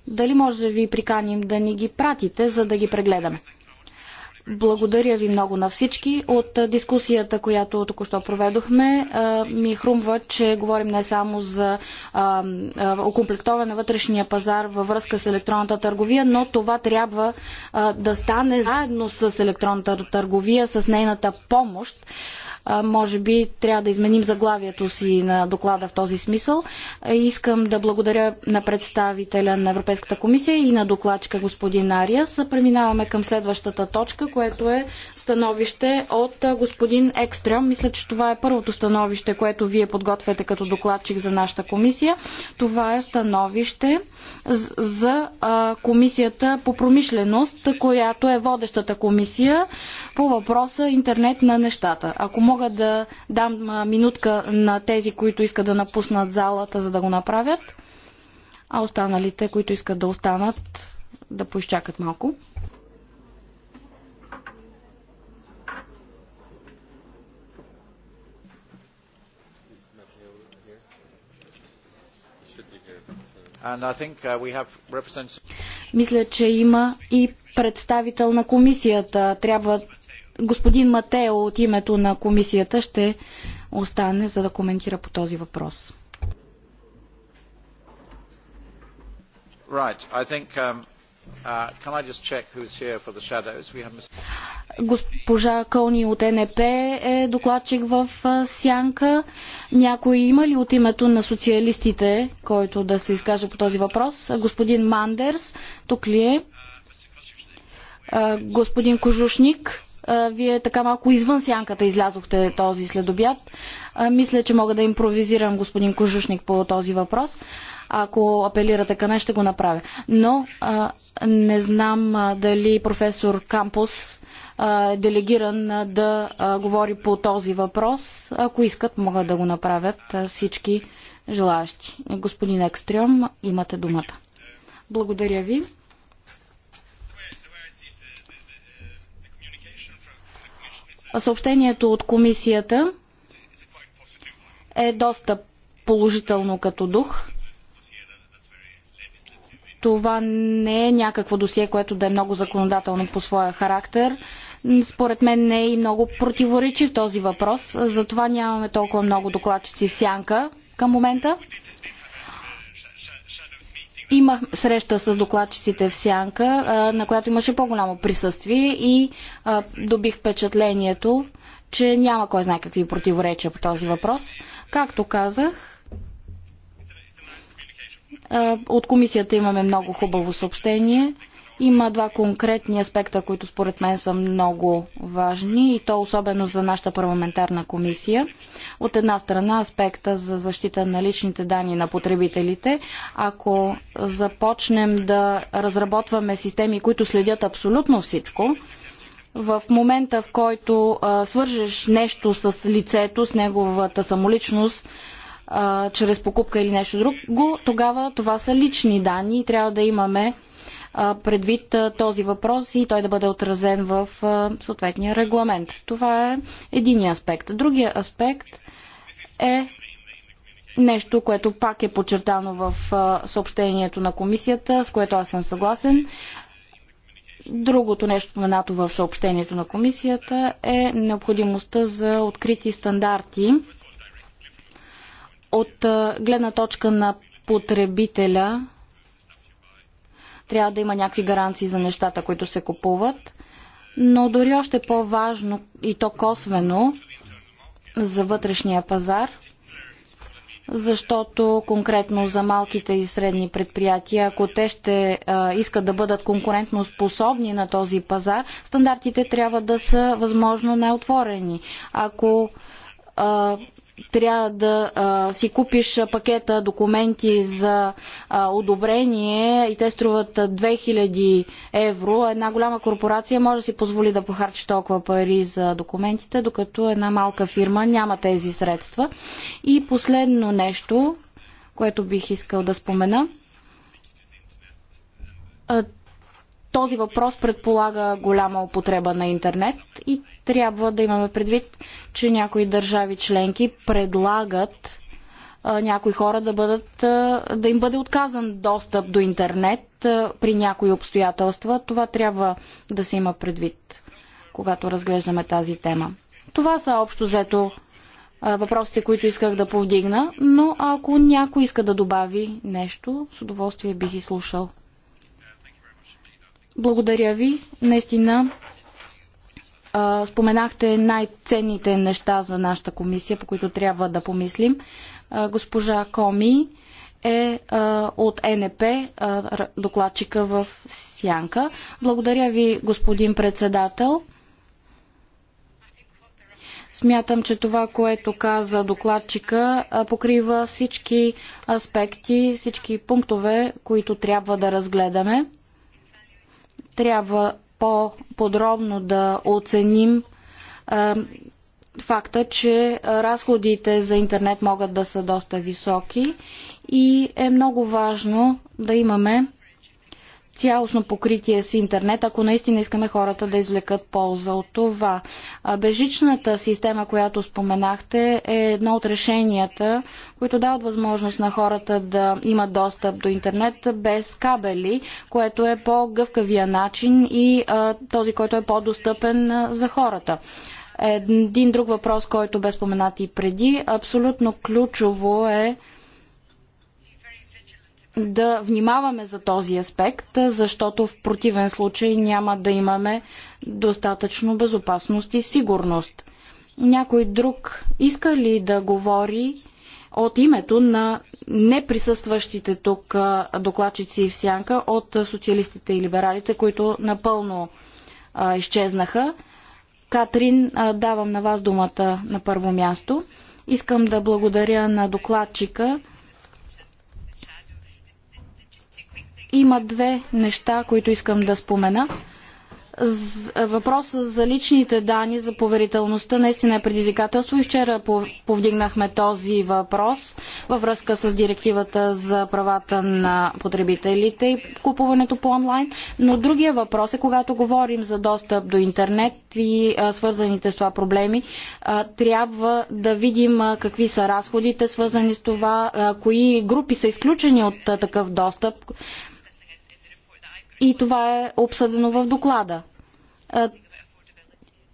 Дали може да ви приканим да ни ги пратите, за да ги прегледаме? Благодаря ви много на всички. От дискусията, която току-що проведохме, ми хрумва, че говорим не само за окомплектоване на вътрешния пазар във връзка с електронната търговия, но това трябва да стане заедно с електронната търговия, с нейната помощ може би трябва да изменим заглавието си на доклада в този смисъл. Искам да благодаря на представителя на Европейската комисия и на докладчика господин Ариас. Преминаваме към следващата точка, което е становище от господин Екстрем. Мисля, че това е първото становище, което вие подготвяте като докладчик за нашата комисия. Това е становище за комисията по промишленост, която е водещата комисия по въпроса интернет на нещата. Ако мога мога да дам минутка на тези, които искат да напуснат залата, за да го направят, а останалите, които искат да останат, да поизчакат малко. Uh, Мисля, че има и представител на комисията. Трябва господин Матео от името на комисията ще остане, за да коментира по този въпрос. Right. I think, um, uh, Госпожа Кони от НП е докладчик в Сянка. Някой има ли от името на социалистите, който да се изкаже по този въпрос? Господин Мандерс, тук ли е? Господин Кожушник, вие така малко извън сянката излязохте този следобят. Мисля, че мога да импровизирам господин Кожушник по този въпрос. Ако апелирате към мен, ще го направя. Но не знам дали професор Кампус е делегиран да говори по този въпрос. Ако искат, могат да го направят всички желаящи. Господин Екстриом, имате думата. Благодаря ви. съобщението от комисията е доста положително като дух. Това не е някакво досие, което да е много законодателно по своя характер. Според мен не е и много противоречив този въпрос. Затова нямаме толкова много докладчици в сянка към момента. Имах среща с докладчиците в Сянка, на която имаше по-голямо присъствие и добих впечатлението, че няма кой знае какви противоречия по този въпрос. Както казах, от комисията имаме много хубаво съобщение – има два конкретни аспекта, които според мен са много важни и то особено за нашата парламентарна комисия. От една страна аспекта за защита на личните данни на потребителите. Ако започнем да разработваме системи, които следят абсолютно всичко, в момента, в който а, свържеш нещо с лицето, с неговата самоличност, а, чрез покупка или нещо друго, тогава това са лични данни и трябва да имаме предвид този въпрос и той да бъде отразен в съответния регламент. Това е един аспект. Другия аспект е нещо, което пак е подчертано в съобщението на комисията, с което аз съм съгласен. Другото нещо, споменато в съобщението на комисията, е необходимостта за открити стандарти от гледна точка на потребителя трябва да има някакви гаранции за нещата, които се купуват. Но дори още по-важно и то косвено за вътрешния пазар, защото конкретно за малките и средни предприятия, ако те ще а, искат да бъдат конкурентно способни на този пазар, стандартите трябва да са възможно най-отворени. Ако а, трябва да а, си купиш пакета документи за а, одобрение и те струват 2000 евро. Една голяма корпорация може да си позволи да похарчи толкова пари за документите, докато една малка фирма няма тези средства. И последно нещо, което бих искал да спомена този въпрос предполага голяма употреба на интернет и трябва да имаме предвид, че някои държави членки предлагат а, някои хора да, бъдат, а, да им бъде отказан достъп до интернет а, при някои обстоятелства. Това трябва да се има предвид, когато разглеждаме тази тема. Това са общо взето въпросите, които исках да повдигна, но ако някой иска да добави нещо, с удоволствие бих слушал. Благодаря ви. Наистина споменахте най-ценните неща за нашата комисия, по които трябва да помислим. Госпожа Коми е от НП, докладчика в Сянка. Благодаря ви, господин председател. Смятам, че това, което каза докладчика, покрива всички аспекти, всички пунктове, които трябва да разгледаме трябва по-подробно да оценим е, факта, че разходите за интернет могат да са доста високи и е много важно да имаме цялостно покритие с интернет, ако наистина искаме хората да извлекат полза от това. Бежичната система, която споменахте, е едно от решенията, които дават възможност на хората да имат достъп до интернет без кабели, което е по-гъвкавия начин и а, този, който е по-достъпен за хората. Един друг въпрос, който бе споменат и преди, абсолютно ключово е да внимаваме за този аспект, защото в противен случай няма да имаме достатъчно безопасност и сигурност. Някой друг иска ли да говори от името на неприсъстващите тук докладчици в сянка от социалистите и либералите, които напълно а, изчезнаха? Катрин, а, давам на вас думата на първо място. Искам да благодаря на докладчика Има две неща, които искам да спомена. Въпросът за личните данни, за поверителността наистина е предизвикателство и вчера повдигнахме този въпрос във връзка с директивата за правата на потребителите и купуването по онлайн. Но другия въпрос е, когато говорим за достъп до интернет и свързаните с това проблеми, трябва да видим какви са разходите свързани с това, кои групи са изключени от такъв достъп, и това е обсъдено в доклада.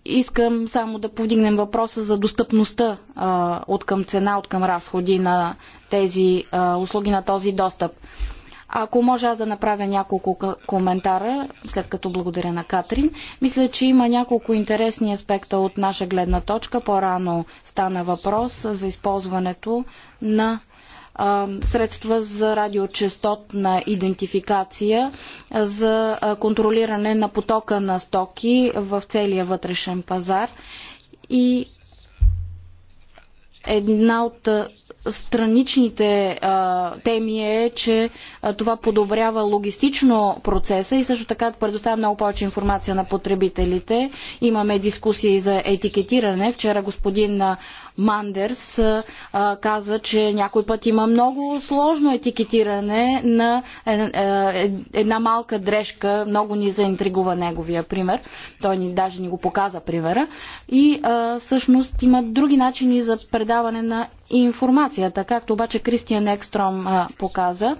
Искам само да повдигнем въпроса за достъпността от към цена, от към разходи на тези услуги, на този достъп. Ако може аз да направя няколко коментара, след като благодаря на Катрин, мисля, че има няколко интересни аспекта от наша гледна точка. По-рано стана въпрос за използването на средства за радиочастотна идентификация за контролиране на потока на стоки в целия вътрешен пазар и една от страничните а, теми е, че а, това подобрява логистично процеса и също така предоставя много повече информация на потребителите. Имаме дискусии за етикетиране. Вчера господин Мандерс а, каза, че някой път има много сложно етикетиране на е, е, една малка дрежка. Много ни заинтригува неговия пример. Той ни, даже ни го показа примера. И всъщност има други начини за предаване на и информацията. Както обаче Кристиан Екстром а, показа,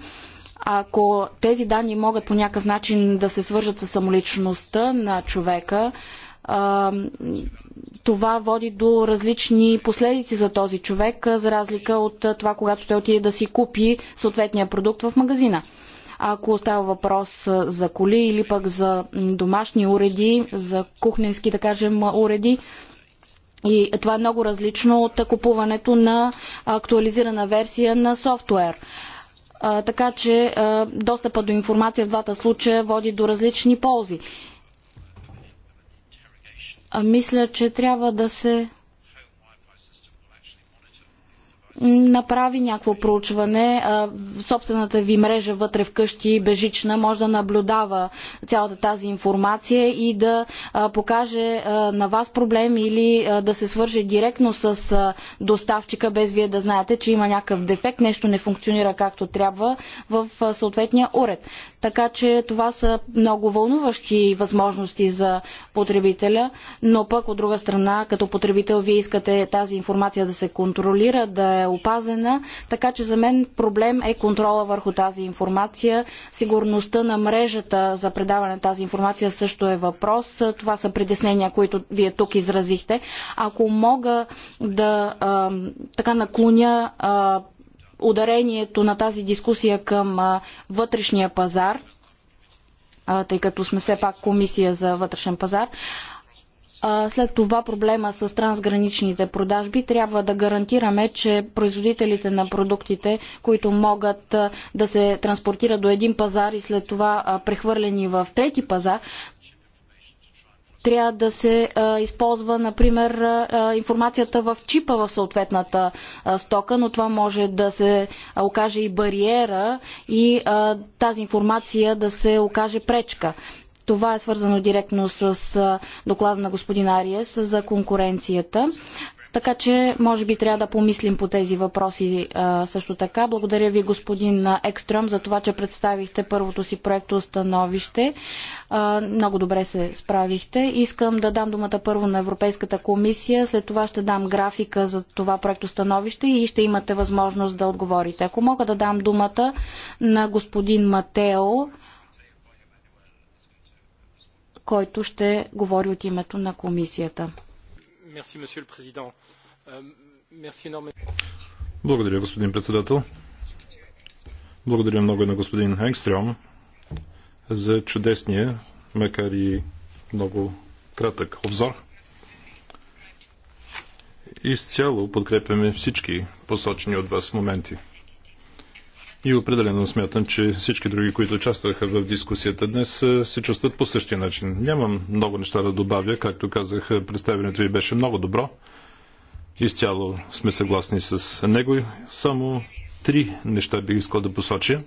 ако тези данни могат по някакъв начин да се свържат с самоличността на човека, а, това води до различни последици за този човек, за разлика от това, когато той отиде да си купи съответния продукт в магазина. Ако става въпрос за коли или пък за домашни уреди, за кухненски, да кажем, уреди, и това е много различно от купуването на актуализирана версия на софтуер. Така че достъпа до информация в двата случая води до различни ползи. Мисля, че трябва да се направи някакво проучване. Собствената ви мрежа вътре вкъщи, бежична, може да наблюдава цялата тази информация и да покаже на вас проблем или да се свърже директно с доставчика, без вие да знаете, че има някакъв дефект, нещо не функционира както трябва в съответния уред. Така че това са много вълнуващи възможности за потребителя, но пък от друга страна, като потребител, вие искате тази информация да се контролира, да я е опазена, така че за мен проблем е контрола върху тази информация. Сигурността на мрежата за предаване на тази информация също е въпрос. Това са притеснения, които вие тук изразихте. Ако мога да а, така наклоня а, ударението на тази дискусия към а, вътрешния пазар, тъй като сме все пак комисия за вътрешен пазар след това проблема с трансграничните продажби, трябва да гарантираме, че производителите на продуктите, които могат да се транспортират до един пазар и след това прехвърлени в трети пазар, трябва да се а, използва, например, а, информацията в чипа в съответната а, стока, но това може да се окаже и бариера и тази информация да се окаже пречка. Това е свързано директно с доклада на господин Ариес за конкуренцията. Така че, може би, трябва да помислим по тези въпроси а, също така. Благодаря ви, господин Екстрем, за това, че представихте първото си проекто становище. А, много добре се справихте. Искам да дам думата първо на Европейската комисия, след това ще дам графика за това проекто становище и ще имате възможност да отговорите. Ако мога да дам думата на господин Матео, който ще говори от името на комисията. Euh, Благодаря, господин председател. Благодаря много на господин Енгстрем за чудесния, макар и много кратък обзор. Изцяло подкрепяме всички посочени от вас моменти. И определено смятам, че всички други, които участваха в дискусията днес, е, се чувстват по същия начин. Нямам много неща да добавя. Както казах, е, представенето ви беше много добро. Изцяло сме съгласни с него. Само три неща бих искал да посоча.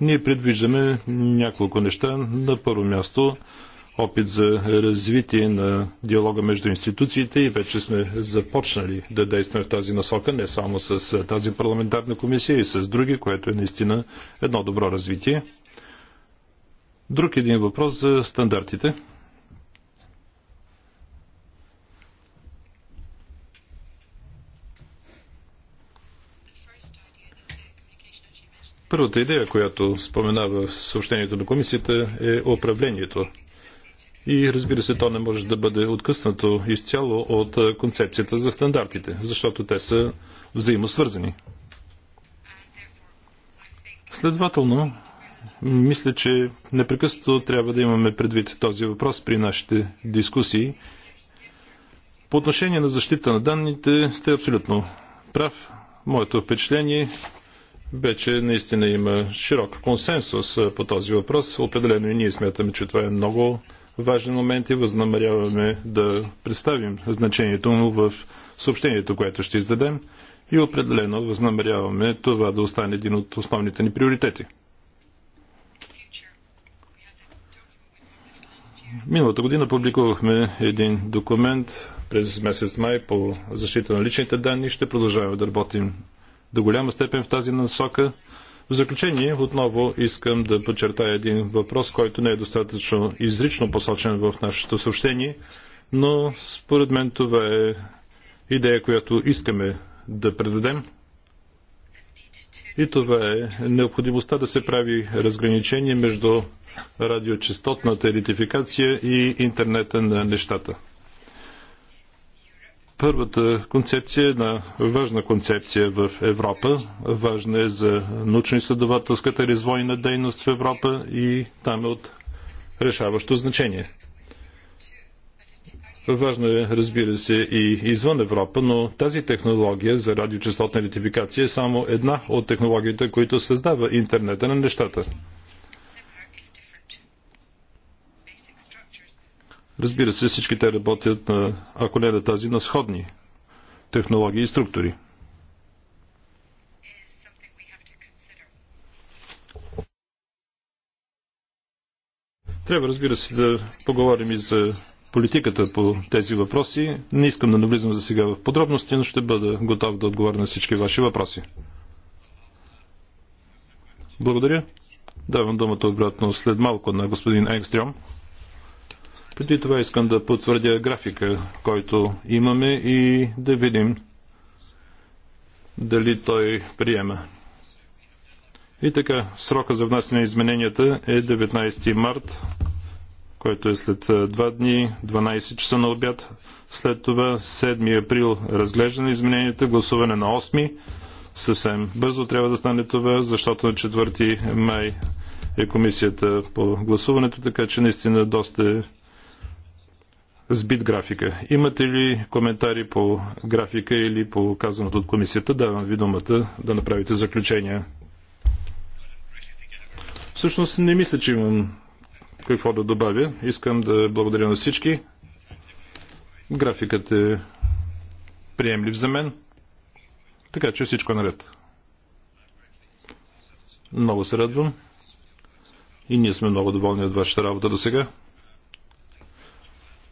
Ние предвиждаме няколко неща. На първо място опит за развитие на диалога между институциите и вече сме започнали да действаме в тази насока, не само с тази парламентарна комисия и с други, което е наистина едно добро развитие. Друг един въпрос за стандартите. Първата идея, която споменава в съобщението на комисията е управлението. И разбира се, то не може да бъде откъснато изцяло от концепцията за стандартите, защото те са взаимосвързани. Следователно, мисля, че непрекъснато трябва да имаме предвид този въпрос при нашите дискусии. По отношение на защита на данните сте абсолютно прав. Моето впечатление вече че наистина има широк консенсус по този въпрос. Определено и ние смятаме, че това е много важен момент и възнамеряваме да представим значението му в съобщението, което ще издадем и определено възнамеряваме това да остане един от основните ни приоритети. Миналата година публикувахме един документ през месец май по защита на личните данни. Ще продължаваме да работим до голяма степен в тази насока. В заключение, отново искам да подчертая един въпрос, който не е достатъчно изрично посочен в нашето съобщение, но според мен това е идея, която искаме да предадем. И това е необходимостта да се прави разграничение между радиочастотната идентификация и интернета на нещата първата концепция е една важна концепция в Европа. Важна е за научно-изследователската развойна дейност в Европа и там е от решаващо значение. Важно е, разбира се, и извън Европа, но тази технология за радиочастотна идентификация е само една от технологиите, които създава интернета на нещата. Разбира се, всички те работят, на, ако не на тази, на сходни технологии и структури. Трябва, разбира се, да поговорим и за политиката по тези въпроси. Не искам да навлизам за сега в подробности, но ще бъда готов да отговоря на всички ваши въпроси. Благодаря. Давам думата обратно след малко на господин Енгстрем. Преди това искам да потвърдя графика, който имаме и да видим дали той приема. И така, срока за внасяне на измененията е 19 март, който е след 2 дни, 12 часа на обяд. След това 7 април разглеждане на измененията, гласуване на 8. Съвсем бързо трябва да стане това, защото на 4 май е комисията по гласуването, така че наистина доста е сбит графика. Имате ли коментари по графика или по казаното от комисията? Давам ви думата да направите заключения. Всъщност не мисля, че имам какво да добавя. Искам да благодаря на всички. Графикът е приемлив за мен. Така че всичко е наред. Много се радвам. И ние сме много доволни от вашата работа до сега.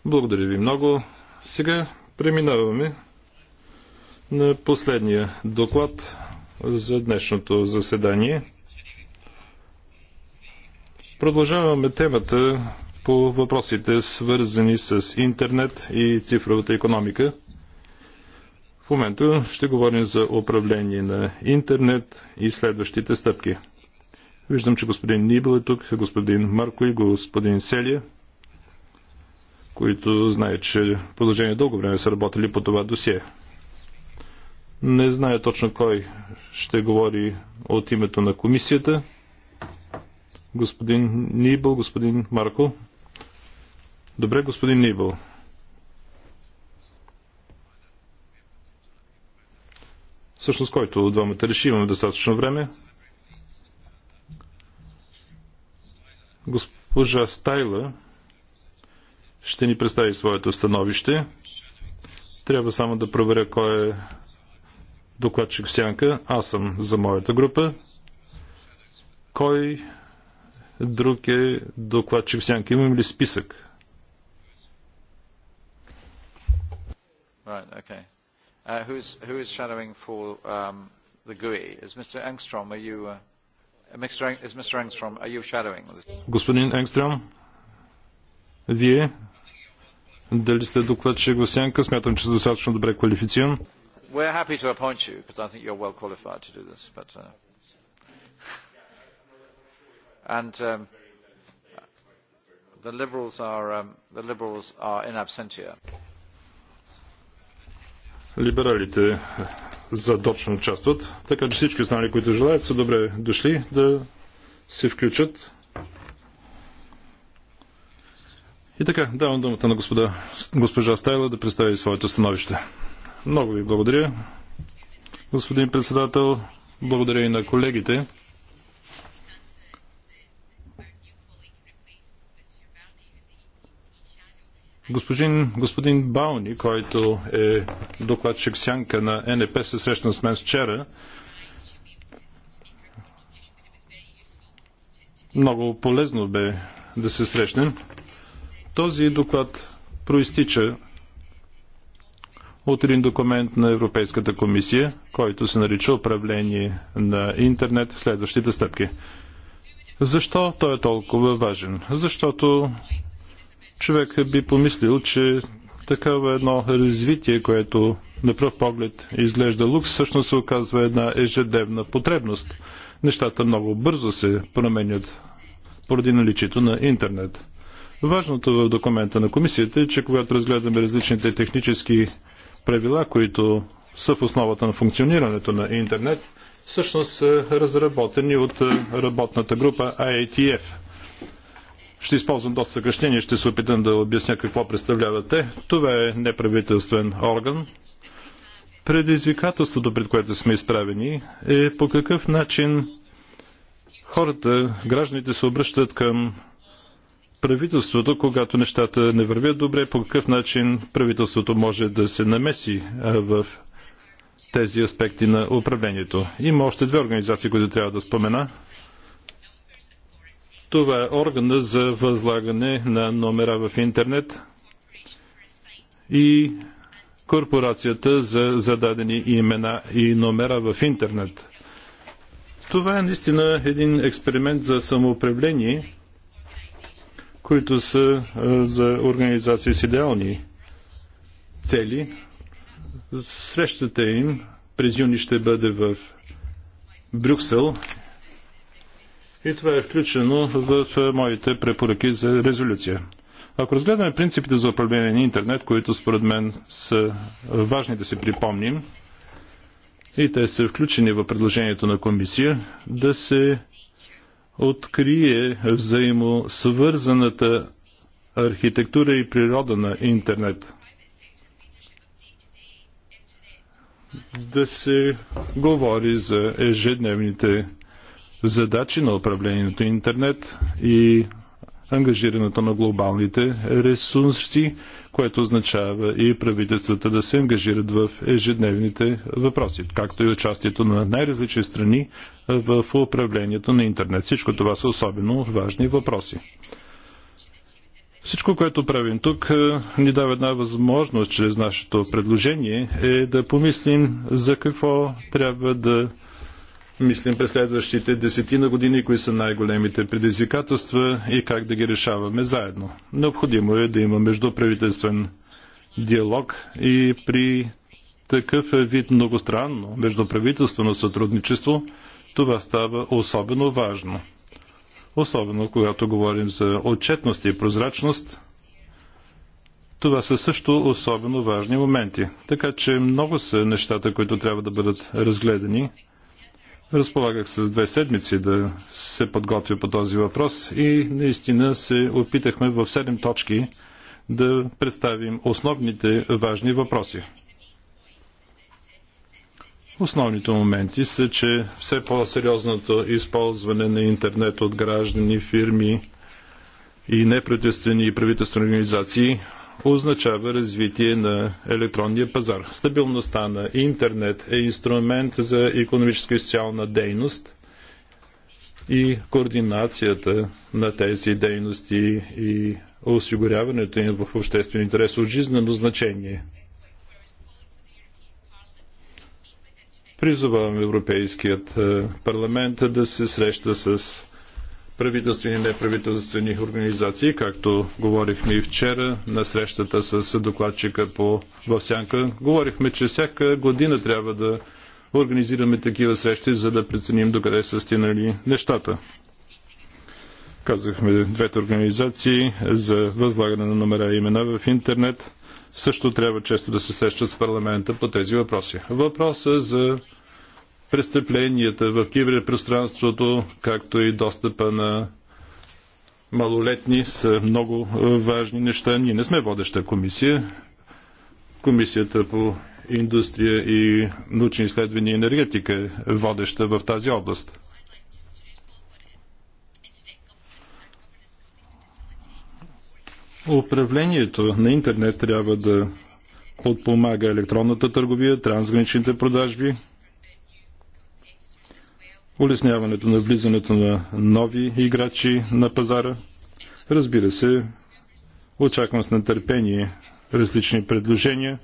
Благодаря ви много. Сега преминаваме на последния доклад за днешното заседание. Продължаваме темата по въпросите свързани с интернет и цифровата економика. В момента ще говорим за управление на интернет и следващите стъпки. Виждам, че господин Нибъл е тук, господин Марко и господин Селия които знае, че продължение дълго време са работили по това досие. Не знае точно кой ще говори от името на комисията. Господин Нибъл, господин Марко. Добре, господин Нибъл. Всъщност, който от двамата реши, имаме достатъчно време. Госпожа Стайла ще ни представи своето становище. Трябва само да проверя кой е докладчик в сянка. Аз съм за моята група. Кой друг е докладчик в сянка? Имам ли списък? Right, okay. Uh, who's, who is shadowing for um, the GUI? Is Mr. Engstrom, are you, uh, Mr. Engstrom, are you shadowing? Господин Енгстром, вие дали сте докладчик в сянка? Смятам, че сте достатъчно добре квалифициран. We're happy to appoint you because I think you're well qualified to do this. But, uh... and um, the Liberals are um, the Liberals are in absentia. Либералите задочно участват, така че всички останали, които желаят, са добре дошли да се включат И така, давам думата на господа, госпожа Стайла да представи своето становище. Много ви благодаря, господин председател. Благодаря и на колегите. Господин, господин Бауни, който е докладчик сянка на НП, се срещна с мен вчера. Много полезно бе да се срещнем. Този доклад проистича от един документ на Европейската комисия, който се нарича управление на интернет следващите стъпки. Защо той е толкова важен? Защото човек би помислил, че такава едно развитие, което на пръв поглед изглежда лукс, всъщност се оказва една ежедневна потребност. Нещата много бързо се променят поради наличието на интернет. Важното в документа на комисията е, че когато разгледаме различните технически правила, които са в основата на функционирането на интернет, всъщност са разработени от е, работната група IATF. Ще използвам доста съкръщение, ще се опитам да обясня какво представляват те. Това е неправителствен орган. Предизвикателството, пред което сме изправени, е по какъв начин хората, гражданите се обръщат към правителството, когато нещата не вървят добре, по какъв начин правителството може да се намеси в тези аспекти на управлението. Има още две организации, които трябва да спомена. Това е органа за възлагане на номера в интернет и Корпорацията за зададени имена и номера в интернет. Това е наистина един експеримент за самоуправление, които са за организации с идеални цели. Срещата им през юни ще бъде в Брюксел и това е включено в моите препоръки за резолюция. Ако разгледаме принципите за управление на интернет, които според мен са важни да се припомним, и те са включени в предложението на комисия, да се открие взаимосвързаната архитектура и природа на интернет. Да се говори за ежедневните задачи на управлението интернет и ангажирането на глобалните ресурси, което означава и правителствата да се ангажират в ежедневните въпроси, както и участието на най-различни страни в управлението на интернет. Всичко това са особено важни въпроси. Всичко, което правим тук, е, ни дава една възможност чрез нашето предложение е да помислим за какво трябва да мислим през следващите десетина години, кои са най-големите предизвикателства и как да ги решаваме заедно. Необходимо е да има междуправителствен диалог и при такъв вид многостранно междуправителствено сътрудничество това става особено важно. Особено когато говорим за отчетност и прозрачност, това са също особено важни моменти. Така че много са нещата, които трябва да бъдат разгледани – Разполагах с две седмици да се подготвя по този въпрос и наистина се опитахме в седем точки да представим основните важни въпроси. Основните моменти са, че все по-сериозното използване на интернет от граждани, фирми и неправителствени и правителствени организации означава развитие на електронния пазар. Стабилността на интернет е инструмент за економическа и социална дейност и координацията на тези дейности и осигуряването им в обществен интерес от жизнено значение. Призовавам Европейският е, парламент да се среща с правителствени и неправителствени организации, както говорихме и вчера на срещата с докладчика по Вовсянка. Говорихме, че всяка година трябва да организираме такива срещи, за да преценим докъде са стигнали нещата. Казахме двете организации за възлагане на номера и имена в интернет. Също трябва често да се срещат с парламента по тези въпроси. Въпроса за престъпленията в киберпространството, както и достъпа на малолетни са много е, важни неща. Ние не сме водеща комисия. Комисията по индустрия и научни изследвания и енергетика е водеща в тази област. Управлението на интернет трябва да подпомага електронната търговия, трансграничните продажби, улесняването на влизането на нови играчи на пазара. Разбира се, очаквам с нетърпение различни предложения,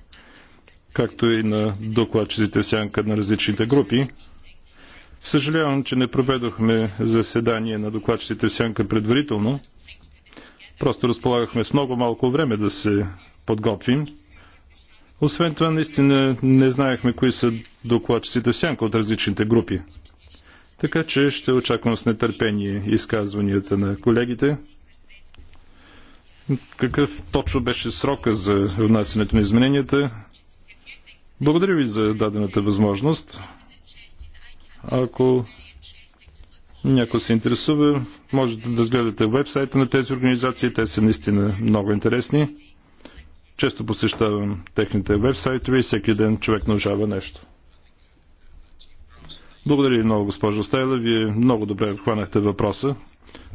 както и на докладчиците в сянка на различните групи. Съжалявам, че не проведохме заседание на докладчиците в сянка предварително. Просто разполагахме с много малко време да се подготвим. Освен това, наистина не знаехме кои са докладчиците в сянка от различните групи. Така че ще очаквам с нетърпение изказванията на колегите. Какъв точно беше срока за внасянето на измененията? Благодаря ви за дадената възможност. Ако някой се интересува, можете да разгледате вебсайта на тези организации. Те са наистина много интересни. Често посещавам техните вебсайтове и всеки ден човек научава нещо. Благодаря ви много, госпожо Стайла. Вие много добре хванахте въпроса.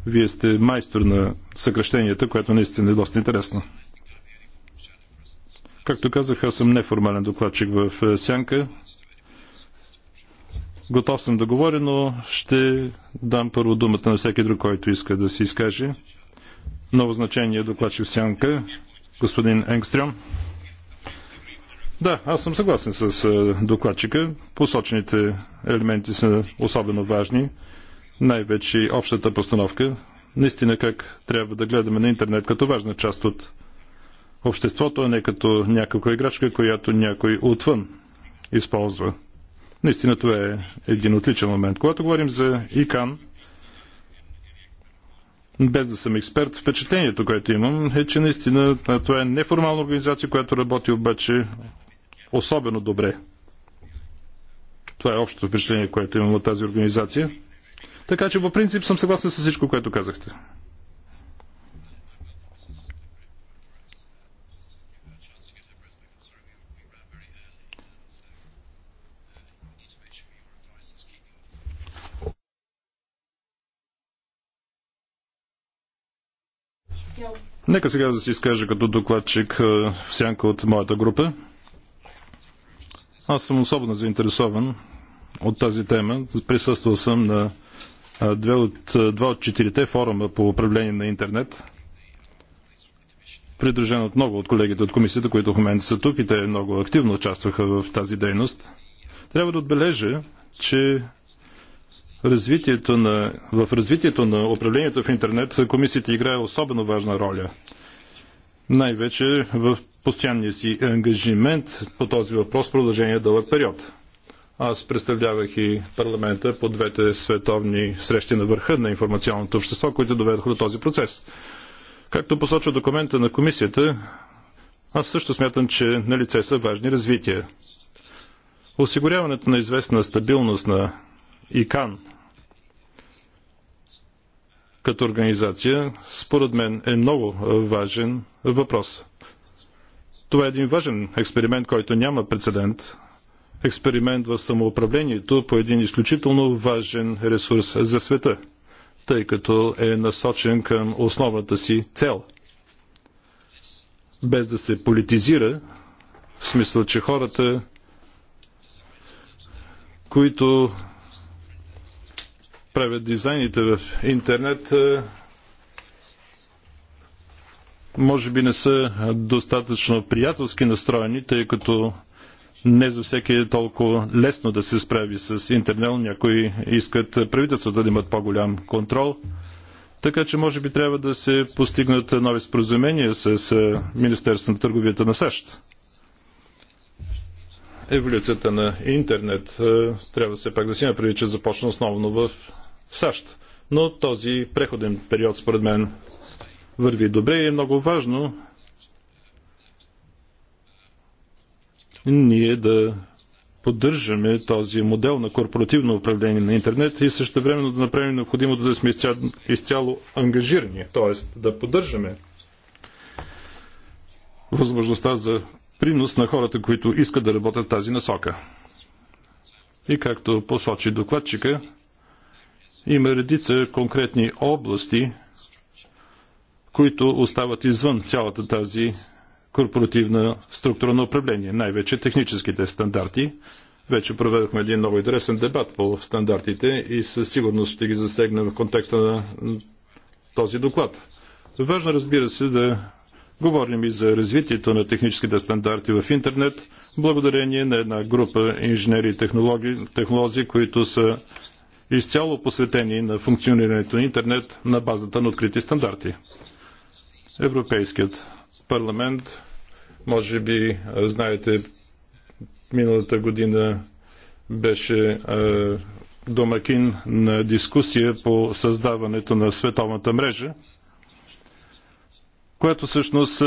Вие сте майстор на съкръщенията, което наистина е доста интересно. Както казах, аз съм неформален докладчик в е, Сянка. Готов съм да говоря, но ще дам първо думата на всеки друг, който иска да се изкаже. Ново значение докладчик в Сянка, господин Енгстрем. Да, аз съм съгласен с е, докладчика. Посочените елементи са особено важни. Най-вече общата постановка. Наистина как трябва да гледаме на интернет като важна част от обществото, а не като някаква играчка, която някой отвън използва. Наистина това е един отличен момент. Когато говорим за ИКАН, без да съм експерт, впечатлението, което имам е, че наистина това е неформална организация, която работи обаче особено добре. Това е общото впечатление, което имам от тази организация. Така че по принцип съм съгласен с всичко, което казахте. Нека сега да се изкажа като докладчик е, в сянка от моята група. Аз съм особено заинтересован от тази тема. Присъствал съм на две от, два от четирите форума по управление на интернет, придружен от много от колегите от комисията, които в момента са тук и те много активно участваха в тази дейност. Трябва да отбележа, че развитието на, в развитието на управлението в интернет комисията играе особено важна роля. Най-вече в постоянния си ангажимент по този въпрос в продължение дълъг период. Аз представлявах и парламента по двете световни срещи на върха на информационното общество, които доведоха до този процес. Както посочва документа на комисията, аз също смятам, че на лице са важни развития. Осигуряването на известна стабилност на ИКАН като организация, според мен е много важен въпрос. Това е един важен експеримент, който няма прецедент. Експеримент в самоуправлението по един изключително важен ресурс за света, тъй като е насочен към основната си цел. Без да се политизира, в смисъл, че хората, които правят дизайните в интернет, може би не са достатъчно приятелски настроени, тъй като не за всеки е толкова лесно да се справи с интернел. Някои искат правителството да имат по-голям контрол. Така че може би трябва да се постигнат нови споразумения с Министерството на търговията на САЩ. Еволюцията на интернет трябва все пак да си направи, че започна основно в САЩ. Но този преходен период, според мен, върви добре и е много важно ние да поддържаме този модел на корпоративно управление на интернет и също времено да направим необходимото да сме изцяло ангажирани, т.е. да поддържаме възможността за принос на хората, които искат да работят тази насока. И както посочи докладчика, има редица конкретни области – които остават извън цялата тази корпоративна структура на управление, най-вече техническите стандарти. Вече проведохме един много интересен дебат по стандартите и със сигурност ще ги засегнем в контекста на този доклад. Важно разбира се да говорим и за развитието на техническите стандарти в интернет, благодарение на една група инженери и технологии, които са изцяло посветени на функционирането на интернет на базата на открити стандарти. Европейският парламент, може би, знаете, миналата година беше домакин на дискусия по създаването на световната мрежа, която всъщност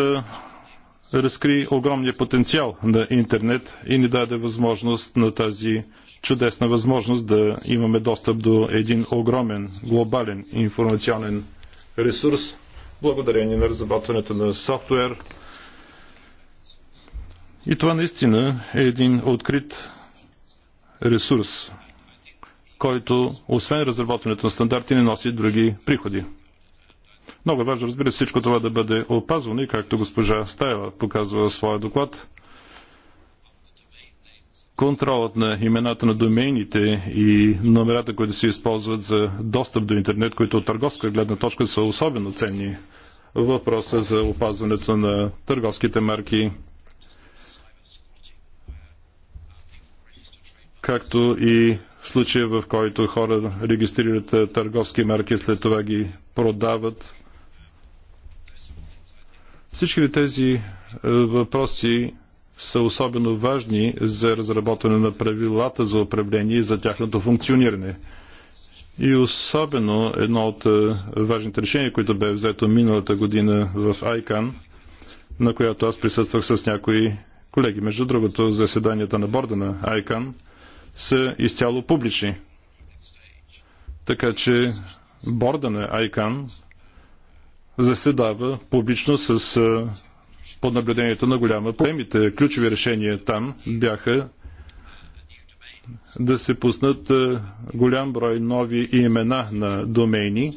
разкри огромния потенциал на интернет и ни даде възможност на тази чудесна възможност да имаме достъп до един огромен глобален информационен ресурс, благодарение на разработването на софтуер. И това наистина е един открит ресурс, който освен разработването на стандарти не носи други приходи. Много е важно, разбира се, всичко това да бъде опазвано и както госпожа Стаева показва своя доклад – контролът на имената на домените и номерата, които се използват за достъп до интернет, които от търговска гледна точка са особено ценни. Въпроса за опазването на търговските марки, както и в случая, в който хора регистрират търговски марки, след това ги продават. Всички тези е, въпроси са особено важни за разработване на правилата за управление и за тяхното функциониране. И особено едно от е, важните решения, които бе взето миналата година в ICAN, на която аз присъствах с някои колеги. Между другото, заседанията на борда на Айкан са изцяло публични. Така че борда на Айкан заседава публично с е, под наблюдението на голяма. Проблемите, ключови решения там бяха да се пуснат е, голям брой нови имена на домейни.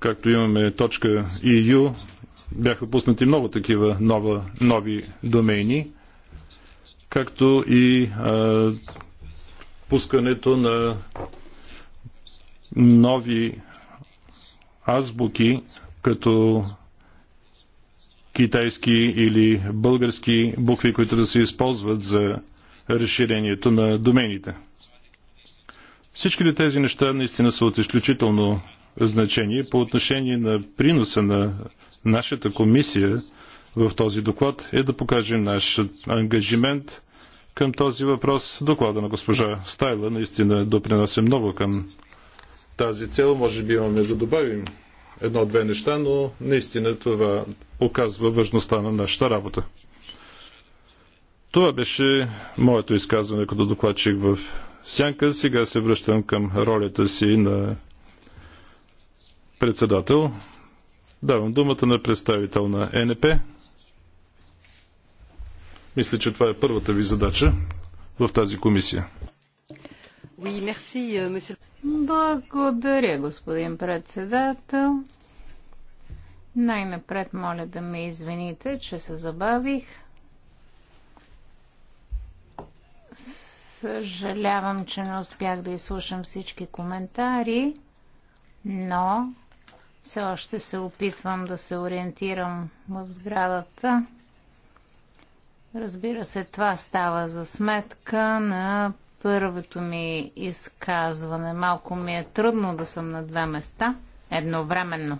Както имаме .eu, бяха пуснати много такива нова, нови домейни, както и а, е, пускането на нови азбуки, като китайски или български букви, които да се използват за разширението на домените. Всички ли тези неща наистина са от изключително значение по отношение на приноса на нашата комисия в този доклад е да покажем наш ангажимент към този въпрос. Доклада на госпожа Стайла наистина допринася много към тази цел. Може би имаме да добавим едно-две неща, но наистина това показва важността на нашата работа. Това беше моето изказване като докладчик в Сянка. Сега се връщам към ролята си на председател. Давам думата на представител на НП. Мисля, че това е първата ви задача в тази комисия. Oui, merci, euh, благодаря, господин председател. Най-напред моля да ме извините, че се забавих. Съжалявам, че не успях да изслушам всички коментари, но все още се опитвам да се ориентирам в сградата. Разбира се, това става за сметка на първото ми изказване. Малко ми е трудно да съм на две места едновременно.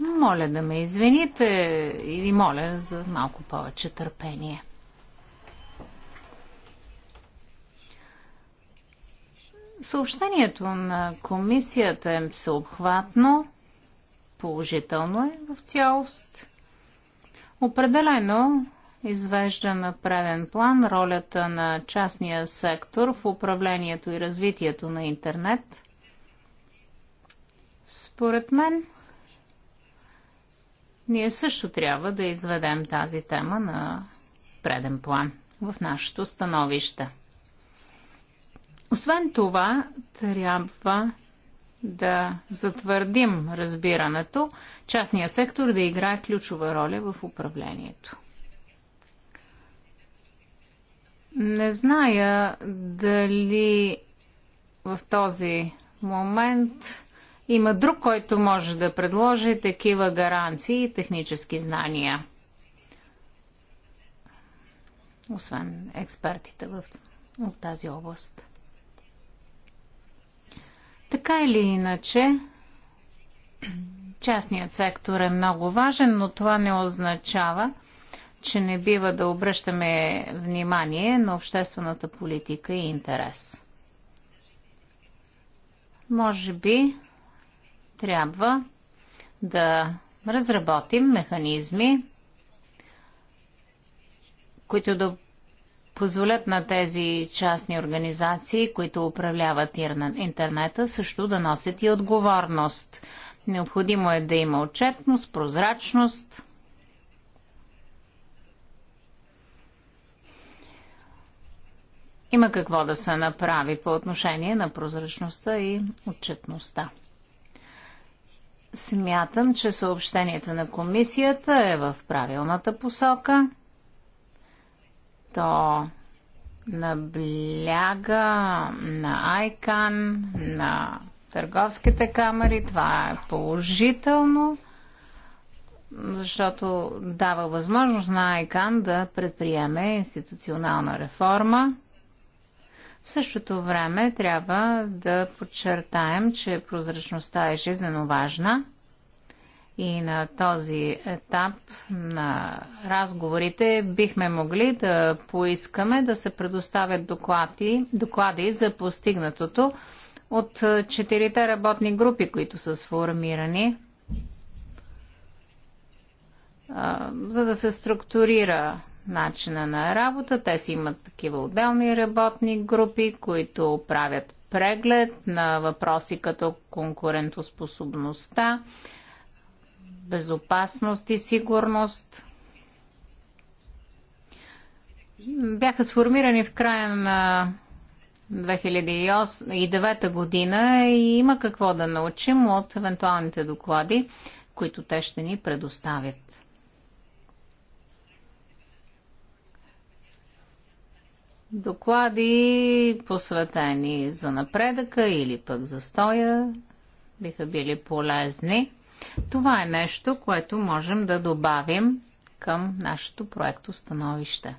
Моля да ме извините и моля за малко повече търпение. Съобщението на комисията е всеобхватно, положително е в цялост. Определено извежда на преден план ролята на частния сектор в управлението и развитието на интернет. Според мен, ние също трябва да изведем тази тема на преден план в нашето становище. Освен това, трябва да затвърдим разбирането частния сектор да играе ключова роля в управлението. Не зная дали в този момент има друг, който може да предложи такива гаранции и технически знания. Освен експертите в, от тази област. Така или иначе, частният сектор е много важен, но това не означава, че не бива да обръщаме внимание на обществената политика и интерес. Може би трябва да разработим механизми, които да позволят на тези частни организации, които управляват интернета, също да носят и отговорност. Необходимо е да има отчетност, прозрачност – Има какво да се направи по отношение на прозрачността и отчетността. Смятам, че съобщението на комисията е в правилната посока. То набляга на ICAN, на търговските камери. Това е положително, защото дава възможност на ICAN да предприеме институционална реформа в същото време трябва да подчертаем, че прозрачността е жизненно важна и на този етап на разговорите бихме могли да поискаме да се предоставят доклади, доклади за постигнатото от четирите работни групи, които са сформирани, за да се структурира начина на работа. Те си имат такива отделни работни групи, които правят преглед на въпроси като конкурентоспособността, безопасност и сигурност. Бяха сформирани в края на 2009 година и има какво да научим от евентуалните доклади, които те ще ни предоставят. доклади, посветени за напредъка или пък за стоя, биха били полезни. Това е нещо, което можем да добавим към нашето проекто становище.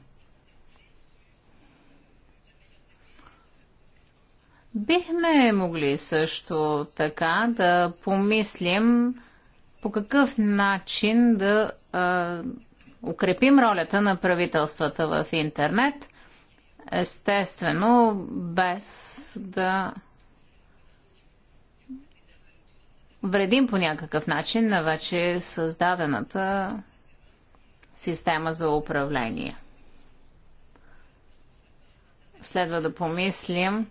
Бихме могли също така да помислим по какъв начин да а, укрепим ролята на правителствата в интернет – естествено, без да вредим по някакъв начин на вече създадената система за управление. Следва да помислим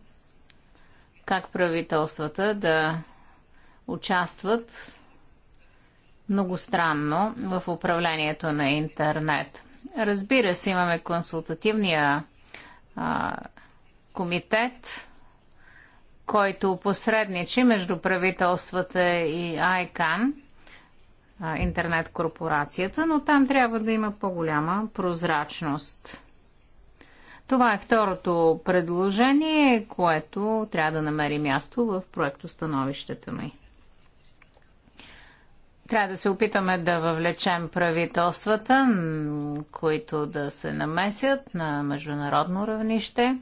как правителствата да участват многостранно в управлението на интернет. Разбира се, имаме консултативния а, комитет, който посредничи между правителствата и ICANN, интернет корпорацията, но там трябва да има по-голяма прозрачност. Това е второто предложение, което трябва да намери място в проекто становището ми. Трябва да се опитаме да въвлечем правителствата, които да се намесят на международно равнище,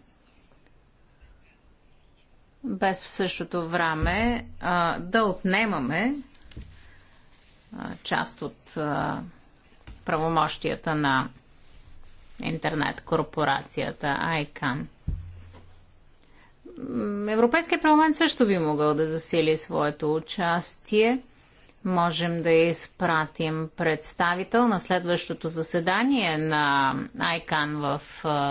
без в същото време а, да отнемаме а, част от а, правомощията на интернет корпорацията ICANN. Европейския парламент също би могъл да засили своето участие можем да изпратим представител на следващото заседание на ICAN в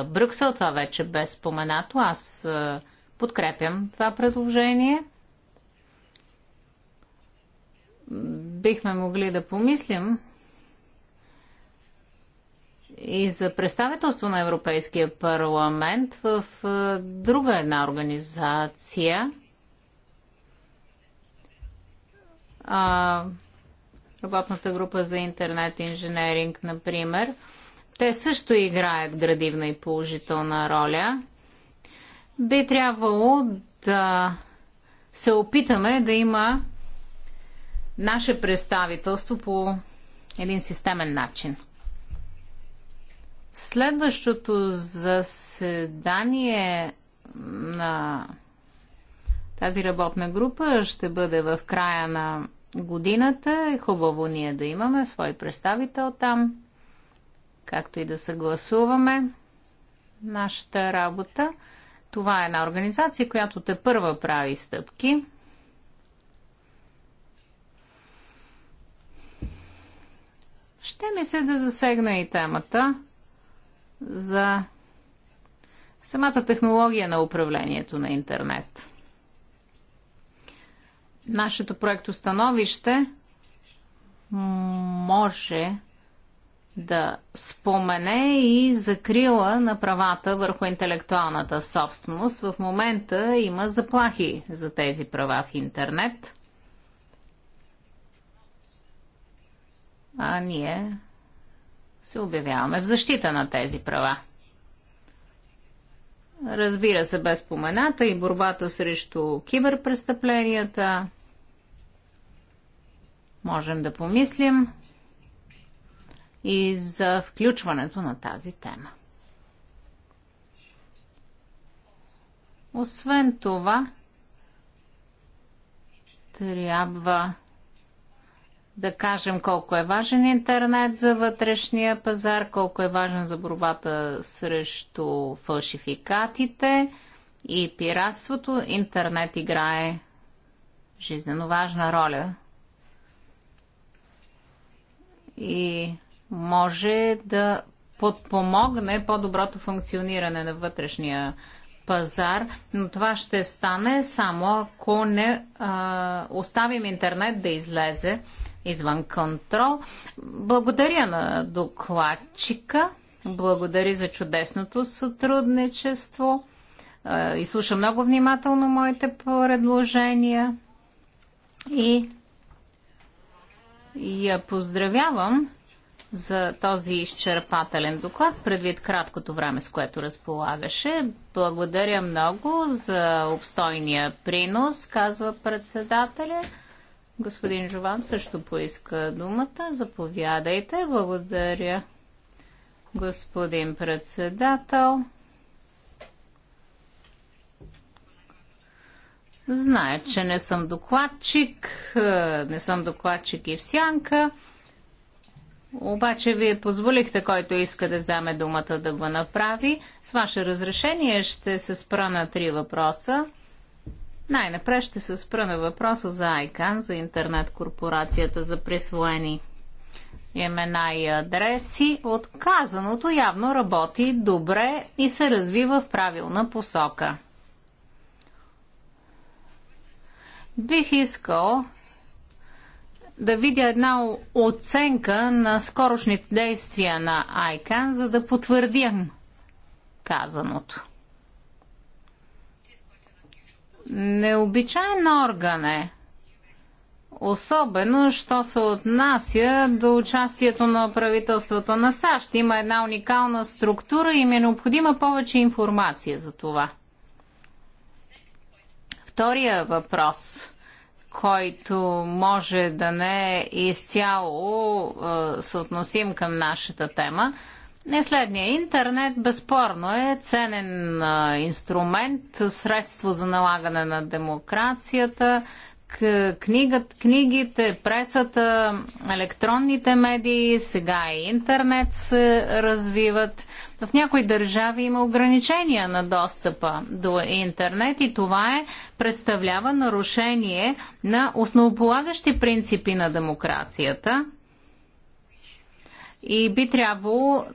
Брюксел. Това вече бе споменато. Аз подкрепям това предложение. Бихме могли да помислим и за представителство на Европейския парламент в друга една организация – а, работната група за интернет инженеринг, например, те също играят градивна и положителна роля. Би трябвало да се опитаме да има наше представителство по един системен начин. Следващото заседание на тази работна група ще бъде в края на годината е хубаво ние да имаме свой представител там, както и да съгласуваме нашата работа. Това е една организация, която те първа прави стъпки. Ще ми се да засегна и темата за самата технология на управлението на интернет. Нашето проекто становище може да спомене и закрила на правата върху интелектуалната собственост. В момента има заплахи за тези права в интернет. А ние се обявяваме в защита на тези права. Разбира се, без спомената и борбата срещу киберпрестъпленията – Можем да помислим и за включването на тази тема. Освен това, трябва да кажем колко е важен интернет за вътрешния пазар, колко е важен за борбата срещу фалшификатите и пиратството. Интернет играе жизненно важна роля и може да подпомогне по-доброто функциониране на вътрешния пазар, но това ще стане само ако не а, оставим интернет да излезе извън контрол. Благодаря на докладчика, благодаря за чудесното сътрудничество. А, слуша много внимателно моите предложения и я поздравявам за този изчерпателен доклад, предвид краткото време, с което разполагаше. Благодаря много за обстойния принос, казва председателя. Господин Жован също поиска думата. Заповядайте. Благодаря, господин председател. Знаят, че не съм докладчик, е, не съм докладчик и в сянка. Обаче вие позволихте, който иска да вземе думата да го направи. С ваше разрешение ще се спра на три въпроса. Най-напред ще се спра на въпроса за ICANN, за интернет корпорацията за присвоени имена и адреси. Отказаното явно работи добре и се развива в правилна посока. Бих искал да видя една оценка на скорошните действия на ICANN, за да потвърдим казаното. Необичайен орган е, особено, що се отнася до участието на правителството на САЩ. Има една уникална структура и ми е необходима повече информация за това втория въпрос, който може да не е изцяло е, съотносим към нашата тема, не следния. Интернет безспорно е ценен е, инструмент, средство за налагане на демокрацията, е, книгът, книгите, пресата, електронните медии, сега и интернет се развиват. В някои държави има ограничения на достъпа до интернет и това е, представлява нарушение на основополагащи принципи на демокрацията. И би трябвало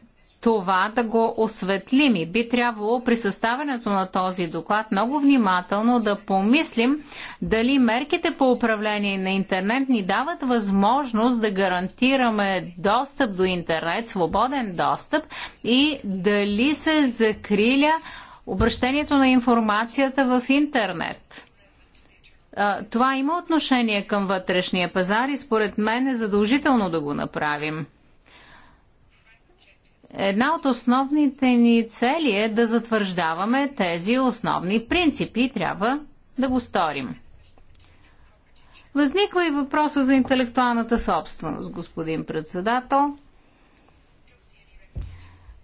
това да го осветлим и би трябвало при съставянето на този доклад много внимателно да помислим дали мерките по управление на интернет ни дават възможност да гарантираме достъп до интернет, свободен достъп и дали се закриля обращението на информацията в интернет. Това има отношение към вътрешния пазар и според мен е задължително да го направим. Една от основните ни цели е да затвърждаваме тези основни принципи и трябва да го сторим. Възниква и въпроса за интелектуалната собственост, господин председател.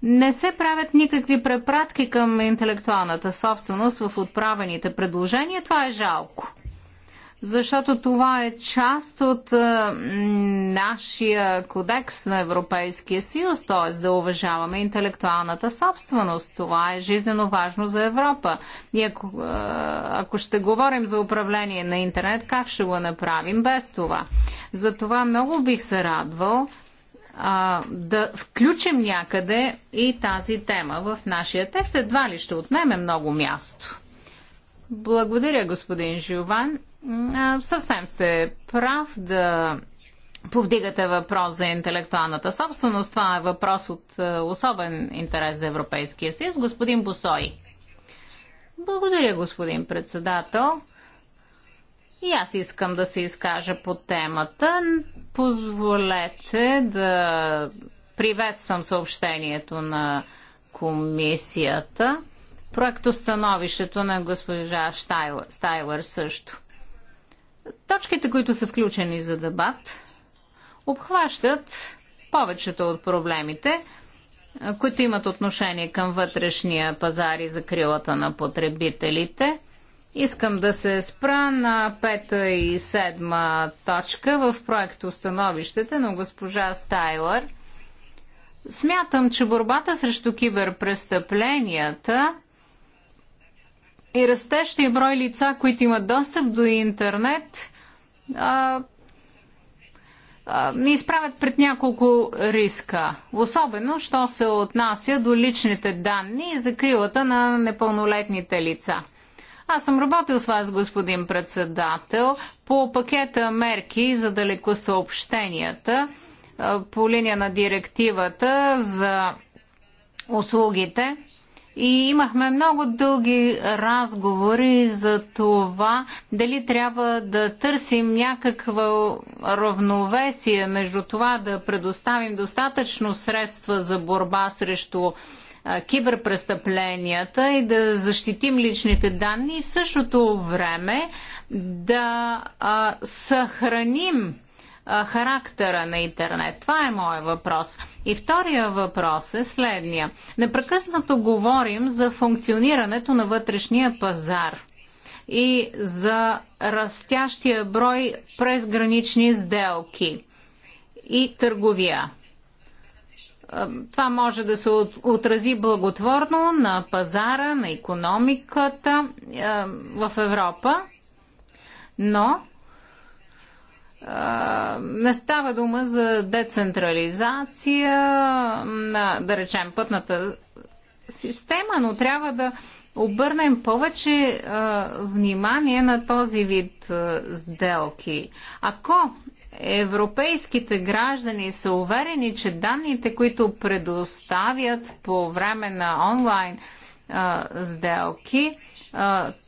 Не се правят никакви препратки към интелектуалната собственост в отправените предложения. Това е жалко защото това е част от е, нашия кодекс на Европейския съюз, т.е. да уважаваме интелектуалната собственост. Това е жизненно важно за Европа. И ако, е, ако ще говорим за управление на интернет, как ще го направим без това? Затова много бих се радвал а, е, да включим някъде и тази тема в нашия текст. Едва ли ще отнеме много място. Благодаря, господин Жилван. Съвсем сте прав да повдигате въпрос за интелектуалната собственост. Това е въпрос от е, особен интерес за Европейския съюз. Господин Босой. Благодаря, господин председател. И аз искам да се изкажа по темата. Позволете да приветствам съобщението на комисията. Проектостановището на госпожа Штайлър, също. Точките, които са включени за дебат, обхващат повечето от проблемите, които имат отношение към вътрешния пазар и закрилата на потребителите. Искам да се спра на пета и седма точка в проекто Становищете на госпожа Стайлър. Смятам, че борбата срещу киберпрестъпленията – и растещия брой лица, които имат достъп до интернет, а, а, ни изправят пред няколко риска. Особено, що се отнася до личните данни и закрилата на непълнолетните лица. Аз съм работил с вас, господин председател, по пакета мерки за далекосъобщенията по линия на директивата за услугите. И имахме много дълги разговори за това дали трябва да търсим някаква равновесие между това да предоставим достатъчно средства за борба срещу киберпрестъпленията и да защитим личните данни и в същото време да а, съхраним характера на интернет? Това е моят въпрос. И втория въпрос е следния. Непрекъснато говорим за функционирането на вътрешния пазар и за растящия брой презгранични сделки и търговия това може да се отрази благотворно на пазара, на економиката в Европа, но не става дума за децентрализация на, да речем, пътната система, но трябва да обърнем повече внимание на този вид сделки. Ако европейските граждани са уверени, че данните, които предоставят по време на онлайн сделки,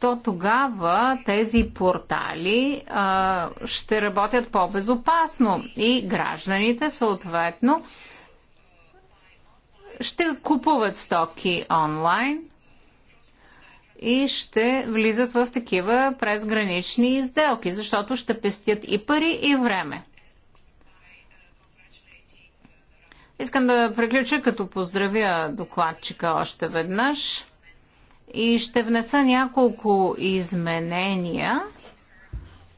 то тогава тези портали а, ще работят по-безопасно и гражданите съответно ще купуват стоки онлайн и ще влизат в такива презгранични изделки, защото ще пестят и пари, и време. Искам да приключа като поздравя докладчика още веднъж и ще внеса няколко изменения,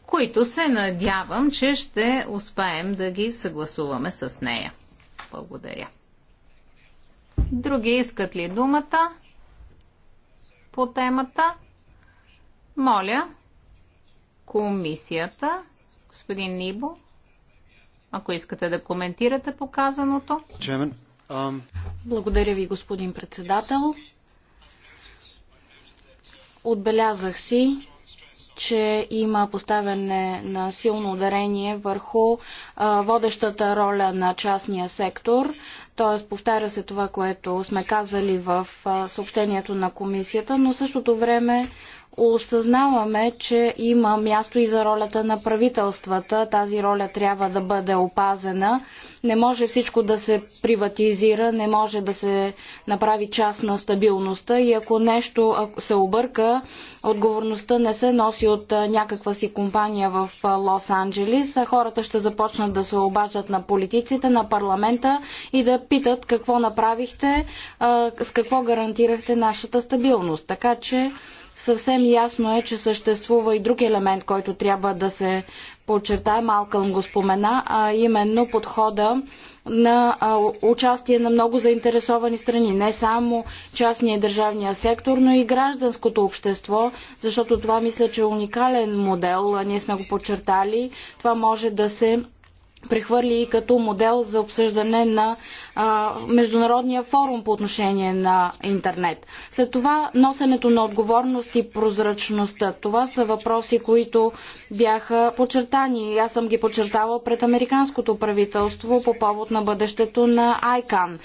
които се надявам, че ще успеем да ги съгласуваме с нея. Благодаря. Други искат ли думата по темата? Моля, комисията, господин Нибо, ако искате да коментирате показаното. Um, Благодаря ви, господин председател. Отбелязах си, че има поставяне на силно ударение върху а, водещата роля на частния сектор. Т.е. повтаря се това, което сме казали в а, съобщението на комисията, но в същото време осъзнаваме, че има място и за ролята на правителствата. Тази роля трябва да бъде опазена. Не може всичко да се приватизира, не може да се направи част на стабилността и ако нещо се обърка, отговорността не се носи от някаква си компания в Лос Анджелис. Хората ще започнат да се обаждат на политиците, на парламента и да питат какво направихте, с какво гарантирахте нашата стабилност. Така че Съвсем ясно е, че съществува и друг елемент, който трябва да се подчертае. Малкълм го спомена, а именно подхода на участие на много заинтересовани страни, не само частния и държавния сектор, но и гражданското общество, защото това мисля, че е уникален модел, ние сме го подчертали, това може да се прехвърли и като модел за обсъждане на Международния форум по отношение на интернет. След това носенето на отговорност и прозрачността. Това са въпроси, които бяха подчертани. Аз съм ги подчертавал пред американското правителство по повод на бъдещето на ICANN.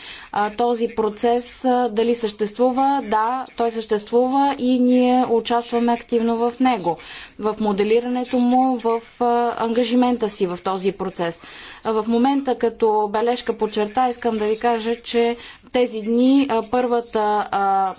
този процес дали съществува? Да, той съществува и ние участваме активно в него, в моделирането му, в ангажимента си в този процес. В момента като бележка почерта, искам да ви кажа, че тези дни първата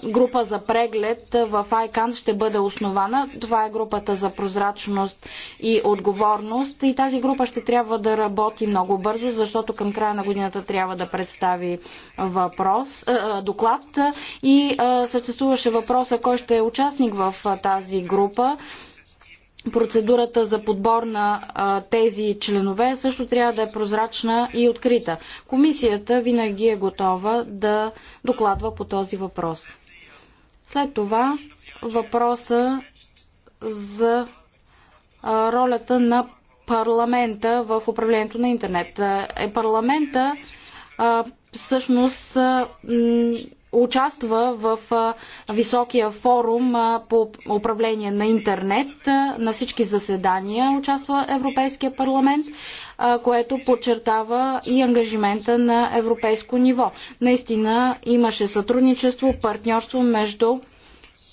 група за преглед в ICANN ще бъде основана. Това е групата за прозрачност и отговорност. И тази група ще трябва да работи много бързо, защото към края на годината трябва да представи въпрос, доклад. И съществуваше въпроса кой ще е участник в тази група процедурата за подбор на а, тези членове също трябва да е прозрачна и открита. Комисията винаги е готова да докладва по този въпрос. След това въпроса за а, ролята на парламента в управлението на интернет. Е, парламента а, всъщност участва в високия форум по управление на интернет. На всички заседания участва Европейския парламент, което подчертава и ангажимента на европейско ниво. Наистина имаше сътрудничество, партньорство между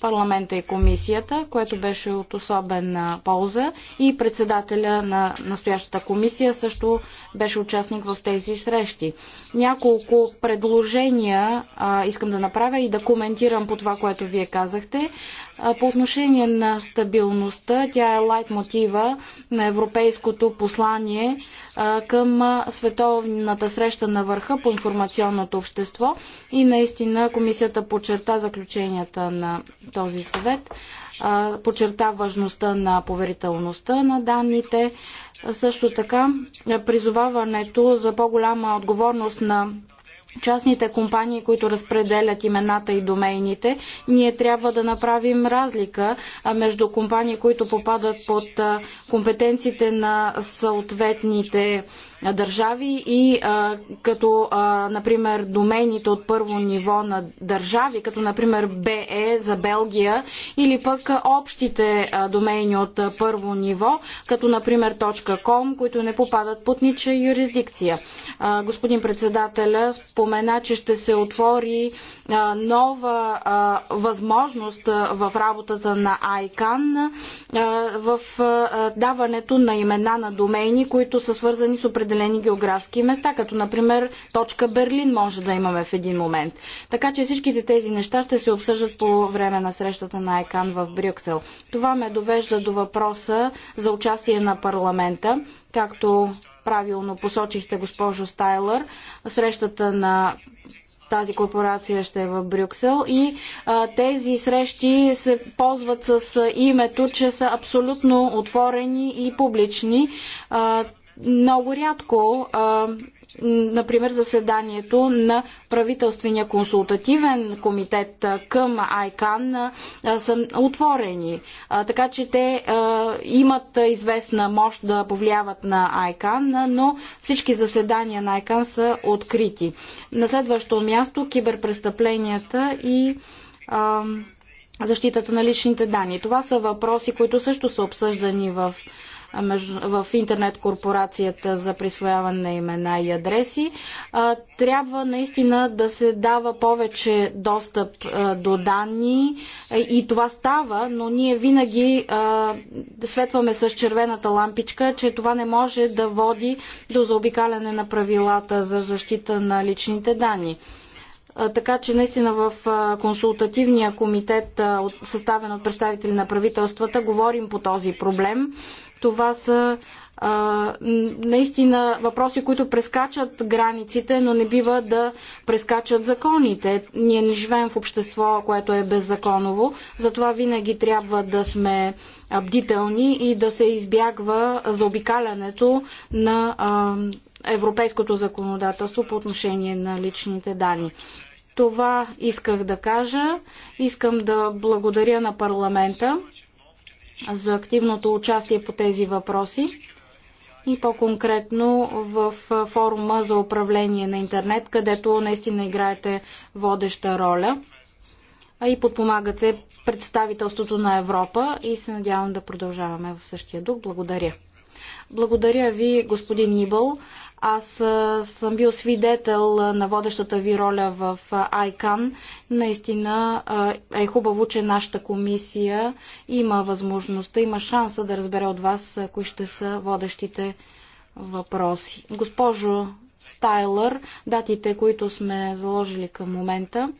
парламента и комисията, което беше от особена полза и председателя на настоящата комисия също беше участник в тези срещи. Няколко предложения а, искам да направя и да коментирам по това, което вие казахте. По отношение на стабилността, тя е лайт мотива на европейското послание към световната среща на върха по информационното общество и наистина комисията подчерта заключенията на този съвет, подчерта важността на поверителността на данните, също така призоваването за по-голяма отговорност на частните компании, които разпределят имената и домейните, ние трябва да направим разлика между компании, които попадат под компетенциите на съответните държави и а, като, а, например, домените от първо ниво на държави, като, например, БЕ за Белгия или пък общите а, домени от а, първо ниво, като, например, .com, които не попадат под нича юрисдикция. А, господин председателя спомена, че ще се отвори а, нова а, възможност а, в работата на ICANN а, в а, даването на имена на домени, които са свързани с определени определени географски места, като например точка Берлин може да имаме в един момент. Така че всичките тези неща ще се обсъждат по време на срещата на ЕКАН в Брюксел. Това ме довежда до въпроса за участие на парламента, както правилно посочихте госпожо Стайлър, срещата на тази корпорация ще е в Брюксел и а, тези срещи се ползват с името, че са абсолютно отворени и публични. А, много рядко например, заседанието на правителствения консултативен комитет към ICAN са отворени. Така че те имат известна мощ да повлияват на ICAN, но всички заседания на Айкан са открити. На следващо място киберпрестъпленията и защитата на личните данни. Това са въпроси, които също са обсъждани в в интернет корпорацията за присвояване на имена и адреси. Трябва наистина да се дава повече достъп до данни и това става, но ние винаги светваме с червената лампичка, че това не може да води до заобикаляне на правилата за защита на личните данни така че наистина в консултативния комитет, съставен от представители на правителствата, говорим по този проблем това са а, наистина въпроси, които прескачат границите, но не бива да прескачат законите. Ние не живеем в общество, което е беззаконово, затова винаги трябва да сме бдителни и да се избягва заобикалянето на а, европейското законодателство по отношение на личните данни. Това исках да кажа. Искам да благодаря на парламента за активното участие по тези въпроси и по-конкретно в форума за управление на интернет, където наистина играете водеща роля а и подпомагате представителството на Европа и се надявам да продължаваме в същия дух. Благодаря. Благодаря ви, господин Нибъл. Аз съм бил свидетел на водещата ви роля в ICAN. Наистина е хубаво, че нашата комисия има възможността, има шанса да разбере от вас кои ще са водещите въпроси. Госпожо Стайлър, датите, които сме заложили към момента.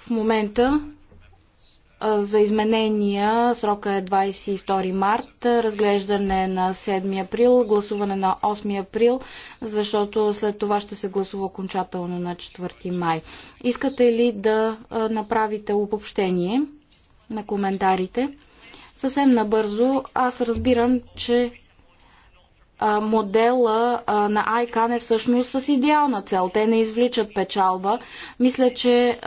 В момента за изменения. Срока е 22 март, разглеждане на 7 април, гласуване на 8 април, защото след това ще се гласува окончателно на 4 май. Искате ли да направите обобщение на коментарите? Съвсем набързо, аз разбирам, че модела на ICANN е всъщност с идеална цел. Те не извличат печалба. Мисля, че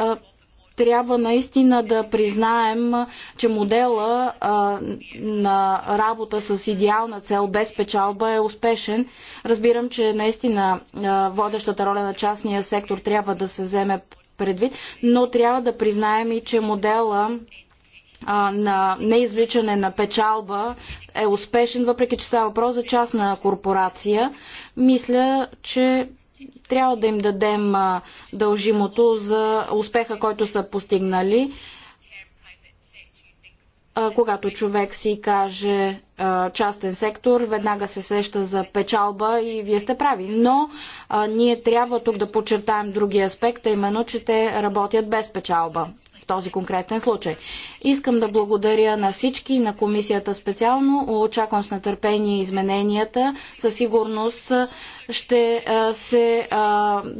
трябва наистина да признаем, че модела а, на работа с идеална цел без печалба е успешен. Разбирам, че наистина а, водещата роля на частния сектор трябва да се вземе предвид, но трябва да признаем и, че модела на неизвличане на печалба е успешен, въпреки че става въпрос за частна корпорация. Мисля, че трябва да им дадем дължимото за успеха, който са постигнали. Когато човек си каже частен сектор, веднага се сеща за печалба и вие сте прави. Но ние трябва тук да подчертаем другия аспект, а именно, че те работят без печалба този конкретен случай. Искам да благодаря на всички, на комисията специално. Очаквам с нетърпение измененията. Със сигурност ще се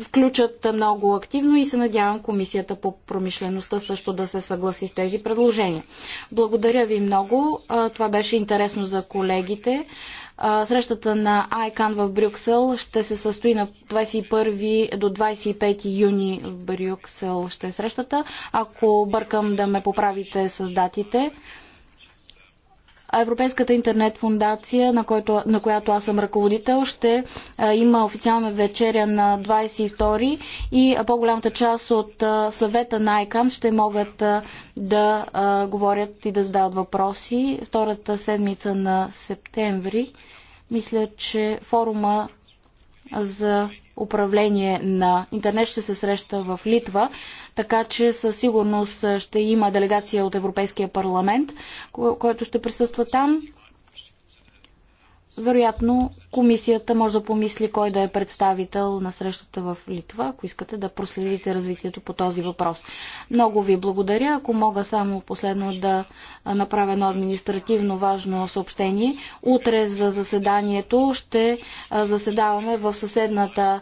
включат много активно и се надявам комисията по промишлеността също да се съгласи с тези предложения. Благодаря ви много. Това беше интересно за колегите. Срещата на ICAN в Брюксел ще се състои на 21 до 25 юни в Брюксел ще е срещата. Ако бъркам да ме поправите с датите. Европейската интернет фундация, на, който, на която аз съм ръководител, ще има официална вечеря на 22 и по-голямата част от съвета на ICANN ще могат да говорят и да задават въпроси. Втората седмица на септември мисля, че форума за управление на интернет ще се среща в Литва така че със сигурност ще има делегация от Европейския парламент, който ще присъства там. Вероятно комисията може да помисли кой да е представител на срещата в Литва, ако искате да проследите развитието по този въпрос. Много ви благодаря. Ако мога само последно да направя едно административно важно съобщение. Утре за заседанието ще заседаваме в съседната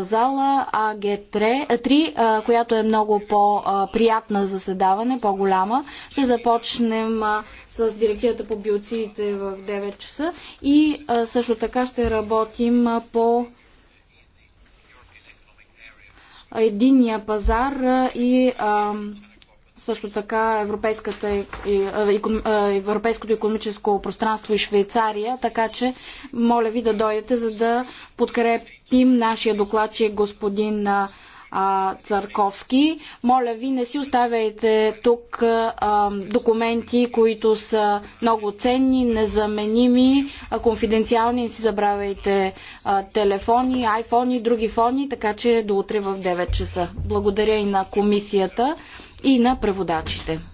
зала АГ3, която е много по-приятна заседаване, по-голяма. Ще започнем с директивата по биоцидите в 9 часа и също така ще ще работим по единния пазар и а, също така Европейската, е, Европейското економическо пространство и Швейцария, така че моля ви да дойдете, за да подкрепим нашия докладчик господин а, Църковски. Моля ви, не си оставяйте тук а, документи, които са много ценни, незаменими, а, конфиденциални. Не си забравяйте а, телефони, айфони, други фони, така че до утре в 9 часа. Благодаря и на комисията и на преводачите.